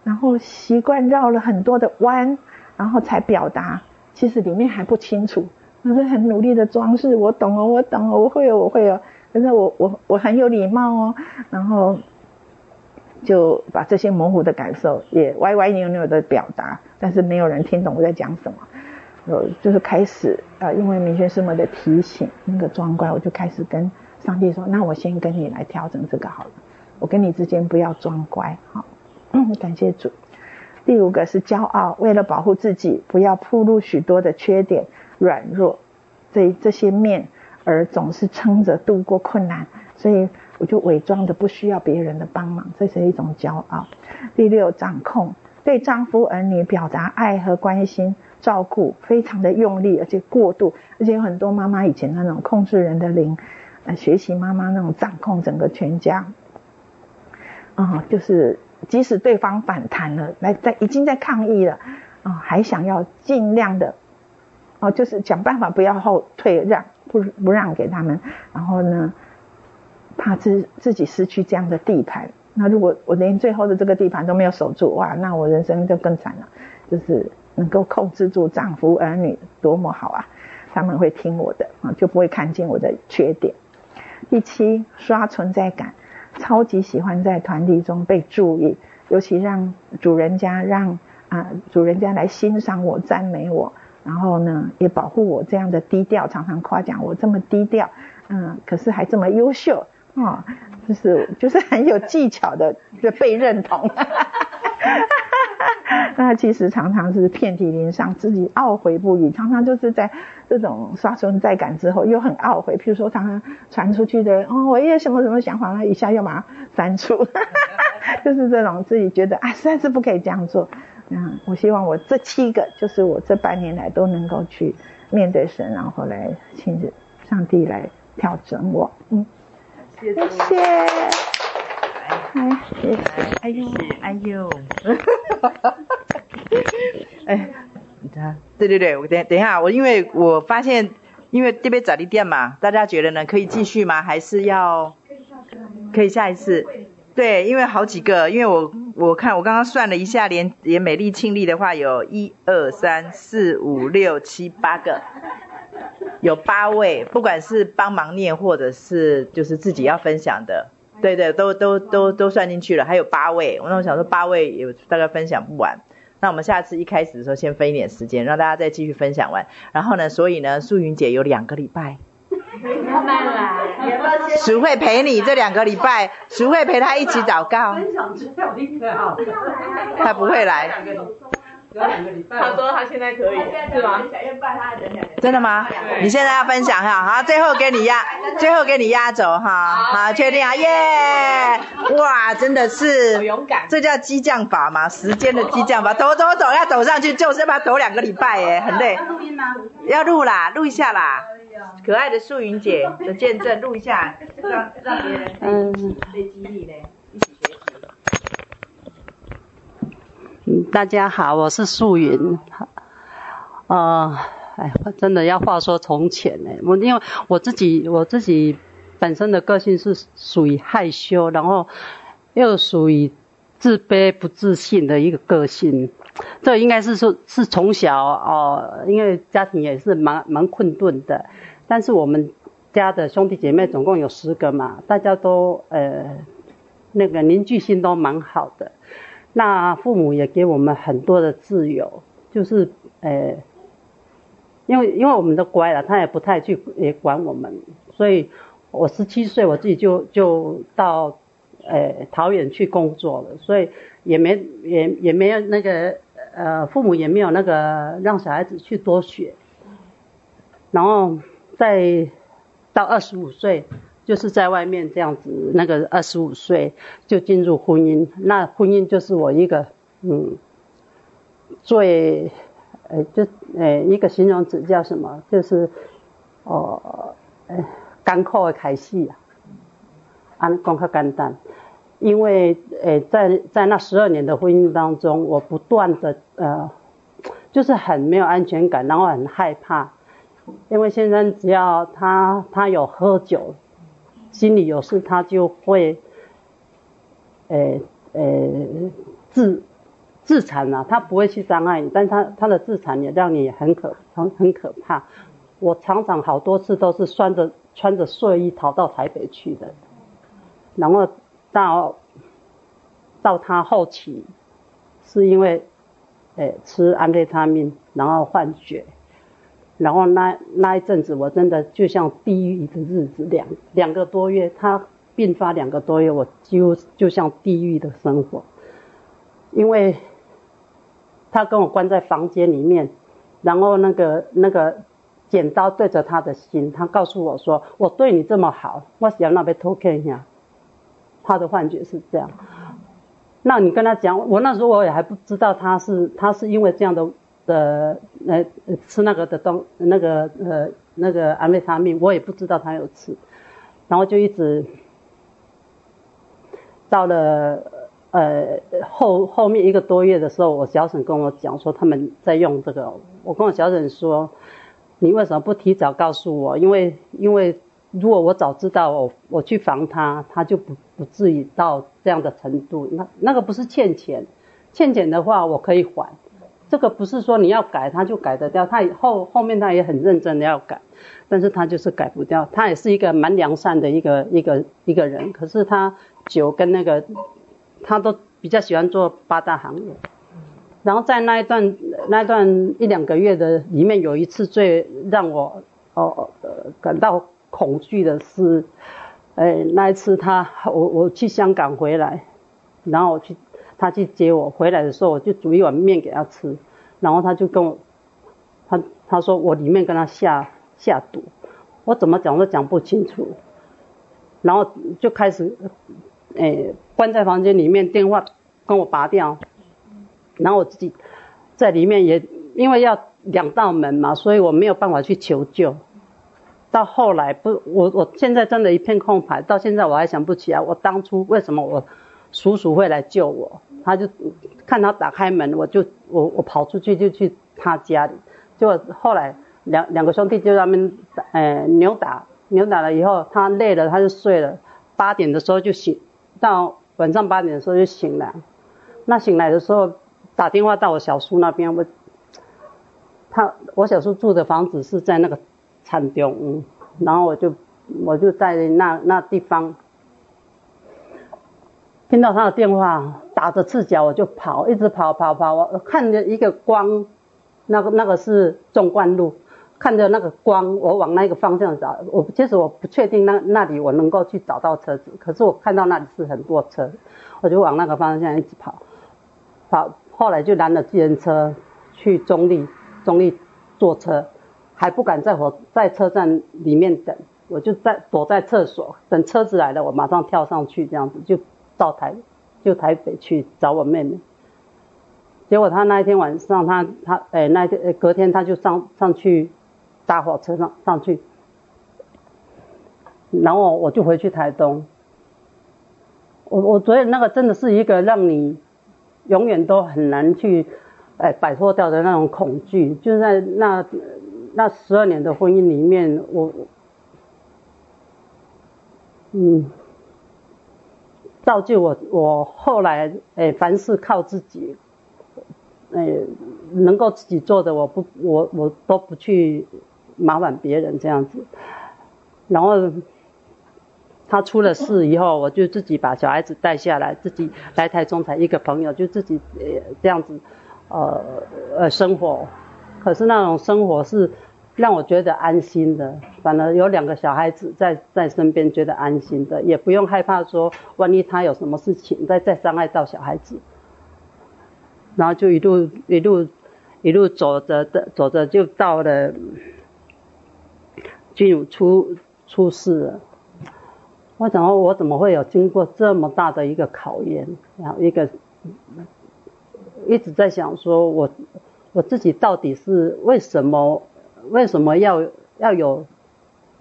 然後習慣繞了很多的彎，然後才表達，其實裡面還不清楚。那是很努力的裝飾，我懂哦，我懂哦，我會哦，我會哦，可是我我我很有禮貌哦，然後。就把這些模糊的感受也歪歪扭扭的表達，但是沒有人聽懂我在講什麼。我就是開始、呃、因為明學師母的提醒，那個裝乖，我就開始跟上帝說：那我先跟你來調整這個好了。我跟你之間不要裝乖，好、嗯，感謝主。第五個是驕傲，為了保護自己，不要暴露許多的缺點、軟弱，這這些面，而總是撐着度過困難，所以。我就偽裝著不需要別人的幫忙，這是一種驕傲。第六，掌控。對丈夫、兒女表達愛和關心、照顧，非常的用力，而且過度，而且有很多媽媽以前那種控制人的靈，呃，學習媽媽那種掌控整個全家，啊，就是即使對方反彈了，來在已經在抗議了，啊，還想要盡量的，哦，就是想辦法不要後退讓，不不讓給他們，然後呢，怕自自己失去這樣的地盤，那如果我連最後的這個地盤都沒有守住，哇，那我人生就更慘了。就是能夠控制住丈夫兒女，多麼好啊！他們會聽我的啊，就不會看見我的缺點。第七，刷存在感，超級喜歡在團體中被注意，尤其讓主人家讓啊、呃、主人家來欣賞我、讚美我，然後呢也保護我這樣的低調，常常誇獎我這麼低調，嗯，可是還這麼優秀。哦，就是就是很有技巧的，就是，被認同，哈哈哈，那其實常常是遍體鱗傷，自己懊悔不已。常常就是在這種刷存在感之後，又很懊悔。譬如說，常常傳出去的，哦，我也什麼什麼想法，那一下又把它刪除， 就是這種自己覺得啊，實在是不可以這樣做。嗯，我希望我這七個，就是我這半年來都能夠去面對神，然後來親自上帝來調整我。嗯。謝謝，哎，哎呦，哎呦，哈哈哈哎，他，對對對，我等一等一下，我因為我發現，因為這邊早地店嘛，大家覺得呢，可以繼續嗎？還是要？可以下一次。對，因為好幾個，因為我我看我剛剛算了一下，連也美麗慶利的話，有一二三四五六七八個。有八位，不管是幫忙念或者是就是自己要分享的，對對，都都都都算進去了。還有八位，我那我想說八位也大概分享不完。那我們下次一開始的時候先分一點時間，讓大家再繼續分享完。然後呢，所以呢，素雲姐有兩個禮拜沒辦法來，淑慧陪你這兩個禮拜，淑慧，淑慧陪她一起禱告。她不會來。兩個禮拜，他說他現在可以、啊，是嗎？真的嗎？你現在要分享哈，好，最後給你壓，最後給你壓軸哈，好，確定啊，耶，哇，真的是，這叫激將法嘛，時間的激將法，走走走，要走上去就是嘛，走兩個禮拜哎、欸，很累，要錄啦，錄一下啦，嗯、可愛的素云姐的 見證，錄一下，讓讓別人激勵、嗯嗯、大家好，我是素雲。哦、呃，唉，真的要話說從前呢、欸。我因為我自己，我自己本身的個性是屬於害羞，然後又屬於自卑、不自信的一個個性。這應該是說，是從小哦、呃，因為家庭也是蠻蠻困頓的。但是我們家的兄弟姐妹總共有十個嘛，大家都呃那個凝聚心都蠻好的。那父母也給我們很多的自由，就是，呃，因為因為我們都乖了，他也不太去也管我們，所以我17，我十七歲我自己就就到，呃，桃園去工作了，所以也沒也也沒有那個呃，父母也沒有那個讓小孩子去多學，然後再到二十五歲。就是在外面這樣子，那個二十五歲就進入婚姻，那婚姻就是我一個嗯，最呃、欸、就呃、欸、一個形容詞叫什麼？就是哦，呃，艱、欸、苦的開始啊，啊，功課肝膽，因為呃、欸、在在那十二年的婚姻當中，我不斷的呃，就是很沒有安全感，然後很害怕，因為先生只要他他有喝酒。心裡有事，他就會，呃、欸、呃、欸，自自殘啊，他不會去傷害你，但他他的自殘也讓你很可很很可怕。我常常好多次都是穿着穿着睡衣逃到台北去的，然後到到他後期是因為，哎、欸，吃安非他命，然後幻覺。然後那那一陣子，我真的就像地獄的日子，兩兩個多月，他病發兩個多月，我幾乎就像地獄的生活，因為他跟我關在房間裡面，然後那個那個剪刀對着他的心，他告訴我說：“我對你這麼好，我想要那邊偷看一下。”他的幻覺是這樣。那你跟他講，我那時候我也還不知道他是他是因為這樣的。的呃，吃那個的東那個呃那個安非他命，我也不知道他有吃，然後就一直到了呃後後面一個多月的時候，我小嬸跟我講說他們在用這個，我跟我小嬸說你為什麼不提早告訴我？因為因為如果我早知道我我去防他，他就不不至於到這樣的程度。那那個不是欠錢，欠錢的話我可以還。這個不是說你要改他就改得掉，他以後後面他也很認真的要改，但是他就是改不掉，他也是一個蠻良善的一個一個一個人，可是他酒跟那個他都比較喜歡做八大行業，然後在那一段那一段一兩個月的裡面，有一次最讓我哦，呃，感到恐懼的是，誒，哎，那一次他我我去香港回來，然後我去。他去接我回來的時候，我就煮一碗麵給他吃，然後他就跟我，他他說我裡面跟他下下毒，我怎麼講都講不清楚，然後就開始，誒、欸，關在房間裡面，電話跟我拔掉，然後我自己在裡面也因為要兩道門嘛，所以我沒有辦法去求救。到後來不，我我現在真的一片空白，到現在我還想不起來、啊、我當初為什麼我叔叔會來救我。他就看他打開門，我就我我跑出去就去他家裡，就後來兩兩個兄弟就在那邊呃扭打扭打，了以後，他累了，他就睡了，八點的時候就醒，到晚上八點的時候就醒了，那醒來的時候打電話到我小叔那邊，我他我小叔住的房子是在那個餐廳，然後我就我就在那那地方，聽到他的電話，打着赤腳我就跑，一直跑跑跑。我看着一個光，那個那個是縱貫路，看着那個光，我往那個方向找。我其實我不確定那那裡我能夠去找到車子，可是我看到那裡是很多車，我就往那個方向一直跑。跑後來就攔了計程車去中立，中立坐車，還不敢在火在車站裡面等，我就在躲在廁所等車子來了，我馬上跳上去這樣子就。到台就台北去找我妹妹，結果她那一天晚上，她她，哎，那一天隔天她就上上去搭火車上上去，然後我就回去台東。我我覺得那個真的是一個讓你永遠都很難去哎擺脫掉的那種恐懼，就是在那那十二年的婚姻裡面，我嗯。造就我，我後來誒、欸，凡事靠自己，誒、欸，能夠自己做的，我不，我我都不去麻煩別人這樣子。然後他出了事以後，我就自己把小孩子帶下來，自己來台中找一個朋友，就自己這樣子，呃呃生活。可是那種生活是，讓我覺得安心的，反而有兩個小孩子在在身邊，覺得安心的，也不用害怕說，萬一他有什麼事情，再再傷害到小孩子。然後就一路一路一路走着的走着，就到了就有出出世了。我怎麼我怎麼會有經過這麼大的一個考驗？然後一個一直在想說我，我我自己到底是為什麼？為什麼要要有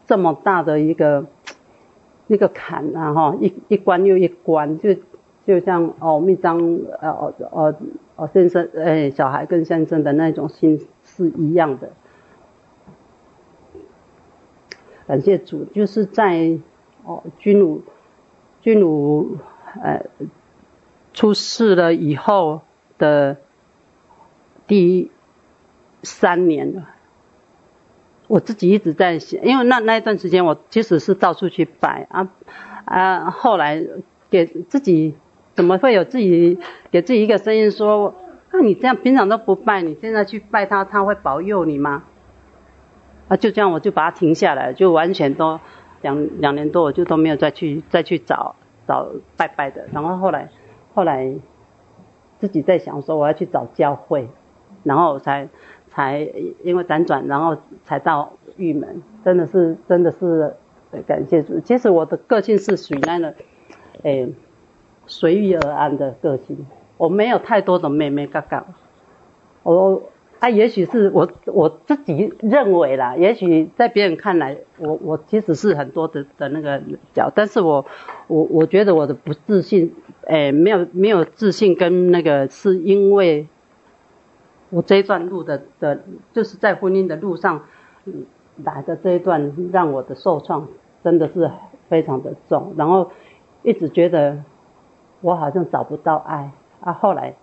這麼大的一個一個坎啊？哈，一一關又一關，就就像哦，密章哦哦先生哎，小孩跟先生的那種心是一樣的。感謝主，就是在哦，君如君如呃出世了以後的第三年了。我自己一直在想，因為那那一段時間，我其實是到處去拜啊，啊，後來給自己怎麼會有自己給自己一個聲音說：那、啊、你這樣平常都不拜，你現在去拜他，他會保佑你嗎？啊，就這樣我就把它停下來，就完全都兩兩年多，我就都沒有再去再去找找拜拜的。然後後來後來自己在想說，我要去找教會，然後我才。才因為輾轉，然後才到玉門，真的是，真的是感謝主。其實我的個性是屬於那個，哎、欸，隨遇而安的個性。我沒有太多的妹妹嘎嘎。我，啊，也許是我我自己認為啦，也許在別人看來，我我其實是很多的的那個角，但是我我我覺得我的不自信，哎、欸，沒有沒有自信跟那個是因為。我這一段路的的，就是在婚姻的路上，嗯，打的這一段，讓我的受創真的是非常的重。然後一直覺得我好像找不到愛啊，後來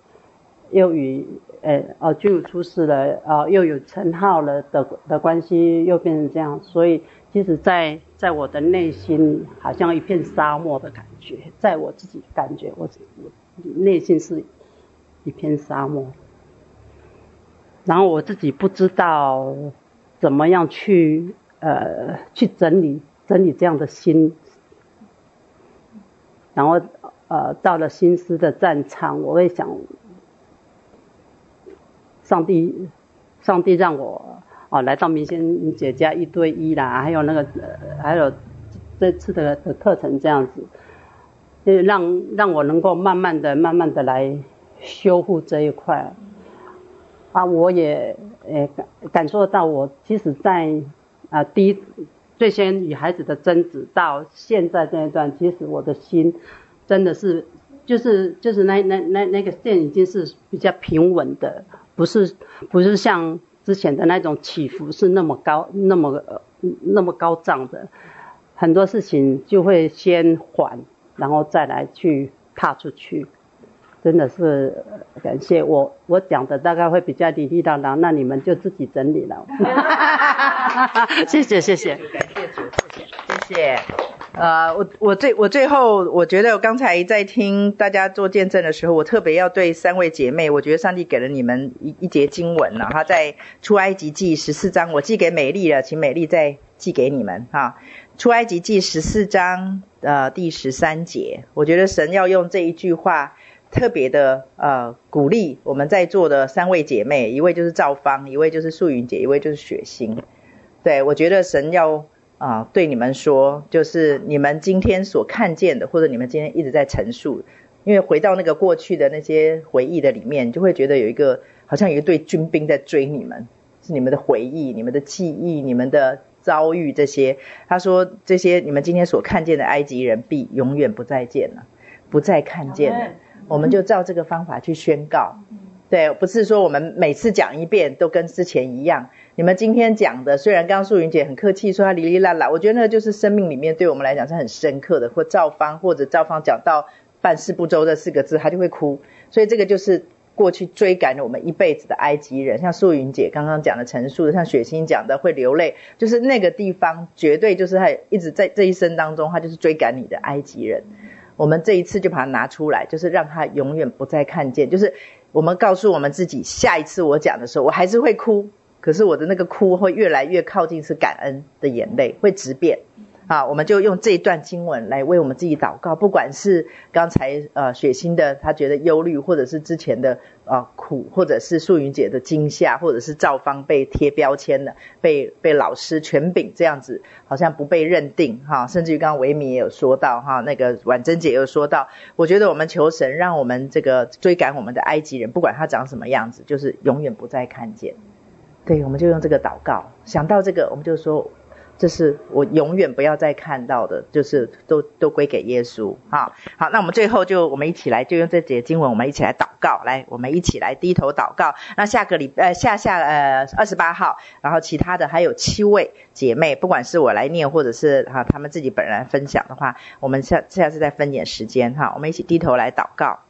又與呃呃君出事了，呃、啊，又有陳浩了的的關係，又變成這樣。所以，其實在在我的內心，好像一片沙漠的感覺，在我自己的感覺，我，我內心是一片沙漠。然後我自己不知道怎麼樣去呃，去整理整理這樣的心，然後呃，到了心思的戰場，我會想上帝上帝，讓我哦來到明星姐家一對一啦，還有那個、呃、還有這次的的課程這樣子，就讓讓我能夠慢慢的慢慢的來修復這一塊。啊，我也誒感感受到我，我其實在啊，第一最先與孩子的爭執到現在這一段，其實我的心真的是就是就是那那那那個線已經是比較平穩的，不是不是像之前的那種起伏是那麼高那麼、呃、那麼高漲的，很多事情就會先緩，然後再來去踏出去。真的是感謝我，我講的大概會比較地地道道，那你們就自己整理了。 謝謝謝謝，感謝主謝謝，謝謝。呃，我我最我最後我覺得我剛才在聽大家做見證的時候，我特別要對三位姐妹，我覺得上帝給了你們一一節經文了，啊，他在出埃及記十四章，我寄給美麗了，請美麗再寄給你們啊。出埃及記十四章呃第十三節，我覺得神要用這一句話。特別的呃鼓勵我們在座的三位姐妹，一位就是趙芳，一位就是素云姐，一位就是雪心。對我覺得神要啊，呃，對你們說，就是你們今天所看見的，或者你們今天一直在陳述，因為回到那個過去的那些回憶的裡面，就會覺得有一個好像有一隊軍兵在追你們，是你們的回憶、你們的記憶、你們的遭遇這些。他說，這些你們今天所看見的埃及人必永遠不再見了，不再看見了。我們就照這個方法去宣告。嗯，對，不是說我們每次講一遍都跟之前一樣。你們今天講的，雖然剛剛素雲姐很客氣說她離離爛爛，我覺得那個就是生命裡面對我們來講是很深刻的。或趙芳，或者趙芳講到辦事不周這四個字，她就會哭。所以這個就是過去追趕了我們一輩子的埃及人，像素雲姐剛剛講的陳述的，像雪清講的會流淚，就是那個地方絕對就是他一直在這一生當中，他就是追趕你的埃及人。嗯我們這一次就把它拿出來，就是讓它永遠不再看見。就是我們告訴我們自己，下一次我講的時候，我還是會哭，可是我的那個哭會越來越靠近是感恩的眼淚，會直變。啊，我們就用這一段經文來為我們自己禱告，不管是剛才呃血腥的，他覺得憂慮，或者是之前的。啊，苦，或者是素雲姐的驚嚇，或者是趙芳被貼標籤了，被被老師權柄這樣子好像不被認定哈，甚至於剛剛維米也有說到哈，那個婉貞姐也有說到，我覺得我們求神讓我們這個追趕我們的埃及人，不管他長什麼樣子，就是永遠不再看見。對，我們就用這個禱告，想到這個我們就說。這是我永遠不要再看到的，就是都都歸給耶穌哈、啊。好，那我們最後就我們一起來，就用這節經文，我們一起來禱告，來，我們一起來低頭禱告。那下個禮呃下下呃二十八號，然後其他的還有七位姐妹，不管是我來念，或者是哈、啊、他們自己本人來分享的話，我們下下次再分點時間哈、啊。我們一起低頭來禱告。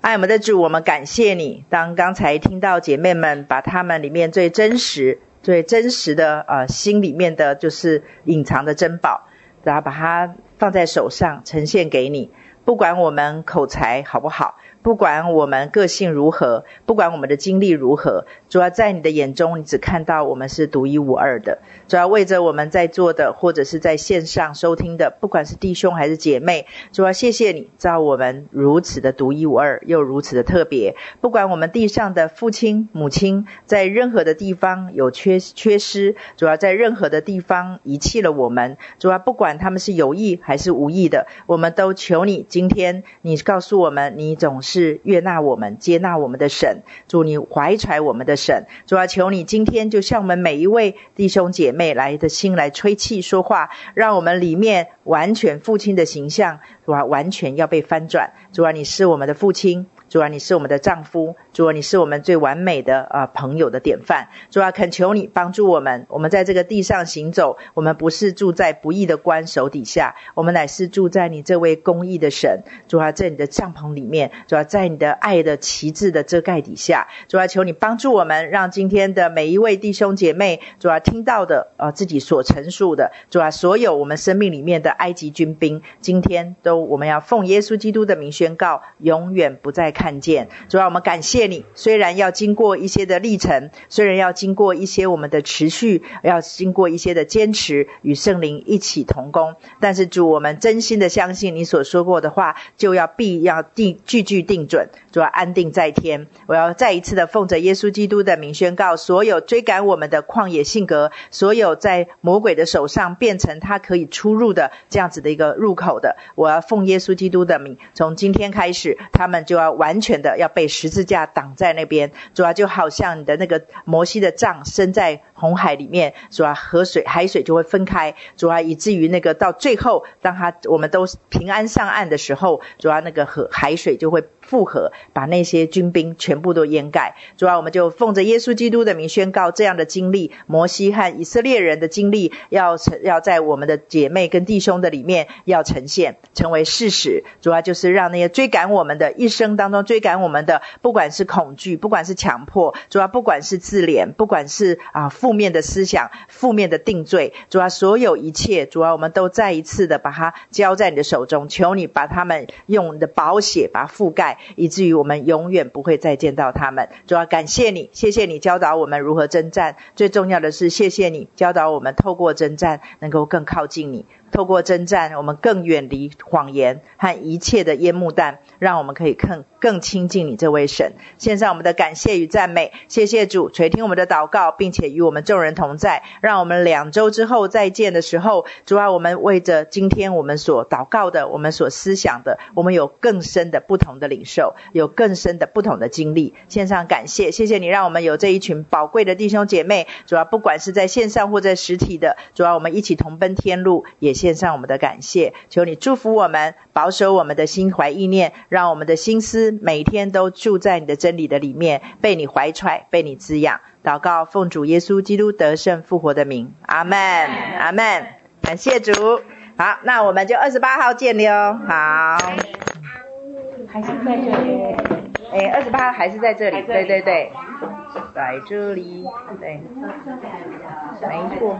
愛我們的主，我們感謝你。當剛才聽到姐妹們把她們裡面最真實。對，真實的，呃，心裡面的就是隱藏的珍寶，然後把它放在手上呈現給你，不管我們口才好不好。不管我們個性如何，不管我們的經歷如何，主要在你的眼中，你只看到我們是獨一無二的。主要為着我們在座的，或者是在線上收聽的，不管是弟兄還是姐妹，主要謝謝你造我們如此的獨一無二，又如此的特別。不管我們地上的父親母親在任何的地方有缺缺失，主要在任何的地方遺棄了我們，主要不管他們是有意還是無意的，我們都求你，今天你告訴我們，你總是。是悅納我們、接納我們的神。主，你懷揣我們的神，主啊，求你今天就向我們每一位弟兄姐妹來的心來吹氣說話，讓我們裡面完全父親的形象完、啊、完全要被翻轉。主啊，你是我們的父親。主啊，你是我們的丈夫。主啊，你是我們最完美的啊朋友的典範。主啊，懇求你幫助我們。我們在這個地上行走，我們不是住在不義的官手底下，我們乃是住在你這位公義的神。主啊，在你的帳篷裡面，主啊，在你的愛的旗幟的遮蓋底下，主啊，求你幫助我們，讓今天的每一位弟兄姐妹，主啊，聽到的呃、啊、自己所陳述的，主啊，所有我們生命裡面的埃及軍兵，今天都我們要奉耶穌基督的名宣告，永遠不再。看見主啊，我們感謝你。雖然要經過一些的歷程，雖然要經過一些我們的持續，要經過一些的堅持，與聖靈一起同工。但是主，我們真心的相信你所說過的話，就要必要定句句定準。主要安定在天，我要再一次的奉着耶穌基督的名宣告：所有追趕我們的曠野性格，所有在魔鬼的手上變成他可以出入的這樣子的一個入口的，我要奉耶穌基督的名，從今天開始，他們就要完。完全的要被十字架擋在那邊，主要就好像你的那個摩西的杖伸在紅海裡面，主要河水海水就會分開，主要以至於那個到最後，當他我們都平安上岸的時候，主要那個河海水就會。復合，把那些軍兵全部都掩蓋。主啊，我們就奉着耶穌基督的名宣告這樣的經歷，摩西和以色列人的經歷要，要要在我們的姐妹跟弟兄的裡面要呈現，成為事實。主啊，就是讓那些追趕我們的一生當中追趕我們的，不管是恐懼，不管是強迫，主啊，不管是自憐，不管是啊負面的思想、負面的定罪，主啊，所有一切，主啊，我們都再一次的把它交在你的手中，求你把他們用你的寶血把它覆蓋。以至於我們永遠不會再見到他們。主要感謝你，謝謝你教導我們如何征戰。最重要的是，謝謝你教導我們透過征戰能夠更靠近你。透過征戰，我們更遠離謊言和一切的煙幕彈，讓我們可以更更親近你這位神。獻上我們的感謝與讚美，謝謝主垂聽我們的禱告，並且與我們眾人同在。讓我們兩周之後再見的時候，主要我們為着今天我們所禱告的，我們所思想的，我們有更深的不同的領受，有更深的不同的經歷。獻上感謝，謝謝你，讓我們有這一群寶貴的弟兄姐妹。主要不管是在線上或者在實體的，主要我們一起同奔天路也。獻上我們的感謝，求你祝福我們，保守我們的心懷意念，讓我們的心思每天都住在你的真理的裡面，被你懷揣，被你滋養。禱告奉主耶穌基督得勝復活的名，阿門，阿門。感謝主。好，那我們就二十八號見了。哦。好，還是在這裡。哎，二十八號還是在這裡。對對對，在這裡，對，沒錯。